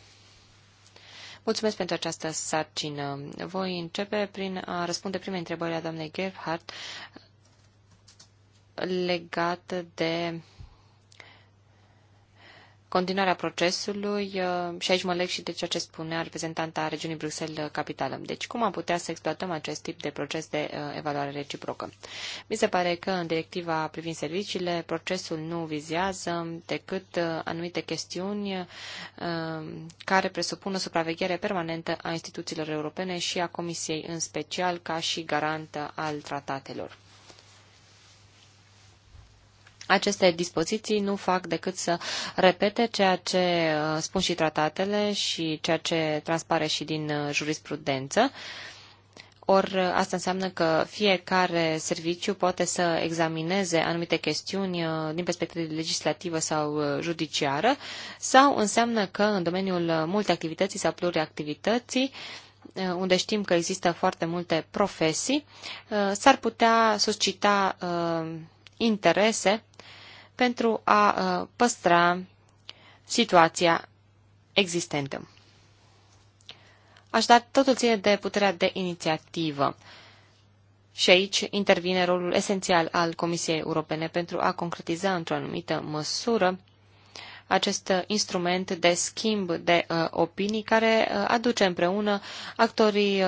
Mulțumesc pentru această sarcină. Voi începe prin a răspunde prima întrebări a doamnei Gerhardt legată de continuarea procesului uh, și aici mă leg și de ceea ce spunea reprezentanta regiunii Bruxelles uh, Capitală. Deci cum am putea să exploatăm acest tip de proces de uh, evaluare reciprocă? Mi se pare că în directiva privind serviciile procesul nu vizează decât anumite chestiuni care presupun o supraveghere permanentă a instituțiilor europene și a Comisiei în special ca și garantă al tratatelor. Aceste dispoziții nu fac decât să repete ceea ce uh, spun și tratatele și ceea ce transpare și din uh, jurisprudență. Or, uh, asta înseamnă că fiecare serviciu poate să examineze anumite chestiuni din perspectivă legislativă sau judiciară, sau înseamnă că în domeniul multiactivității sau pluriactivității, unde știm că există foarte multe profesii, s-ar putea suscita interese pentru a uh, păstra situația existentă. Așadar, totul ține de puterea de inițiativă. Și aici intervine rolul esențial al Comisiei Europene pentru a concretiza într-o anumită măsură acest uh, instrument de schimb de uh, opinii care uh, aduce împreună actorii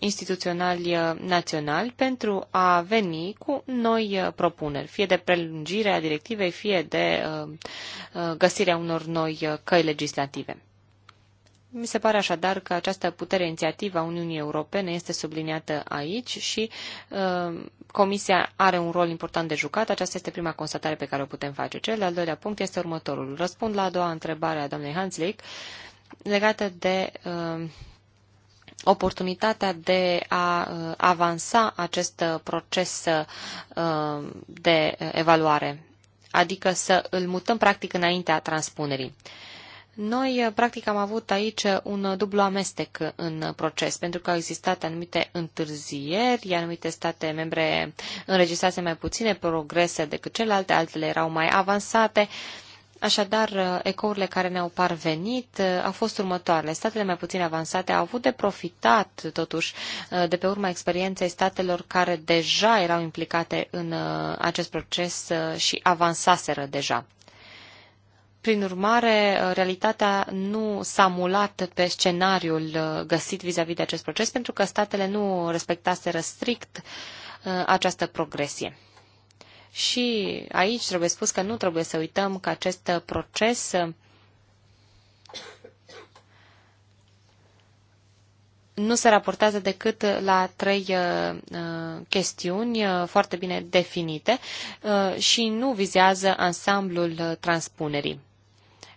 instituționali naționali pentru a veni cu noi propuneri, fie de prelungire a directivei, fie de găsirea unor noi căi legislative. Mi se pare așadar că această putere inițiativă a Uniunii Europene este subliniată aici și uh, Comisia are un rol important de jucat. Aceasta este prima constatare pe care o putem face. Cel al doilea punct este următorul. Răspund la a doua întrebare a doamnei Hanslick legată de uh, oportunitatea de a uh, avansa acest uh, proces uh, de evaluare, adică să îl mutăm practic înaintea transpunerii. Uh, noi, eh, practic, am avut aici un eh, dublu amestec în eh, proces, pentru că au existat anumite întârzieri, anumite state membre înregistrase mai puține progrese decât celelalte, altele erau mai avansate. Așadar, ecourile care ne-au parvenit au fost următoarele. Statele mai puțin avansate au avut de profitat, totuși, de pe urma experienței statelor care deja erau implicate în acest proces și avansaseră deja. Prin urmare, uh, realitatea nu s-a mulat pe scenariul uh, găsit vis-a-vis -vis de acest proces, pentru că statele nu respectaseră strict uh, această progresie. Și aici trebuie spus că nu trebuie să uităm că acest proces nu se raportează decât la trei chestiuni foarte bine definite și nu vizează ansamblul transpunerii.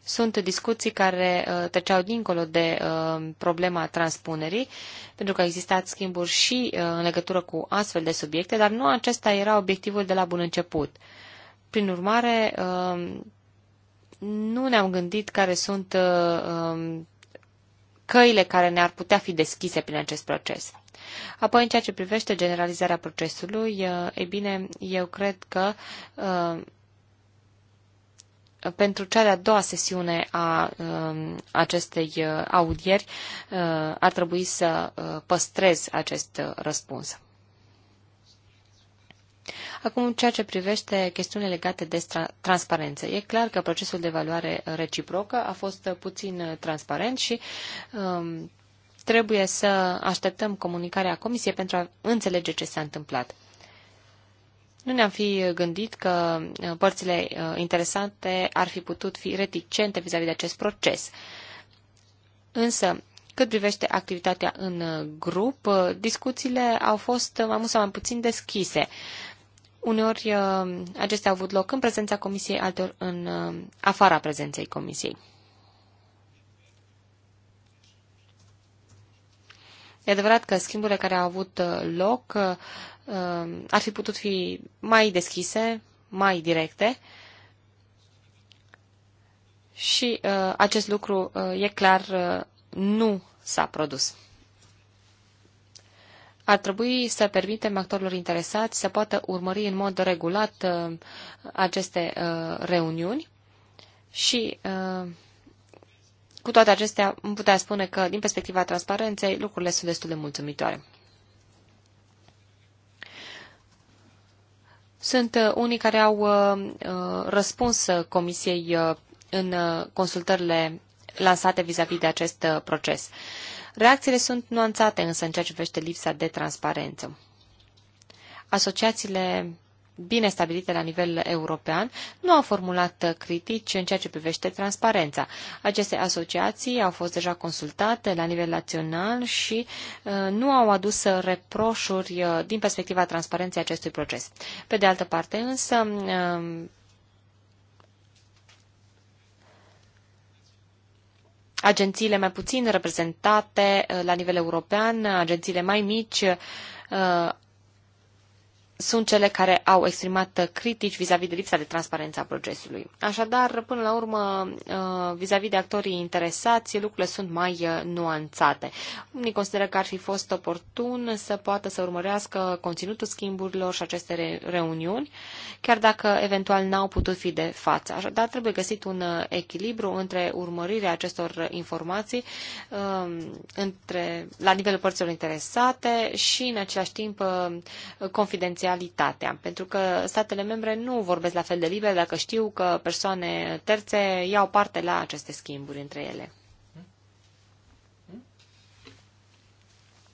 Sunt discuții care uh, treceau dincolo de uh, problema transpunerii, pentru că au existat schimburi și uh, în legătură cu astfel de subiecte, dar nu acesta era obiectivul de la bun început. Prin urmare, nu ne-am gândit care sunt um, căile care ne-ar putea fi deschise prin acest proces. Apoi, în ceea ce privește generalizarea procesului, e bine, eu cred că pentru cea de-a doua sesiune a um, acestei uh, audieri uh, ar trebui să uh, păstrez acest răspuns. Acum, ceea ce privește chestiunile legate de transparență, e clar că procesul de evaluare reciprocă a fost puțin transparent și um, trebuie să așteptăm comunicarea Comisiei pentru a înțelege ce s-a întâmplat nu ne-am fi gândit că uh, părțile uh, interesante ar fi putut fi reticente vis-a-vis -vis de acest proces. Însă, cât privește activitatea în uh, grup, discuțiile au fost mai mult sau mai puțin deschise. Uneori acestea au avut loc în prezența comisiei, alteori în afara prezenței comisiei. E adevărat că schimburile care au avut uh, loc uh, uh, ar fi putut fi mai deschise, mai directe și acest lucru e clar nu s-a produs ar trebui să permitem actorilor interesați să poată urmări în mod regulat aceste reuniuni și cu toate acestea, îmi putea spune că, din perspectiva transparenței, lucrurile sunt destul de mulțumitoare. Sunt uh, unii care au uh, uh, răspuns Comisiei în consultările lansate vis-a-vis -vis de acest proces. Reacțiile sunt nuanțate însă în ceea ce privește lipsa de transparență. Asociațiile bine stabilite la nivel european, nu au formulat critici în ceea ce privește transparența. Aceste asociații au fost deja consultate la nivel național și uh, nu au adus reproșuri uh, din perspectiva transparenței acestui proces. Pe de altă parte, însă, uh, agențiile mai puțin reprezentate la nivel european, agențiile mai mici, sunt cele care au exprimat critici vis-a-vis de lipsa de transparență a procesului. Așadar, până la urmă, vis a -vis de actorii interesați, lucrurile sunt mai uh, nuanțate. Unii consideră că ar fi fost oportun să poată să urmărească conținutul schimburilor și aceste reuniuni, chiar dacă eventual n-au putut fi de față. Așadar, trebuie găsit un uh, echilibru între urmărirea acestor informații um, între, la nivelul părților interesate și, în același timp, uh, confidențial realitatea, pentru că statele membre nu vorbesc la fel de liber dacă știu că persoane terțe iau parte la aceste schimburi între ele.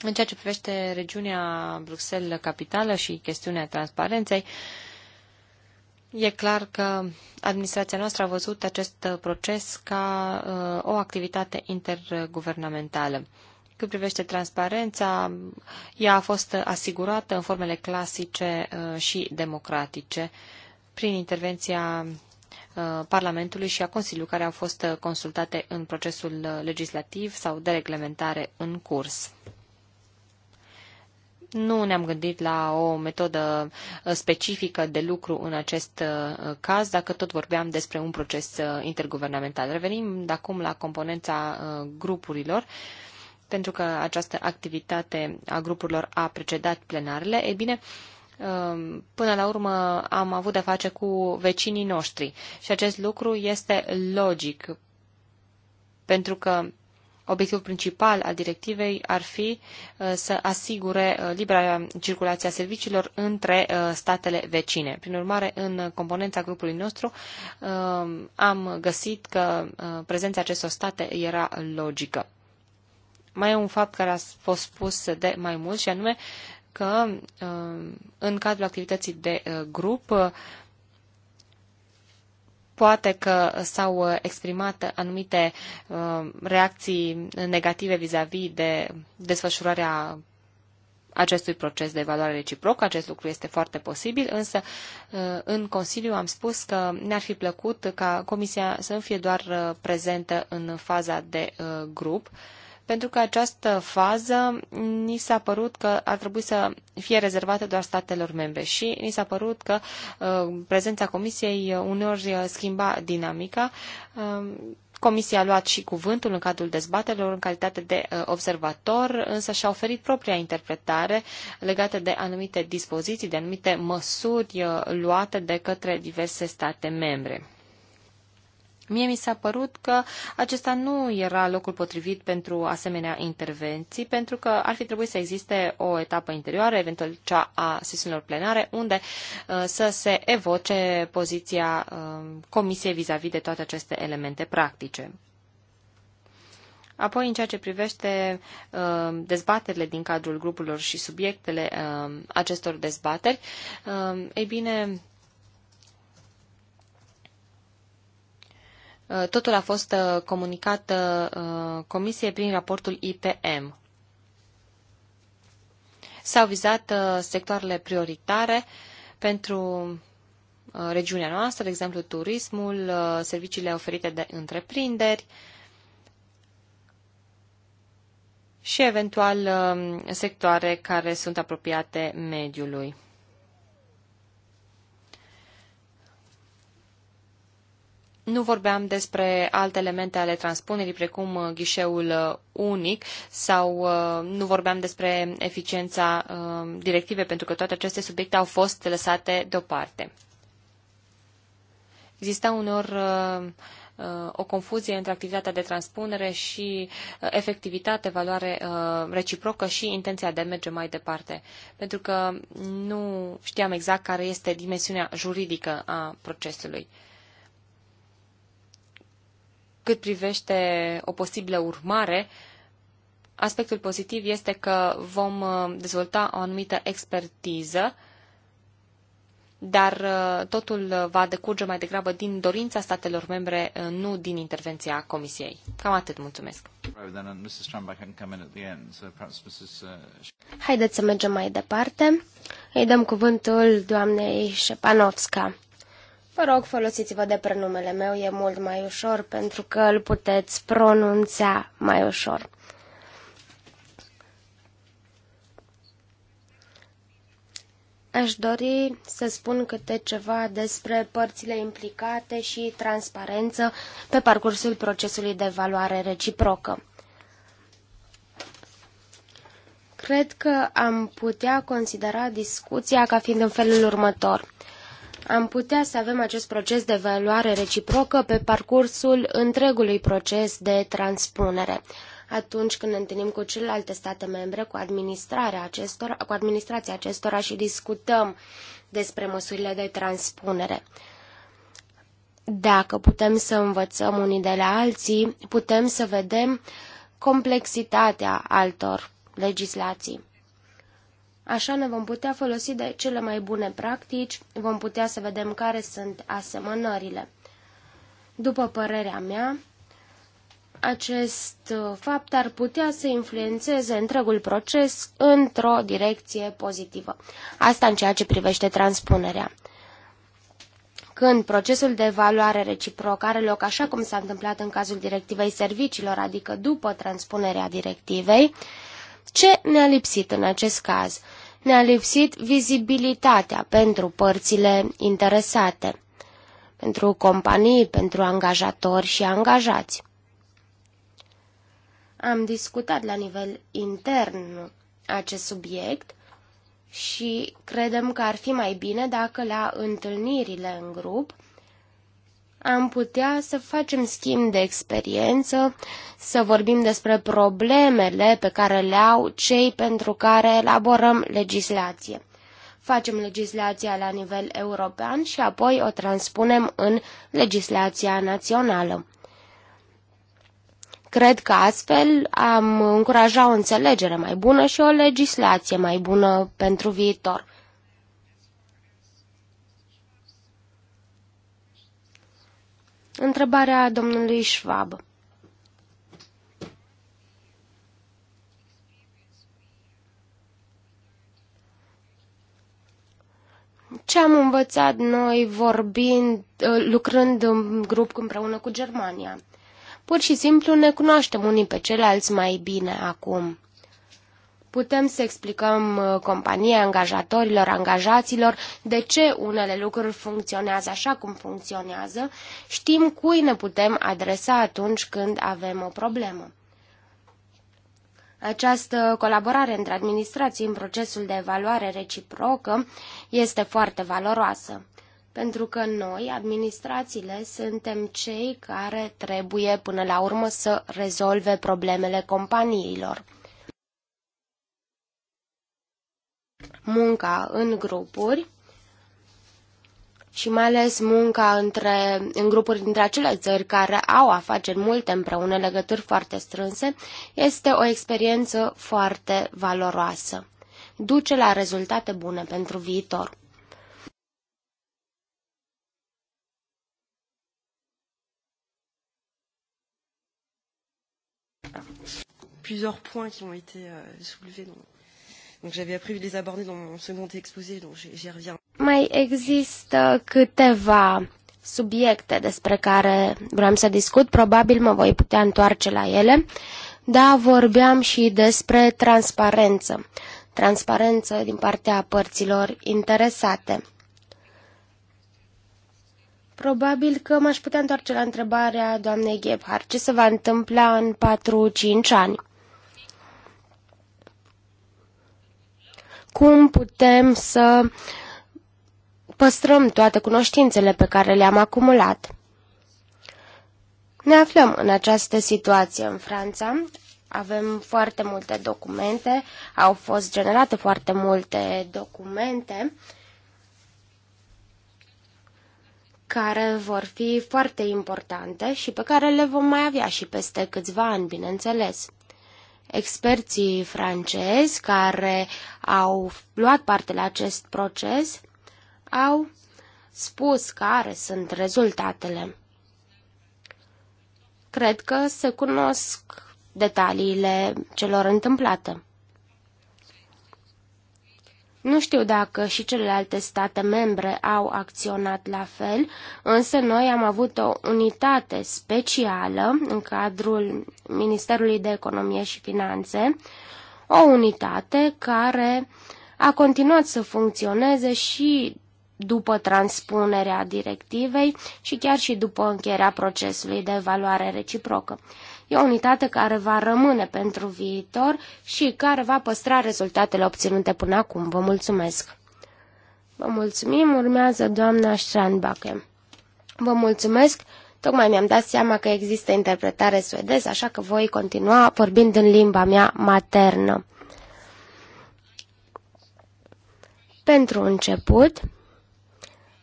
În ceea ce privește regiunea Bruxelles capitală și chestiunea transparenței, e clar că administrația noastră a văzut acest proces ca uh, o activitate interguvernamentală. Cât privește transparența, ea a fost asigurată în formele clasice uh, și democratice prin intervenția uh, Parlamentului și a Consiliului, care au fost uh, consultate în procesul legislativ sau de reglementare în curs. Nu ne-am gândit la o metodă specifică de lucru în acest caz, dacă tot vorbeam despre un proces interguvernamental. Revenim de acum la componența grupurilor pentru că această activitate a grupurilor a precedat plenarele, e bine, um, până la urmă am avut de face cu vecinii noștri și acest lucru este logic, pentru că obiectivul principal al directivei ar fi uh, să asigure uh, libera circulație a serviciilor între uh, statele vecine. Prin urmare, în componența grupului nostru um, am găsit că prezența acestor state era logică. Mai e un fapt care a fost spus de mai mult și anume că uh, în cadrul activității de uh, grup uh, poate că s-au exprimat anumite reacții negative vis-a-vis -vis de desfășurarea acestui proces de evaluare reciprocă. Acest lucru este foarte posibil, însă în Consiliu am spus că ne-ar fi plăcut ca Comisia să nu fie doar prezentă în faza de grup, pentru că această fază ni s-a părut că ar trebui să fie rezervată doar statelor membre și ni s-a părut că uh, prezența Comisiei uh, uneori uh, schimba dinamica. Comisia a luat și cuvântul în cadrul dezbaterilor în calitate de observator, însă și-a oferit propria interpretare legată de anumite dispoziții, de anumite măsuri luate de către diverse state membre. Mie mi s-a părut că acesta nu era locul potrivit pentru asemenea intervenții, pentru că ar fi trebuit să existe o etapă interioară, eventual cea a sesiunilor plenare, unde uh, să se evoce poziția uh, Comisiei vis-a-vis de toate aceste elemente practice. Apoi, în ceea ce privește uh, dezbaterile din cadrul grupurilor și subiectele uh, acestor dezbateri, uh, ei bine, Uh, totul a fost uh, comunicat uh, Comisiei prin raportul IPM. S-au vizat sectoarele prioritare pentru regiunea noastră, de exemplu turismul, serviciile oferite de întreprinderi și eventual um, sectoare care sunt apropiate mediului. Nu vorbeam despre alte elemente ale transpunerii, precum uh, ghișeul uh, unic, sau uh, nu vorbeam despre eficiența directive, pentru că toate aceste subiecte au fost lăsate deoparte. Exista unor o confuzie între activitatea de transpunere și efectivitate, valoare reciprocă și intenția de a merge mai departe. Pentru că nu știam exact care este dimensiunea juridică a procesului. Cât privește o posibilă urmare, aspectul pozitiv este că vom uh, dezvolta o anumită expertiză, dar uh, totul uh, va decurge mai degrabă din dorința statelor membre, nu din intervenția Comisiei. Cam atât, mulțumesc. Haideți să mergem mai departe. Îi dăm cuvântul doamnei Șepanovska. Vă rog, folosiți-vă de prenumele meu, e mult mai ușor pentru că îl puteți pronunța mai ușor. Aș dori să spun câte ceva despre părțile implicate și transparență pe parcursul procesului de evaluare reciprocă. Cred că am putea considera discuția ca fiind în felul următor – am putea să avem acest proces de evaluare reciprocă pe parcursul întregului proces de transpunere atunci când ne întâlnim cu celelalte state membre, cu administrarea acestora, cu administrația acestora și discutăm despre măsurile de transpunere. Dacă putem să învățăm unii de la alții, putem să vedem complexitatea altor legislații. Așa ne vom putea folosi de cele mai bune practici, vom putea să vedem care sunt asemănările. După părerea mea, acest uh, fapt ar putea să influențeze întregul proces într-o direcție pozitivă. Asta în ceea ce privește transpunerea. Când procesul de evaluare reciprocă are loc așa cum s-a întâmplat în cazul directivei serviciilor, adică după transpunerea directivei, ce ne-a lipsit în acest caz? Ne-a lipsit vizibilitatea pentru părțile interesate, pentru companii, pentru angajatori și angajați. Am discutat la nivel intern acest subiect și credem că ar fi mai bine dacă la întâlnirile în grup am putea să facem schimb de experiență, să vorbim despre problemele pe care le au cei pentru care elaborăm legislație. Facem legislația la nivel european și apoi o transpunem în legislația națională. Cred că astfel am încuraja o înțelegere mai bună și o legislație mai bună pentru viitor. Întrebarea domnului Schwab. Ce am învățat noi vorbind, uh, lucrând în grup împreună cu Germania? Pur și simplu ne cunoaștem unii pe ceilalți mai bine acum. Putem să explicăm uh, companiei, angajatorilor, angajaților de ce unele lucruri funcționează așa cum funcționează. Știm cui ne putem adresa atunci când avem o problemă. Această colaborare între administrații în procesul de evaluare reciprocă este foarte valoroasă, pentru că noi, administrațiile, suntem cei care trebuie până la urmă să rezolve problemele companiilor. munca în grupuri și mai ales munca între, în grupuri dintre acele țări care au afaceri multe împreună, legături foarte strânse, este o experiență foarte valoroasă. Duce la rezultate bune pentru viitor. Plusieurs points qui ont été euh, soulevés dans, Donc j'avais prévu de les aborder dans mon second exposé, donc j'y reviens. Mai există câteva subiecte despre care vreau să discut, probabil mă voi putea întoarce la ele, dar vorbeam și despre transparență, transparență din partea părților interesate. Probabil că m-aș putea întoarce la întrebarea doamnei Gebhardt, ce se va întâmpla în 4-5 ani. cum putem să păstrăm toate cunoștințele pe care le-am acumulat. Ne aflăm în această situație în Franța. Avem foarte multe documente, au fost generate foarte multe documente care vor fi foarte importante și pe care le vom mai avea și peste câțiva ani, bineînțeles experții francezi care au luat parte la acest proces au spus care sunt rezultatele. Cred că se cunosc detaliile celor întâmplate. Nu știu dacă și celelalte state membre au acționat la fel, însă noi am avut o unitate specială în cadrul Ministerului de Economie și Finanțe, o unitate care a continuat să funcționeze și după transpunerea directivei și chiar și după încheierea procesului de evaluare reciprocă. E o unitate care va rămâne pentru viitor și care va păstra rezultatele obținute până acum. Vă mulțumesc! Vă mulțumim, urmează doamna Strandbache. Vă mulțumesc! Tocmai mi-am dat seama că există interpretare suedeză, așa că voi continua vorbind în limba mea maternă. Pentru început,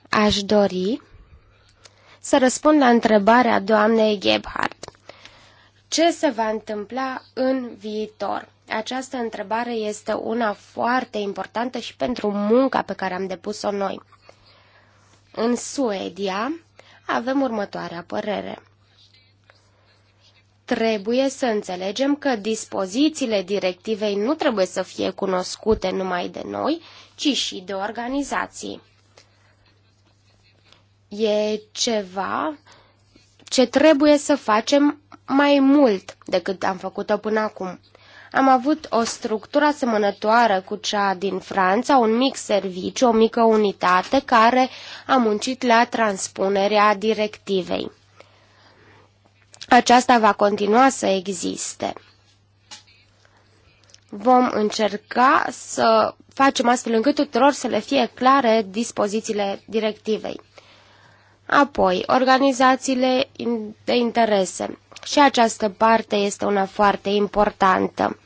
aș dori să răspund la întrebarea doamnei Gebhardt ce se va întâmpla în viitor? Această întrebare este una foarte importantă și pentru munca pe care am depus-o noi. În Suedia avem următoarea părere. Trebuie să înțelegem că dispozițiile directivei nu trebuie să fie cunoscute numai de noi, ci și de organizații. E ceva ce trebuie să facem mai mult decât am făcut-o până acum. Am avut o structură asemănătoare cu cea din Franța, un mic serviciu, o mică unitate care a muncit la transpunerea directivei. Aceasta va continua să existe. Vom încerca să facem astfel încât tuturor să le fie clare dispozițiile directivei. Apoi, organizațiile de interese. Și această parte este una foarte importantă.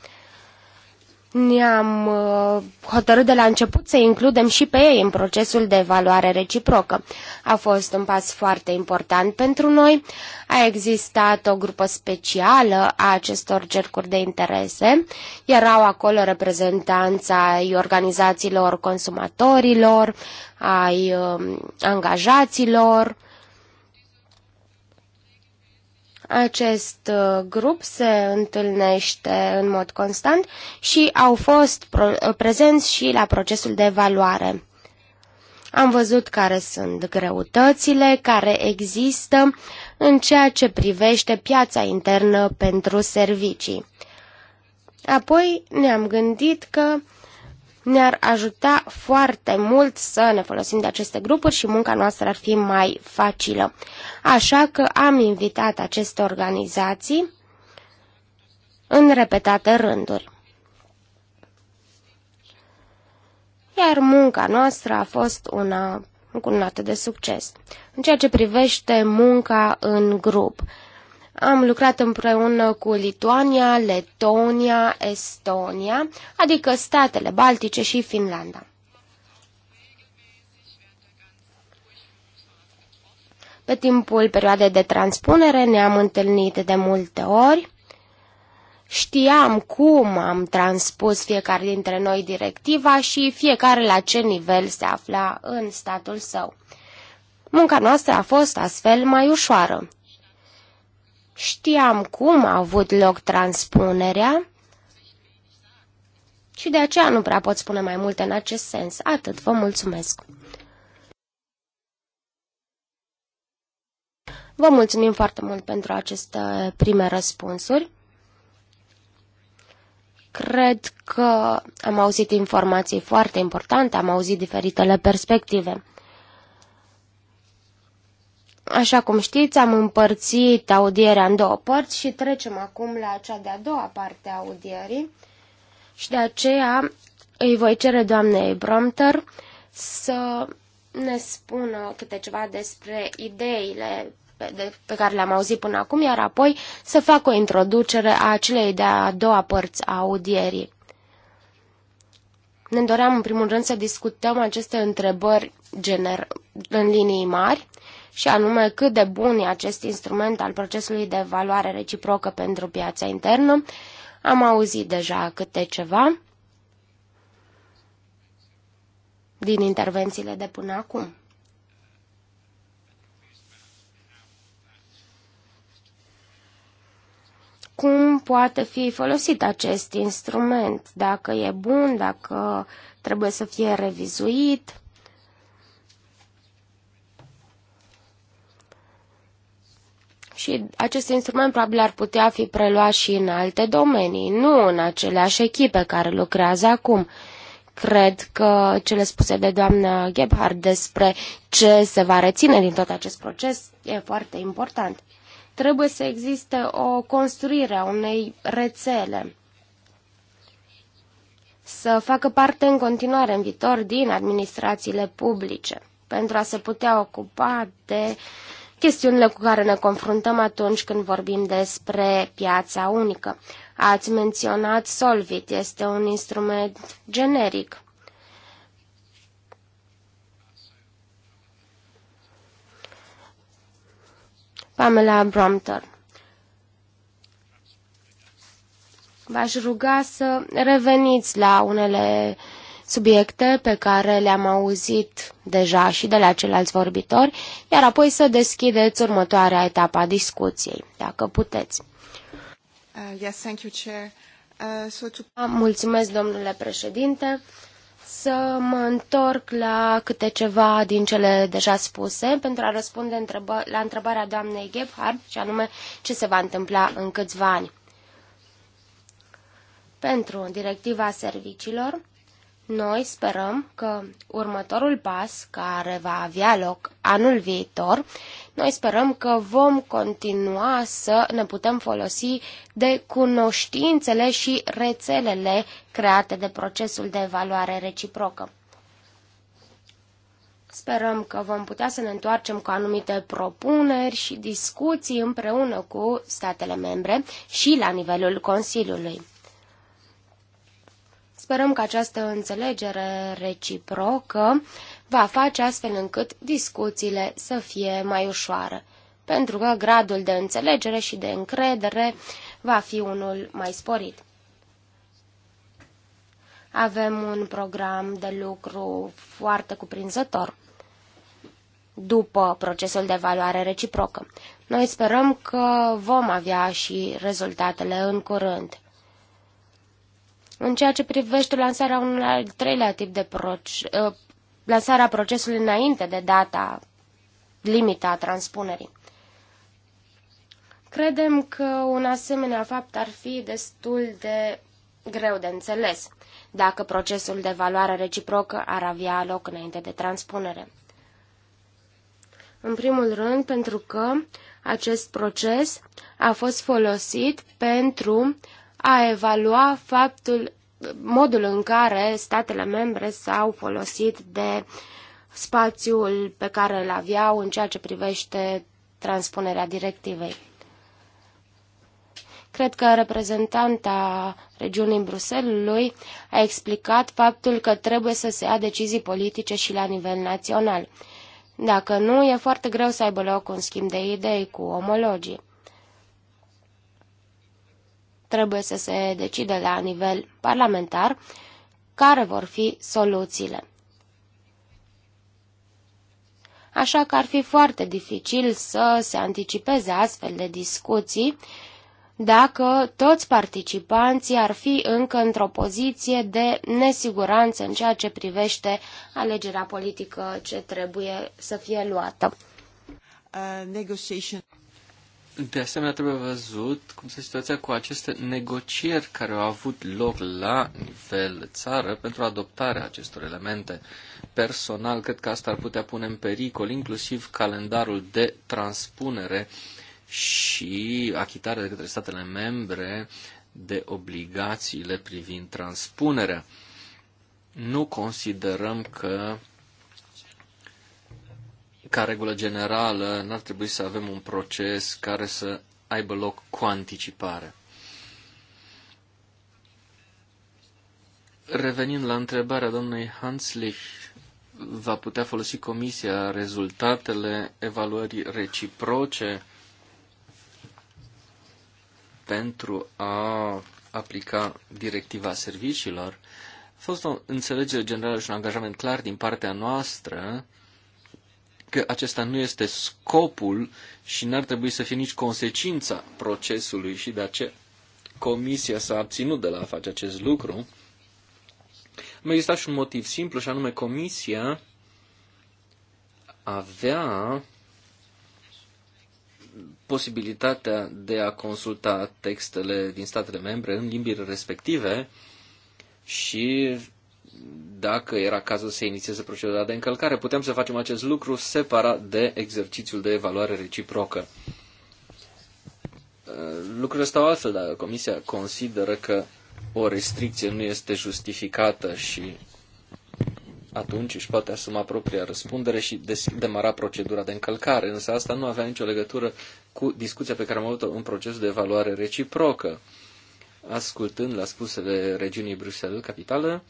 Ne-am uh, hotărât de la început să includem și pe ei în procesul de evaluare reciprocă. A fost un pas foarte important pentru noi. A existat o grupă specială a acestor cercuri de interese. Erau acolo reprezentanța ai organizațiilor consumatorilor, ai um, angajaților, acest uh, grup se întâlnește în mod constant și au fost uh, prezenți și la procesul de evaluare. Am văzut care sunt greutățile care există în ceea ce privește piața internă pentru servicii. Apoi ne-am gândit că ne-ar ajuta foarte mult să ne folosim de aceste grupuri și munca noastră ar fi mai facilă. Așa că am invitat aceste organizații în repetate rânduri. Iar munca noastră a fost una încununată de succes. În ceea ce privește munca în grup, am lucrat împreună cu Lituania, Letonia, Estonia, adică statele Baltice și Finlanda. Pe timpul perioadei de transpunere ne-am întâlnit de multe ori. Știam cum am transpus fiecare dintre noi directiva și fiecare la ce nivel se afla în statul său. Munca noastră a fost astfel mai ușoară. Știam cum a avut loc transpunerea și de aceea nu prea pot spune mai multe în acest sens. Atât, vă mulțumesc. Vă mulțumim foarte mult pentru aceste prime răspunsuri. Cred că am auzit informații foarte importante, am auzit diferitele perspective. Așa cum știți, am împărțit audierea în două părți și trecem acum la cea de-a doua parte a audierii și de aceea îi voi cere doamnei Bromter să ne spună câte ceva despre ideile pe care le-am auzit până acum, iar apoi să fac o introducere a acelei de-a doua părți a audierii. Ne doream în primul rând să discutăm aceste întrebări gener- în linii mari, și anume cât de bun e acest instrument al procesului de evaluare reciprocă pentru piața internă. Am auzit deja câte ceva din intervențiile de până acum. cum poate fi folosit acest instrument, dacă e bun, dacă trebuie să fie revizuit. Și acest instrument probabil ar putea fi preluat și în alte domenii, nu în aceleași echipe care lucrează acum. Cred că cele spuse de doamna Gebhardt despre ce se va reține din tot acest proces e foarte important. Trebuie să existe o construire a unei rețele să facă parte în continuare în viitor din administrațiile publice pentru a se putea ocupa de chestiunile cu care ne confruntăm atunci când vorbim despre piața unică. Ați menționat Solvit, este un instrument generic. Pamela Brompton. V-aș ruga să reveniți la unele uh, subiecte pe care le-am auzit deja și de la ceilalți vorbitori, iar apoi să deschideți următoarea etapă a discuției, dacă puteți. Uh, yes, thank you, Chair. Uh, so to... Ah, mulțumesc, domnule președinte. Să mă întorc la câte ceva din cele deja spuse pentru a răspunde întreba la întrebarea doamnei Gebhardt, și anume ce se va întâmpla în câțiva ani. Pentru directiva serviciilor, noi sperăm că următorul pas care va avea loc anul viitor, noi sperăm că vom continua să ne putem folosi de cunoștințele și rețelele create de procesul de evaluare reciprocă. Sperăm că vom putea să ne întoarcem cu anumite propuneri și discuții împreună cu statele membre și la nivelul Consiliului. Sperăm că această înțelegere reciprocă va face astfel încât discuțiile să fie mai ușoare, pentru că gradul de înțelegere și de încredere va fi unul mai sporit. Avem un program de lucru foarte cuprinzător după procesul de evaluare reciprocă. Noi sperăm că vom avea și rezultatele în curând. În ceea ce privește lansarea unui al treilea tip de proces, ă, lansarea procesului înainte de data limita a transpunerii. Credem că un asemenea fapt ar fi destul de greu de înțeles dacă procesul de valoare reciprocă ar avea loc înainte de transpunere. În primul rând, pentru că acest proces a fost folosit pentru a evalua faptul, modul în care statele membre s-au folosit de spațiul pe care îl aveau în ceea ce privește transpunerea directivei. Cred că reprezentanta regiunii Bruselului a explicat faptul că trebuie să se ia decizii politice și la nivel național. Dacă nu, e foarte greu să aibă loc un schimb de idei cu omologii trebuie să se decide la nivel parlamentar care vor fi soluțiile. Așa că ar fi foarte dificil să se anticipeze astfel de discuții dacă toți participanții ar fi încă într-o poziție de nesiguranță în ceea ce privește alegerea politică ce trebuie să fie luată. Uh, de asemenea, trebuie văzut cum se situația cu aceste negocieri care au avut loc la nivel țară pentru adoptarea acestor elemente. Personal, cred că asta ar putea pune în pericol inclusiv calendarul de transpunere și achitare de către statele membre de obligațiile privind transpunerea. Nu considerăm că ca regulă generală, n-ar trebui să avem un proces care să aibă loc cu anticipare. Revenind la întrebarea domnului Hanslich, va putea folosi comisia rezultatele evaluării reciproce pentru a aplica directiva serviciilor. A fost o înțelegere generală și un angajament clar din partea noastră că acesta nu este scopul și n-ar trebui să fie nici consecința procesului și de aceea comisia s-a abținut de la a face acest lucru. Mai exista și un motiv simplu, și anume comisia avea posibilitatea de a consulta textele din statele membre în limbile respective și dacă era cazul să inițieze procedura de încălcare. Putem să facem acest lucru separat de exercițiul de evaluare reciprocă. Uh, lucrurile stau altfel, dar Comisia consideră că o restricție nu este justificată și atunci își poate asuma propria răspundere și demara procedura de încălcare. Însă asta nu avea nicio legătură cu discuția pe care am avut-o în procesul de evaluare reciprocă. Ascultând la spusele regiunii Bruxelles, capitală,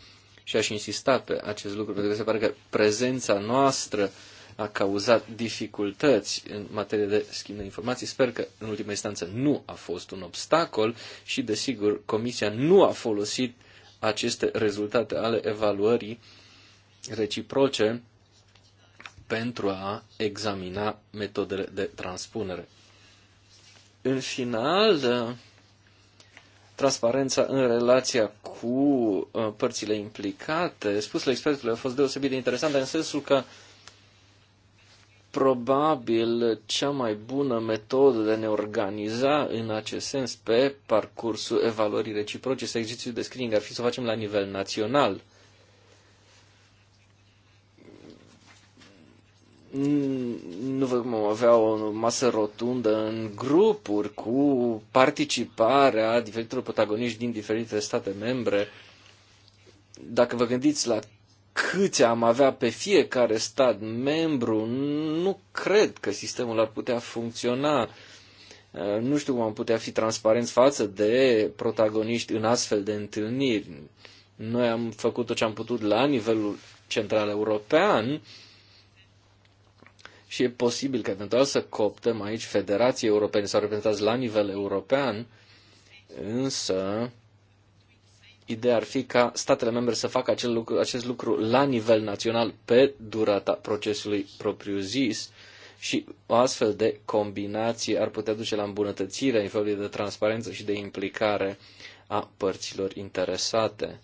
și aș insista pe acest lucru, pentru că se pare că prezența noastră a cauzat dificultăți în materie de schimb de informații. Sper că, în ultima instanță, nu a fost un obstacol și, desigur, Comisia nu a folosit aceste rezultate ale evaluării reciproce pentru a examina metodele de transpunere. În final, transparența în relația cu uh, părțile implicate. Spusele expertului a fost deosebit de interesante în sensul că probabil cea mai bună metodă de a ne organiza în acest sens pe parcursul evaluării reciproce sau exercițiul de screening ar fi să o facem la nivel național. nu am avea o masă rotundă în grupuri cu participarea diferitelor protagoniști din diferite state membre. Dacă vă gândiți la câți am avea pe fiecare stat membru, nu cred că sistemul ar putea funcționa. Uh, nu știu cum am putea fi transparenți față de protagoniști în astfel de întâlniri. Noi am făcut tot ce am putut la nivelul central european, și e posibil că eventual să cooptăm aici federații europene sau reprezentați la nivel european, însă ideea ar fi ca statele membre să facă acel lucru, acest lucru la nivel național pe durata procesului propriu-zis și o astfel de combinație ar putea duce la îmbunătățirea nivelului de transparență și de implicare a părților interesate.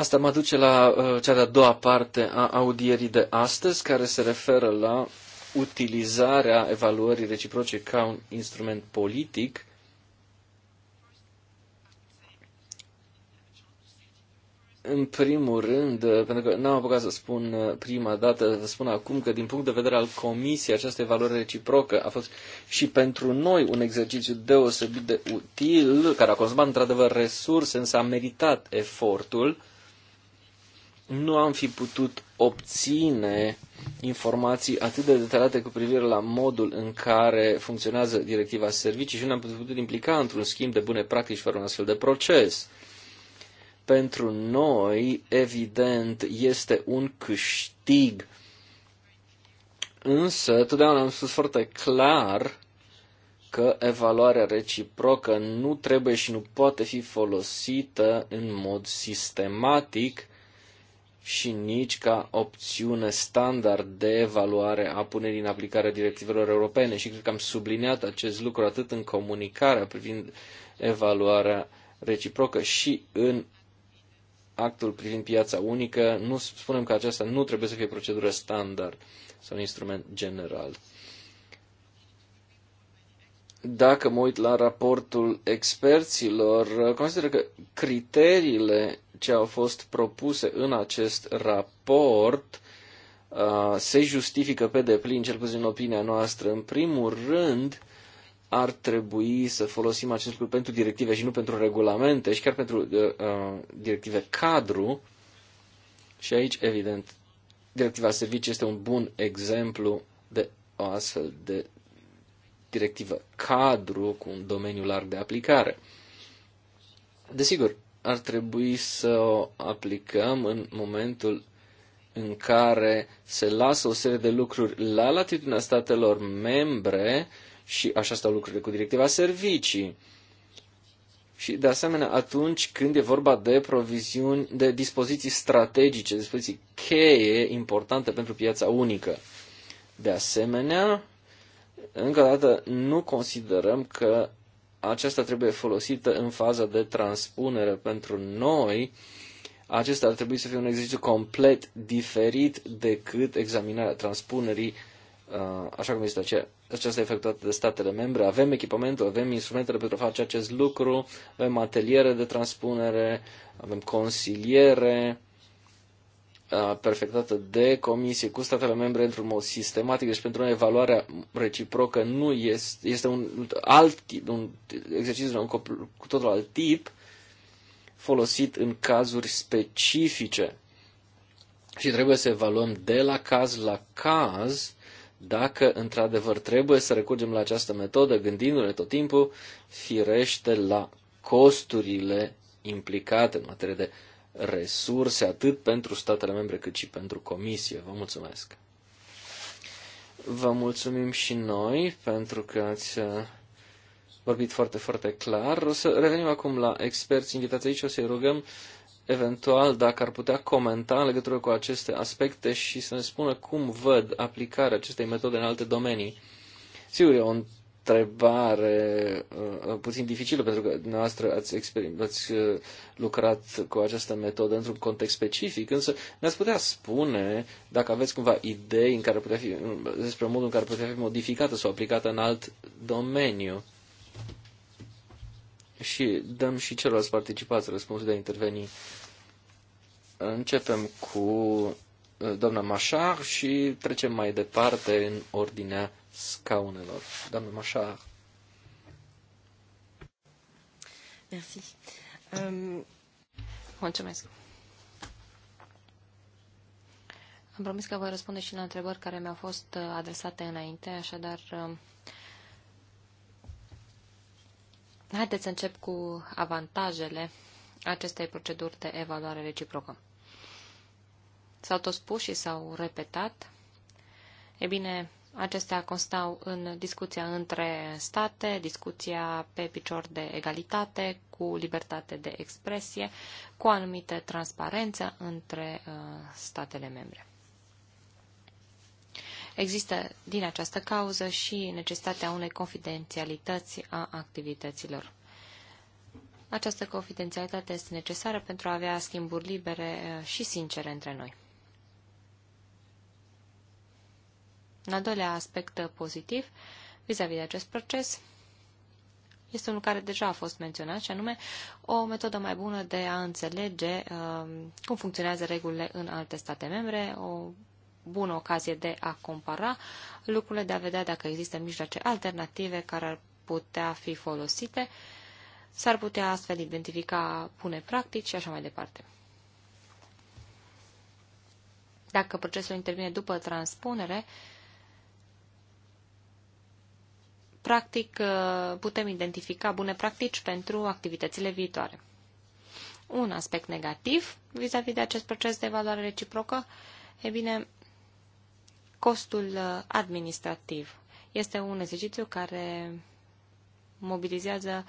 Asta mă duce la uh, cea de-a doua parte a audierii de astăzi, care se referă la utilizarea evaluării reciproce ca un instrument politic. În primul rând, uh, pentru că n-am apucat să spun uh, prima dată, să spun acum că din punct de vedere al Comisiei, această evaluare reciprocă a fost și pentru noi un exercițiu deosebit de util, care a consumat într-adevăr resurse, însă a meritat efortul nu am fi putut obține informații atât de detaliate cu privire la modul în care funcționează directiva servicii și nu am putut implica într-un schimb de bune practici fără un astfel de proces. Pentru noi, evident, este un câștig. Însă, totdeauna am spus foarte clar că evaluarea reciprocă nu trebuie și nu poate fi folosită în mod sistematic și nici ca opțiune standard de evaluare a punerii în aplicare a directivelor europene. Și cred că am subliniat acest lucru atât în comunicarea privind evaluarea reciprocă și în actul privind piața unică. Nu spunem că aceasta nu trebuie să fie procedură standard sau un instrument general dacă mă uit la raportul experților, consider că criteriile ce au fost propuse în acest raport se justifică pe deplin, cel puțin în opinia noastră. În primul rând, ar trebui să folosim acest lucru pentru directive și nu pentru regulamente și chiar pentru uh, uh directive cadru. Și aici, evident, directiva servicii este un bun exemplu de o astfel de directivă cadru cu un domeniu larg de aplicare. Desigur, ar trebui să o aplicăm în momentul în care se lasă o serie de lucruri la latitudinea statelor membre și așa stau lucrurile cu directiva servicii. Și de asemenea, atunci când e vorba de proviziuni, de dispoziții strategice, dispoziții cheie importante pentru piața unică. De asemenea, încă o dată, nu considerăm că aceasta trebuie folosită în faza de transpunere pentru noi. Acesta ar trebui să fie un exercițiu complet diferit decât examinarea transpunerii, uh, așa cum este aceea aceasta efectuată de statele membre. Avem echipamentul, avem instrumentele pentru a face acest lucru, avem ateliere de transpunere, avem consiliere, perfectată de comisie cu statele membre într-un mod sistematic, deci pentru noi evaluarea reciprocă nu este, este un alt un exercițiu un, cu totul alt tip folosit în cazuri specifice și trebuie să evaluăm de la caz la caz dacă într-adevăr trebuie să recurgem la această metodă, gândindu-ne tot timpul firește la costurile implicate în materie de uh, resurse atât pentru statele membre cât și pentru comisie. Vă mulțumesc! Vă mulțumim și noi pentru că ați uh, vorbit foarte, foarte clar. O să revenim acum la experți invitați aici. O să-i rugăm eventual dacă ar putea comenta în legătură cu aceste aspecte și să ne spună cum văd aplicarea acestei metode în alte domenii. Sigur, e o întrebare uh, puțin dificilă, pentru că dumneavoastră ați, ați uh, lucrat cu această metodă într-un context specific, însă ne-ați putea spune dacă aveți cumva idei în care putea fi, despre modul în care putea fi modificată sau aplicată în alt domeniu. Și dăm și celorlalți participați răspunsul de a interveni. Începem cu uh, doamna Mașar și trecem mai departe în ordinea scaunelor. Doamna Mașar. Merci. Um, mulțumesc. Am promis că voi răspunde și la întrebări care mi-au fost uh, adresate înainte, așadar um, haideți să încep cu avantajele acestei proceduri de evaluare reciprocă. S-au tot spus și s-au repetat. E bine, Acestea constau în discuția între state, discuția pe picior de egalitate, cu libertate de expresie, cu anumite transparență între uh, statele membre. Există din această cauză și necesitatea unei confidențialități a activităților. Această confidențialitate este necesară pentru a avea schimburi libere uh, și sincere între noi. În al doilea aspect pozitiv vis-a-vis -vis de acest proces este unul care deja a fost menționat, și anume o metodă mai bună de a înțelege uh, cum funcționează regulile în alte state membre, o bună ocazie de a compara lucrurile, de a vedea dacă există mijloace alternative care ar putea fi folosite, s-ar putea astfel identifica pune practici și așa mai departe. Dacă procesul intervine după transpunere, uh, practic uh, putem identifica bune practici pentru activitățile viitoare. Un aspect negativ vis-a-vis -vis de acest proces de evaluare reciprocă, e bine, costul uh, administrativ. Este un exercițiu care mobilizează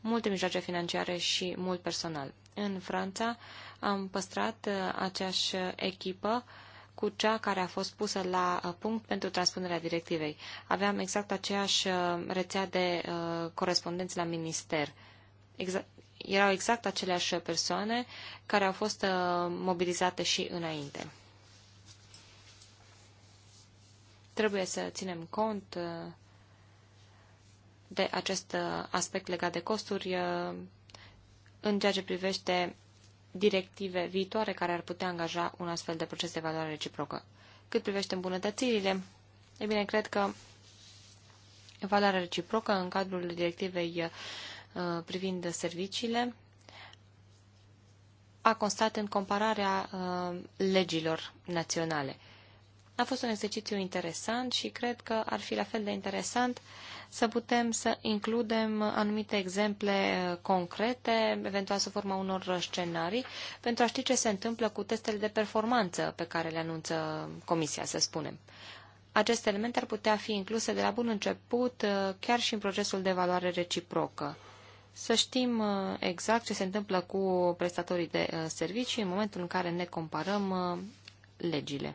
multe mijloace financiare și mult personal. În Franța am păstrat uh, aceeași echipă uh, cu cea care a fost pusă la uh, punct pentru transpunerea directivei. Aveam exact aceeași uh, rețea de uh, corespondenți la minister. Exact, erau exact aceleași persoane care au fost mobilizate și înainte. Trebuie să ținem cont de acest aspect legat de costuri în ceea ce privește directive viitoare care ar putea angaja un astfel de proces de evaluare reciprocă. Cât privește îmbunătățirile, e bine, cred că evaluarea reciprocă în cadrul directivei uh, privind serviciile a constat în compararea uh, legilor naționale. A fost un exercițiu interesant și cred că ar fi la fel de interesant să putem să includem anumite exemple uh, concrete, eventual sub forma unor scenarii, pentru a ști ce se întâmplă cu testele de performanță pe care le anunță Comisia, să spunem. Aceste elemente ar putea fi incluse de la bun început, uh, chiar și în procesul de evaluare reciprocă să știm uh, exact ce se întâmplă cu prestatorii de servicii în momentul în care ne comparăm legile.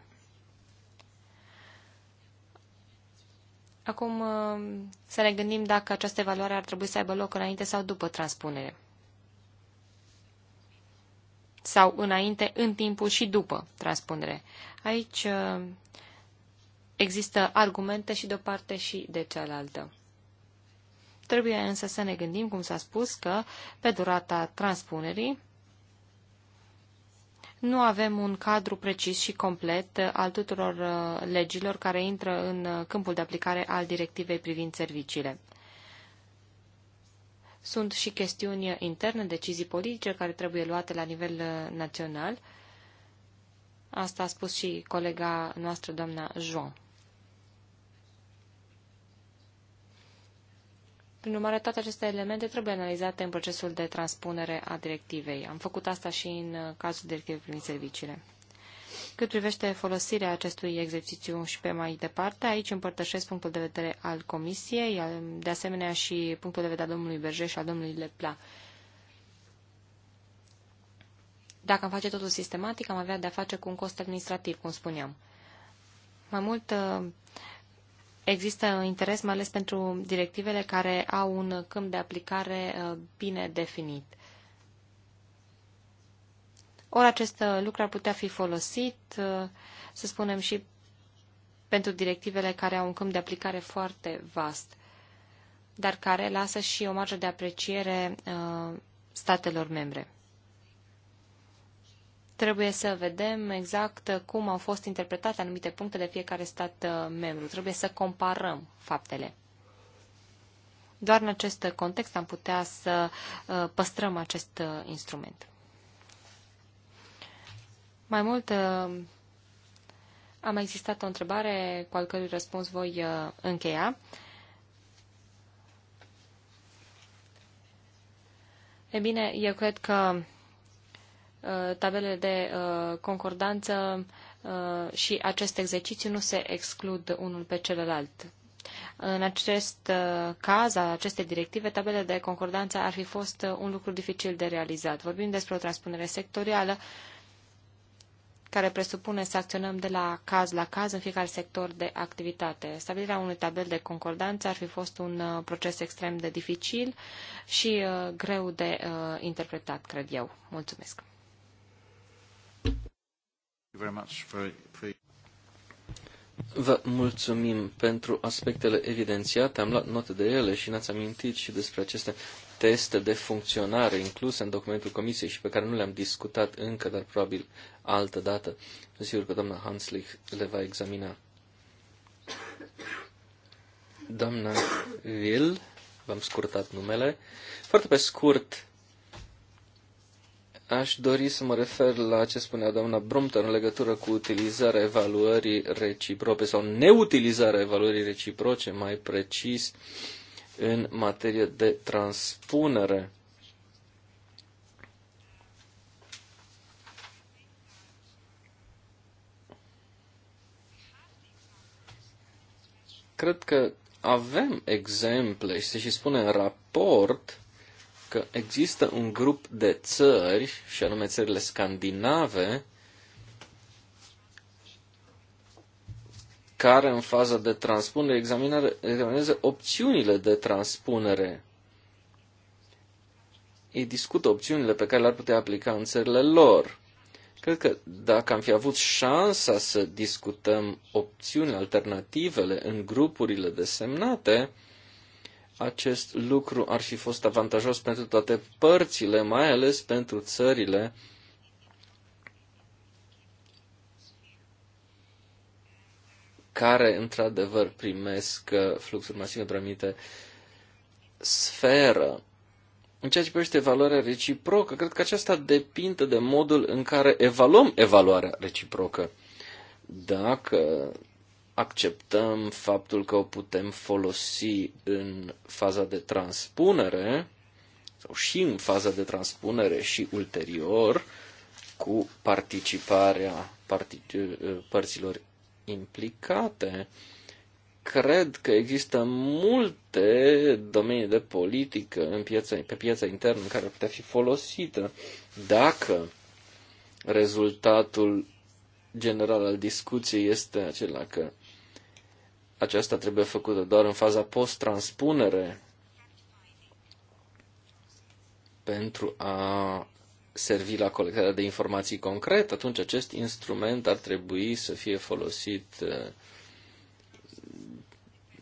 Acum uh, să ne gândim dacă această evaluare ar trebui să aibă loc înainte sau după transpunere. Sau înainte, în timpul și după transpunere. Aici uh, există argumente și de o parte și de cealaltă. Trebuie însă să ne gândim, cum s-a spus, că pe durata transpunerii nu avem un cadru precis și complet uh, al tuturor uh, legilor care intră în uh, câmpul de aplicare al directivei privind serviciile. Sunt și chestiuni interne, decizii politice care trebuie luate la nivel național. Asta a spus și colega noastră, doamna Jean. Prin urmare, toate aceste elemente trebuie analizate în procesul de transpunere a directivei. Am făcut asta și în uh, cazul directivei privind serviciile. Cât privește folosirea acestui exercițiu și pe mai departe, aici împărtășesc punctul de vedere al Comisiei, de asemenea și punctul de vedere al domnului Berger și al domnului Lepla. Dacă am face totul sistematic, am avea de-a face cu un cost administrativ, cum spuneam. Mai mult, uh, Există interes mai ales pentru directivele care au un câmp de aplicare uh, bine definit. Ori acest uh, lucru ar putea fi folosit, uh, să spunem, și pentru directivele care au un câmp de aplicare foarte vast, dar care lasă și o marjă de apreciere statelor membre. Trebuie să vedem exact cum au fost interpretate anumite puncte de fiecare stat uh, membru. Trebuie să comparăm faptele. Doar în acest context am putea să uh, păstrăm acest uh, instrument. Mai mult, a mai existat o întrebare cu al cărui răspuns voi încheia. E bine, eu cred că Uh, tabelele de uh, concordanță uh, și acest exercițiu nu se exclud unul pe celălalt. În acest caz, a acestei directive, tabelele de concordanță ar fi fost un lucru dificil de realizat. Vorbim despre o transpunere sectorială care presupune să acționăm de la caz la caz în fiecare sector de activitate. Stabilirea unui tabel de concordanță ar fi fost un proces extrem de dificil și greu de interpretat, cred eu. Mulțumesc! Vă mulțumim pentru aspectele evidențiate, am luat note de ele și ne-ați amintit și despre aceste teste de funcționare incluse în documentul comisiei și pe care nu le-am discutat încă, dar probabil altă dată. Sigur că doamna Hanslich le va examina. Doamna Will, v-am scurtat numele. Foarte pe scurt, Aș dori să mă refer la ce spunea doamna Brumter în legătură cu utilizarea evaluării reciproce sau neutilizarea evaluării reciproce, mai precis, în materie de transpunere. Cred că avem exemple și se și spune în raport că există un grup de țări, și anume țările scandinave, care în faza de transpunere examinează opțiunile de transpunere. Ei discută opțiunile pe care le-ar putea aplica în țările lor. Cred că dacă am fi avut șansa să discutăm opțiunile, alternativele în grupurile desemnate, acest lucru ar fi fost avantajos pentru toate părțile, mai ales pentru țările care, într-adevăr, primesc uh, fluxuri masive într-o anumită sferă. În ceea ce privește evaluarea reciprocă, cred că aceasta depinde de modul în care evaluăm evaluarea reciprocă. Dacă acceptăm faptul că o putem folosi în faza de transpunere sau și în faza de transpunere și ulterior cu participarea partic- eh, părților implicate. Cred că există multe domenii de politică în piața, pe piața internă în care putea fi folosită dacă rezultatul general al discuției este acela că aceasta trebuie făcută doar în faza post-transpunere pentru a servi la colectarea de informații concret, atunci acest instrument ar trebui să fie folosit uh,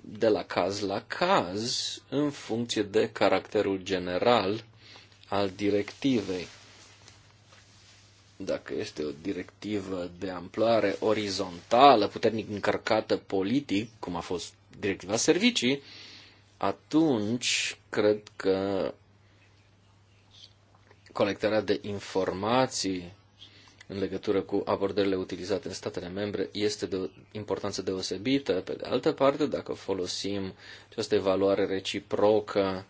de la caz la caz în funcție de caracterul general al directivei dacă este o directivă de amploare orizontală, puternic încărcată politic, cum a fost directiva servicii, atunci cred că colectarea de informații în legătură cu abordările utilizate în statele membre este de o importanță deosebită. Pe de altă parte, dacă folosim această evaluare reciprocă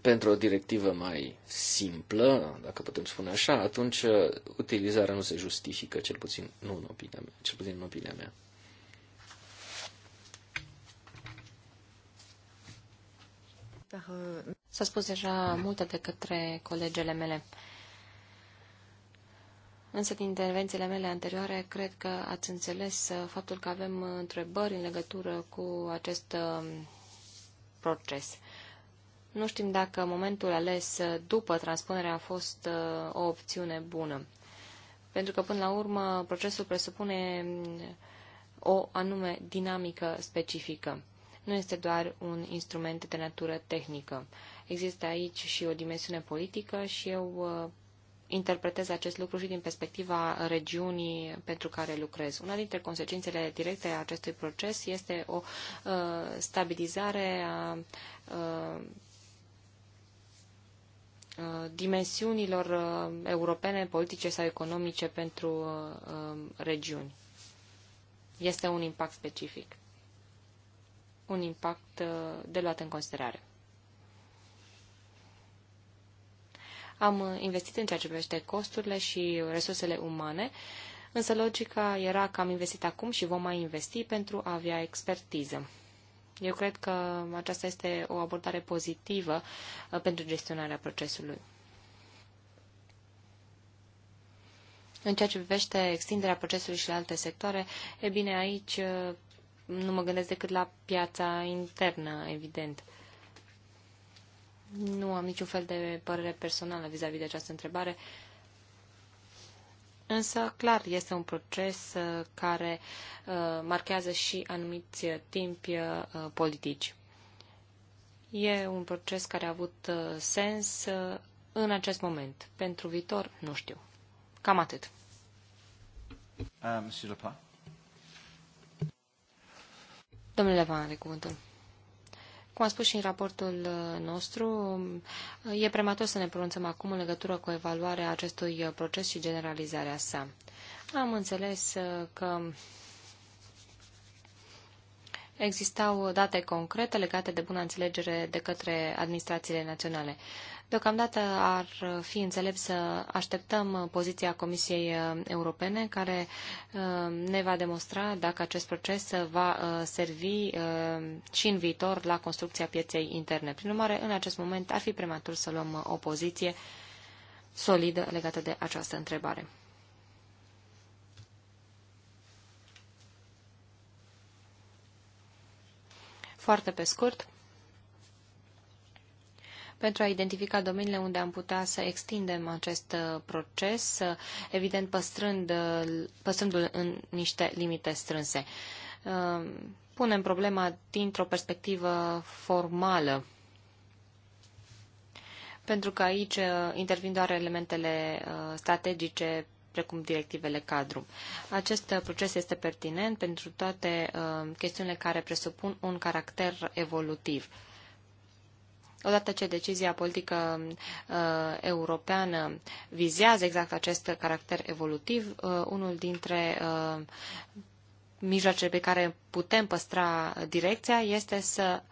pentru o directivă mai simplă, dacă putem spune așa, atunci uh, utilizarea nu se justifică, cel puțin nu în opinia mea. Cel puțin în opinia mea. S-a spus deja multe de către colegele mele. Însă, din intervențiile mele anterioare, cred că ați înțeles uh, faptul că avem uh, întrebări în legătură cu acest proces. Nu știm dacă momentul ales după transpunere a fost uh, o opțiune bună. Pentru că, până la urmă, procesul presupune o anume dinamică specifică. Nu este doar un instrument de natură tehnică. Există aici și o dimensiune politică și eu uh, interpretez acest lucru și din perspectiva regiunii pentru care lucrez. Una dintre consecințele directe a acestui proces este o uh, stabilizare a uh, Uh, dimensiunilor uh, europene, politice sau economice pentru uh, regiuni. Este un impact specific. Un impact de luat în considerare. Am investit în ceea ce privește costurile și resursele umane, însă logica era că am investit acum și vom mai investi pentru a avea expertiză. Eu cred că aceasta este o abordare pozitivă uh, pentru gestionarea procesului. În ceea ce privește extinderea procesului și la alte sectoare, e bine, aici uh, nu mă gândesc decât la piața internă, evident. Nu am niciun fel de părere personală vis-a-vis -vis de această întrebare. Însă, clar, este un proces uh, care uh, marchează și anumiți timpi uh, politici. E un proces care a avut sens în acest moment. Pentru viitor, nu știu. Cam atât. Uh, Domnule Levan are cuvântul. Cum am spus și în raportul uh, nostru, e prematur să ne pronunțăm acum în legătură cu evaluarea acestui uh, proces și generalizarea sa. Am înțeles uh, că existau date concrete legate de bună înțelegere de către administrațiile naționale. Deocamdată ar fi înțelept să așteptăm poziția Comisiei uh, Europene, care uh, ne va demonstra dacă acest proces va uh, servi și în viitor la construcția pieței interne. Prin urmare, în acest moment ar fi prematur să luăm o poziție solidă legată de această întrebare. Foarte pe scurt, pentru a identifica domeniile unde am putea să extindem acest uh, proces, uh, evident păstrând, uh, păstrându-l în niște limite strânse. Punem problema dintr-o perspectivă formală pentru că aici intervin doar elementele strategice precum directivele cadru. Acest proces este pertinent pentru toate chestiunile care presupun un caracter evolutiv odată ce decizia politică uh, europeană vizează exact acest caracter evolutiv, uh, unul dintre uh, mijloacele pe care putem păstra direcția este să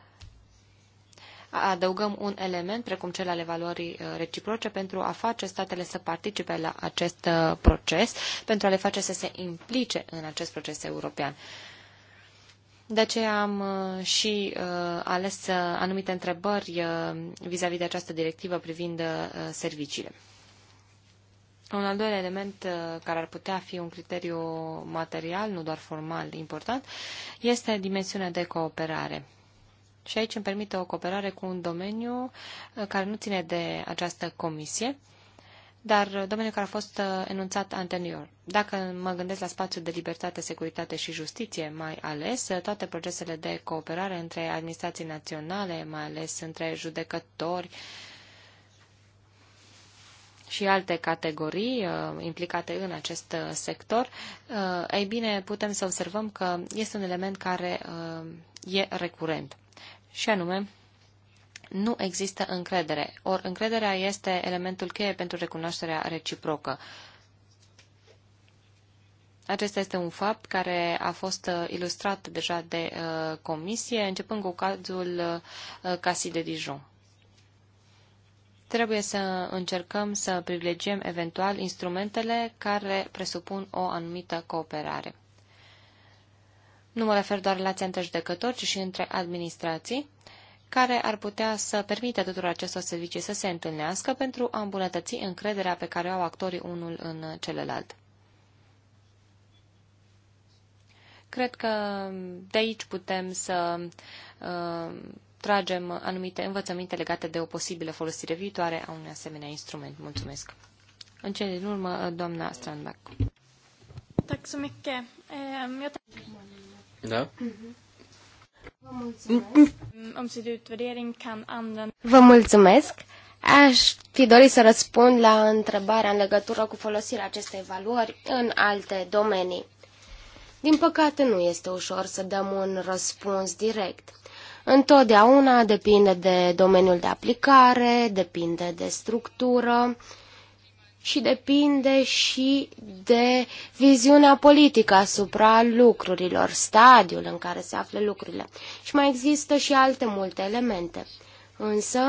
adăugăm un element precum cel al evaluării uh, reciproce pentru a face statele să participe la acest uh, proces, pentru a le face să se implice în acest proces european. Uh, de aceea am uh, și uh, ales uh, anumite întrebări vis-a-vis -vis de această directivă privind serviciile. Un al doilea element care ar putea fi un criteriu material, nu doar formal important, este dimensiunea de cooperare. Și aici îmi permite o cooperare cu un domeniu care nu ține de această comisie, dar domeniul care a fost uh, enunțat anterior. Dacă mă gândesc la spațiul de libertate, securitate și justiție, mai ales uh, toate procesele de cooperare între administrații naționale, mai ales între judecători și alte categorii uh, implicate în acest sector, ei bine, putem să observăm că este un element care e recurent. Și anume, nu există încredere. Ori încrederea este elementul cheie pentru recunoașterea reciprocă. Acesta este un fapt care a fost uh, ilustrat deja de uh, comisie, începând cu cazul uh, Casi de Dijon. Trebuie să încercăm să privilegiem eventual instrumentele care presupun o anumită cooperare. Nu mă refer doar la relația între judecători, ci și între administrații, care ar putea să permită tuturor acestor servicii să se întâlnească pentru a îmbunătăți încrederea pe care o au actorii unul în celălalt. Cred că de aici putem să uh, tragem anumite învățăminte legate de o posibilă folosire viitoare a unui asemenea instrument. Mulțumesc. În cele din urmă, uh, doamna Strandbach. Tack eh, Da. Mm -hmm. Vă mulțumesc. Aș fi dorit să răspund la întrebarea în legătură cu folosirea acestei valori în alte domenii. Din păcate, nu este ușor să dăm un răspuns direct. Întotdeauna depinde de domeniul de aplicare, depinde de structură, uh, și depinde și de viziunea politică asupra lucrurilor, stadiul în care se află lucrurile. Și mai există și alte multe elemente. Însă,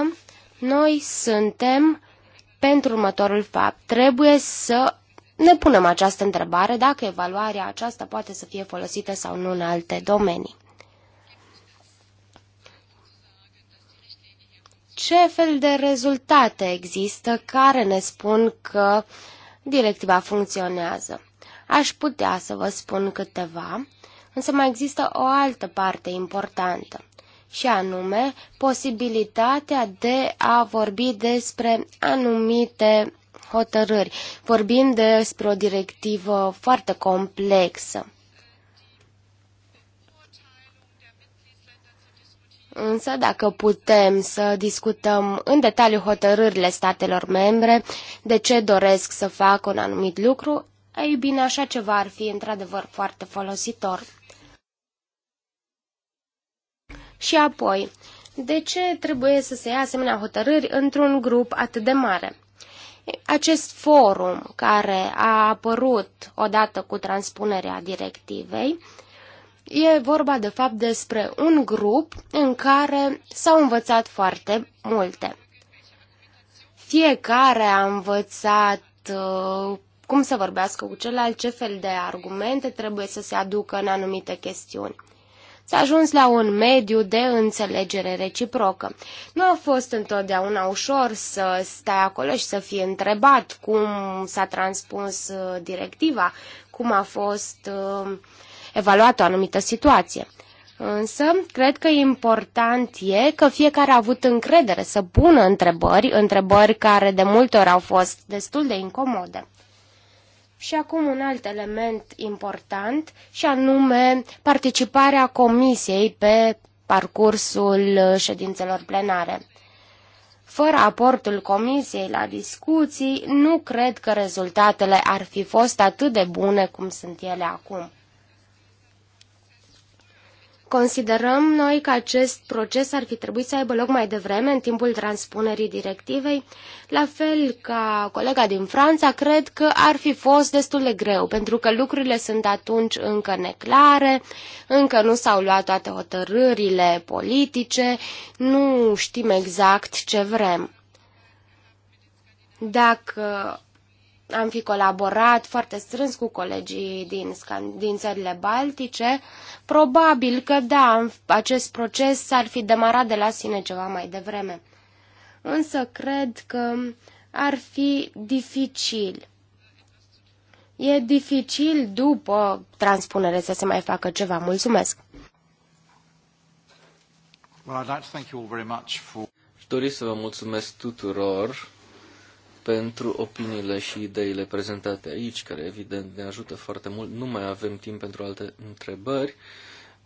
noi suntem pentru următorul fapt. Trebuie să ne punem această întrebare dacă evaluarea aceasta poate să fie folosită sau nu în alte domenii. ce fel de rezultate există care ne spun că directiva funcționează. Aș putea să vă spun câteva, însă mai există o altă parte importantă, și anume posibilitatea de a vorbi despre anumite hotărâri. vorbind despre o directivă foarte complexă. Însă, dacă putem să discutăm în detaliu hotărârile statelor membre, de ce doresc să fac un anumit lucru, ei bine, așa ceva ar fi într-adevăr foarte folositor. Și apoi, de ce trebuie să se ia asemenea hotărâri într-un grup atât de mare? Acest forum care a apărut odată cu transpunerea directivei, E vorba, de fapt, despre un grup în care s-au învățat foarte multe. Fiecare a învățat uh, cum să vorbească cu celălalt, ce fel de argumente trebuie să se aducă în anumite chestiuni. S-a ajuns la un mediu de înțelegere reciprocă. Nu a fost întotdeauna ușor să stai acolo și să fie întrebat cum s-a transpus uh, directiva, cum a fost uh, evaluat o anumită situație. Însă, cred că important e că fiecare a avut încredere să pună întrebări, întrebări care de multe ori au fost destul de incomode. Și acum un alt element important, și anume participarea comisiei pe parcursul ședințelor plenare. Fără aportul comisiei la discuții, nu cred că rezultatele ar fi fost atât de bune cum sunt ele acum. Considerăm noi că acest proces ar fi trebuit să aibă loc mai devreme, în timpul transpunerii directivei. La fel ca colega din Franța, cred că ar fi fost destul de greu, pentru că lucrurile sunt atunci încă neclare, încă nu s-au luat toate hotărârile politice, nu știm exact ce vrem. Dacă am fi colaborat foarte strâns cu colegii din, din țările baltice, probabil că da, acest proces s-ar fi demarat de la sine ceva mai devreme. Însă cred că ar fi dificil. E dificil după transpunere să se mai facă ceva. Mulțumesc! Well, I'd like to thank you all very much for... Doresc să vă mulțumesc tuturor pentru opiniile și ideile prezentate aici, care evident ne ajută foarte mult. Nu mai avem timp pentru alte întrebări,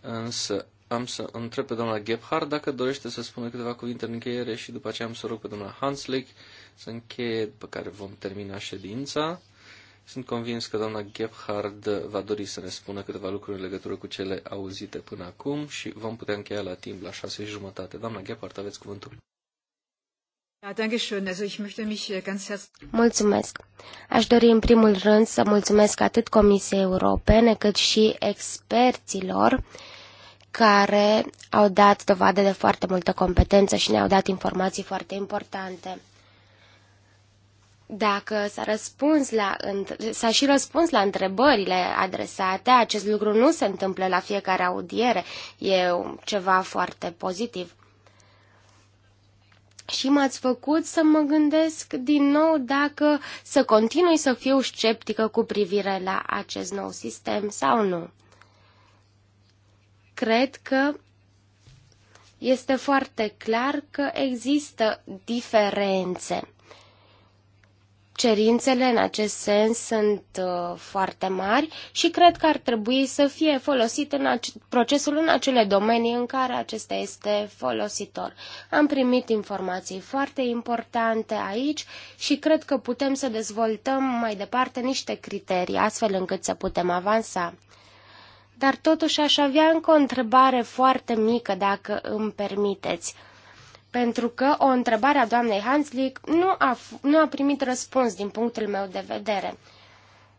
însă am să întreb pe doamna Gebhard dacă dorește să spună câteva cuvinte în încheiere și după aceea am să rog pe doamna Hanslick să încheie, după care vom termina ședința. Sunt convins că doamna Gebhard va dori să ne spună câteva lucruri în legătură cu cele auzite până acum și vom putea încheia la timp la șase jumătate. Doamna Gebhard, aveți cuvântul. Äh, mulțumesc. Aș dori în primul rând să mulțumesc atât Comisiei Europene cât și experților care au dat dovadă de foarte multă competență și ne-au dat informații foarte importante. Dacă s-a răspuns la, s-a și răspuns la întrebările adresate, acest lucru nu se întâmplă la fiecare audiere, e ceva foarte pozitiv și m-ați făcut să mă gândesc din nou dacă să continui să fiu sceptică cu privire la acest nou sistem sau nu. Cred că este foarte clar că există diferențe Cerințele în acest sens sunt uh, foarte mari și cred că ar trebui să fie folosit în procesul în acele domenii în care acesta este folositor. Am primit informații foarte importante aici și cred că putem să dezvoltăm mai departe niște criterii astfel încât să putem avansa. Dar totuși aș avea încă o întrebare foarte mică, dacă îmi permiteți pentru că o întrebare a doamnei Hanslick nu a, nu a primit răspuns din punctul meu de vedere.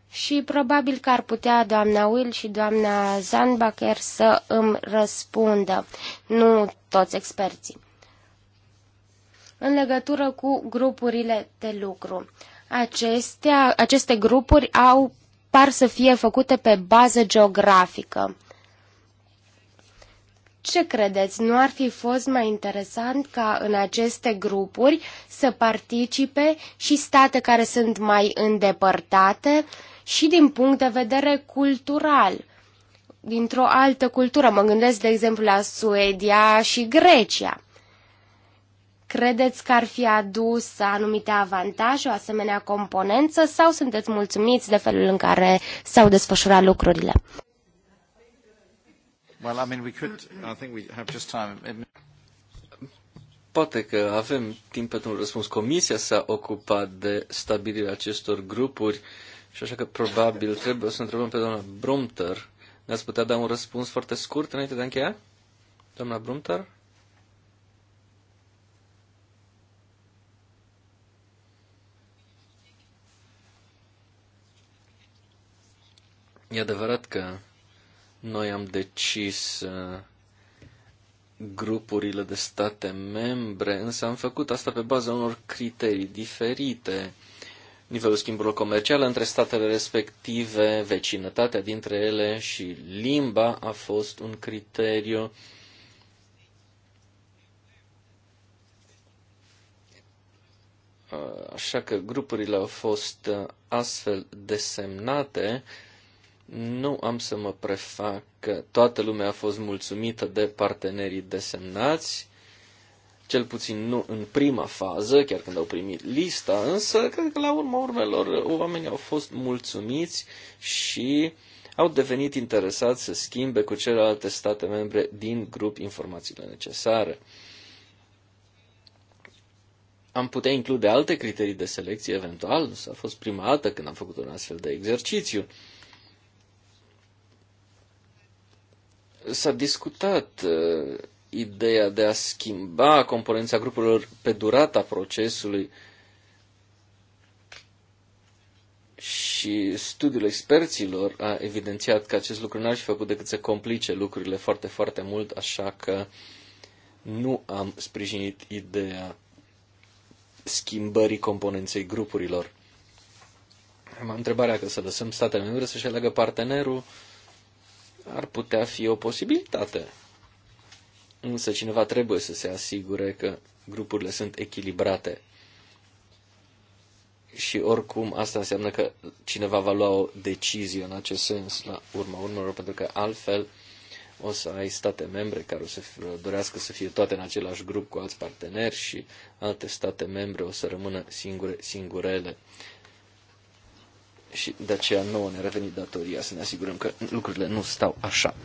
Și probabil că ar putea doamna Will și doamna Zanbacher să îmi răspundă, nu toți experții. În legătură cu grupurile de lucru. Acestea, aceste grupuri au par să fie făcute pe bază geografică. Ce credeți, nu ar fi fost mai interesant ca în aceste grupuri să participe și state care sunt mai îndepărtate și din punct de vedere cultural? dintr-o altă cultură. Mă gândesc, de exemplu, la Suedia și Grecia. Credeți că ar fi adus anumite avantaje, o asemenea componență, sau sunteți mulțumiți de felul în care s-au desfășurat lucrurile? Well, I mean, we could, I think we have just time. Poate că avem timp pentru un răspuns. Comisia s-a ocupat de stabilirea acestor grupuri și așa că probabil trebuie să întrebăm pe doamna Brumter. Ne-ați putea da un răspuns foarte scurt înainte de a încheia? Doamna Brumter? E adevărat că noi am decis uh, grupurile de state membre, însă am făcut asta pe baza unor criterii diferite. Nivelul schimburilor comerciale între statele respective, vecinătatea dintre ele și limba a fost un criteriu. Uh, așa că grupurile au fost uh, astfel desemnate nu am să mă prefac că toată lumea a fost mulțumită de partenerii desemnați, cel puțin nu în prima fază, chiar când au primit lista, însă cred că la urma urmelor oamenii au fost mulțumiți și au devenit interesați să schimbe cu celelalte state membre din grup informațiile necesare. Am putea include alte criterii de selecție eventual, însă a fost prima dată când am făcut un astfel de exercițiu. S-a discutat uh, ideea de a schimba componența grupurilor pe durata procesului și studiul experților a evidențiat că acest lucru n-ar fi făcut decât să complice lucrurile foarte, foarte mult, așa că nu am sprijinit ideea schimbării componenței grupurilor. Am întrebarea că să lăsăm statele membre să-și aleagă partenerul ar putea fi o posibilitate. Însă cineva trebuie să se asigure că grupurile sunt echilibrate. Și oricum asta înseamnă că cineva va lua o decizie în acest sens la urma urmelor, pentru că altfel o să ai state membre care o să dorească să fie toate în același grup cu alți parteneri și alte state membre o să rămână singure, singurele și de aceea nouă ne-a revenit datoria să ne asigurăm că lucrurile nu stau așa.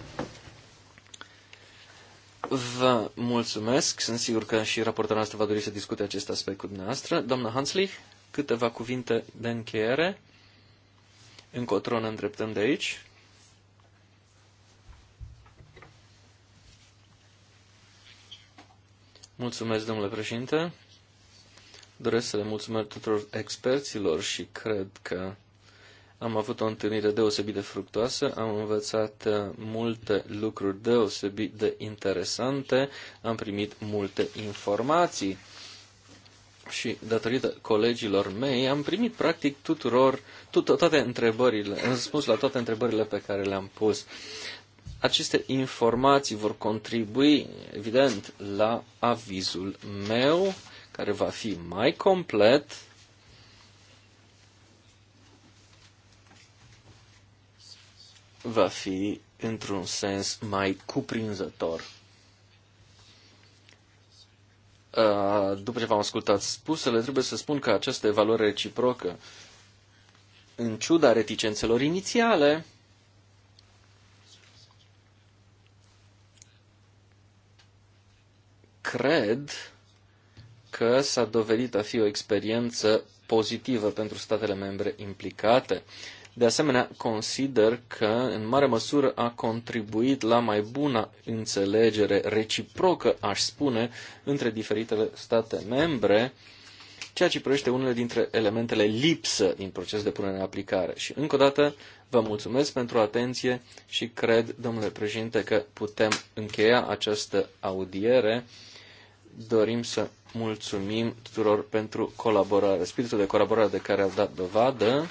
Vă mulțumesc. Sunt sigur că și raportul noastră va dori să discute acest aspect cu dumneavoastră. Doamna Hanslich, câteva cuvinte de încheiere. Încotro ne îndreptăm de aici. Mulțumesc, domnule președinte. Doresc să le mulțumesc tuturor experților și cred că am avut o întâlnire deosebit de fructoasă, am învățat uh, multe lucruri deosebit de interesante, am primit multe informații și datorită colegilor mei am primit practic tuturor, tut- toate întrebările, răspuns la toate întrebările pe care le-am pus. Aceste informații vor contribui, evident, la avizul meu, care va fi mai complet va fi într-un sens mai cuprinzător. După ce v-am ascultat spusele, trebuie să spun că această evaluare reciprocă, în ciuda reticențelor inițiale, cred că s-a dovedit a fi o experiență pozitivă pentru statele membre implicate. Uh, de asemenea, consider că, în mare măsură, a contribuit la mai bună înțelegere reciprocă, aș spune, între diferitele state membre, ceea ce privește unele dintre elementele lipsă din proces de punere în aplicare. Și, încă o dată, vă mulțumesc pentru atenție și cred, domnule președinte, că putem încheia această audiere. Dorim să mulțumim tuturor pentru colaborare, spiritul de colaborare de care au dat dovadă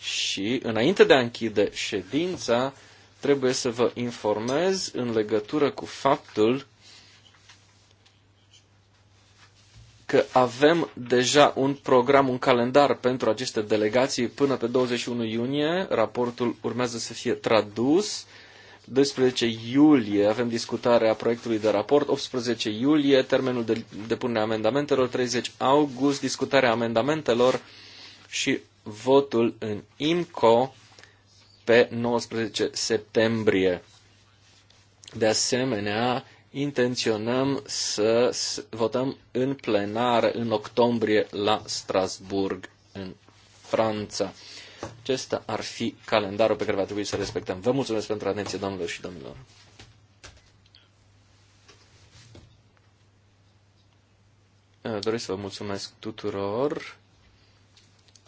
și înainte de a închide ședința, trebuie să vă informez în legătură cu faptul că avem deja un program, un calendar pentru aceste delegații până pe 21 iunie. Raportul urmează să fie tradus. 12 iulie avem discutarea proiectului de raport, 18 iulie termenul de depunere a amendamentelor, 30 august discutarea amendamentelor și votul în IMCO pe 19 septembrie. De asemenea, intenționăm să votăm în plenară în octombrie la Strasburg, în Franța. Acesta ar fi calendarul pe care va trebui să respectăm. Vă mulțumesc pentru atenție, domnilor și domnilor. Doresc să vă mulțumesc tuturor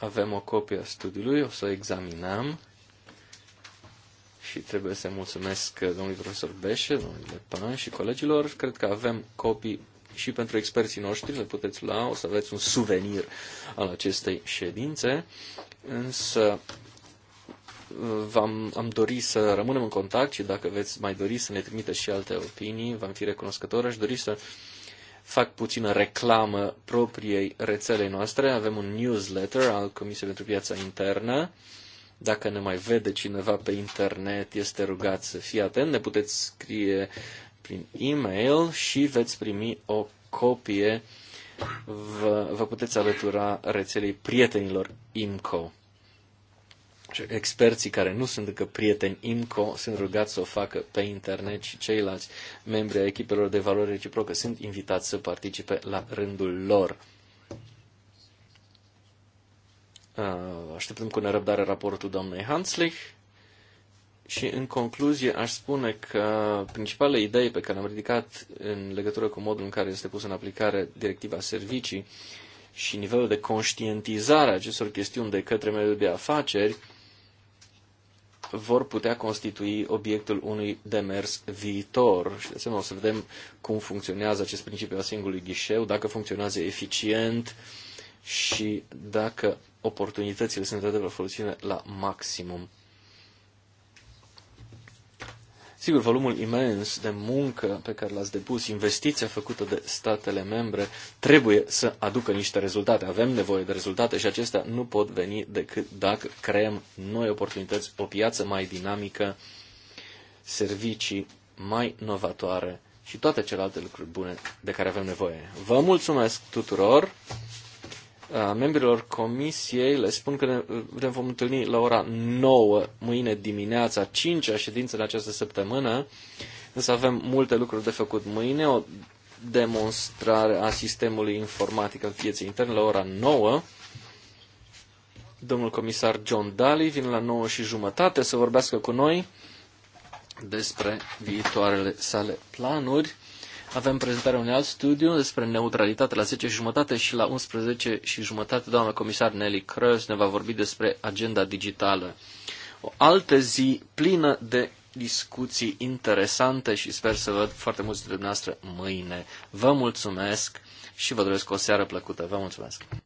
avem o copie a studiului, o să o examinăm și trebuie să mulțumesc domnului profesor Beșe, domnului Lepan și colegilor. Cred că avem copii și pentru experții noștri, le puteți lua, o să aveți un suvenir al acestei ședințe, însă am am dori să rămânem în contact și dacă veți mai dori să ne trimiteți și alte opinii, v-am fi recunoscător. Aș dori să fac puțină reclamă propriei rețelei noastre. Avem un newsletter al Comisiei pentru Piața Internă. Dacă ne mai vede cineva pe internet, este rugat să fie atent. Ne puteți scrie prin e-mail și veți primi o copie. Vă, vă puteți alătura rețelei prietenilor IMCO experții care nu sunt încă prieteni IMCO sunt rugați să o facă pe internet și ceilalți membri ai echipelor de valoare reciprocă sunt invitați să participe la rândul lor. Uh, așteptăm cu nerăbdare raportul doamnei Hanslich și în concluzie aș spune că principalele idei pe care le-am ridicat în legătură cu modul în care este pusă în aplicare directiva servicii și nivelul de conștientizare a acestor chestiuni de către mediul de afaceri vor putea constitui obiectul unui demers viitor. Și de asemenea o să vedem cum funcționează acest principiu al singurului ghișeu, dacă funcționează eficient și dacă oportunitățile sunt de folosite la maximum. Sigur, volumul imens de muncă pe care l-ați depus, investiția făcută de statele membre, trebuie să aducă niște rezultate. Avem nevoie de rezultate și acestea nu pot veni decât dacă creăm noi oportunități, o piață mai dinamică, servicii mai novatoare și toate celelalte lucruri bune de care avem nevoie. Vă mulțumesc tuturor! Uh, membrilor comisiei le spun că ne, ne vom întâlni la ora 9 mâine dimineața, 5-a ședință în această săptămână, însă avem multe lucruri de făcut mâine, o demonstrare a sistemului informatic al pieței interne la ora 9. Domnul comisar John Daly vine la 9 și jumătate să vorbească cu noi despre viitoarele sale planuri avem prezentarea unui alt studiu despre neutralitate la 10 jumătate și la 11 și jumătate. Doamna comisar Nelly Crăs ne va vorbi despre agenda digitală. O altă zi plină de discuții interesante și sper să văd foarte mulți dintre dumneavoastră mâine. Vă mulțumesc și vă doresc o seară plăcută. Vă mulțumesc!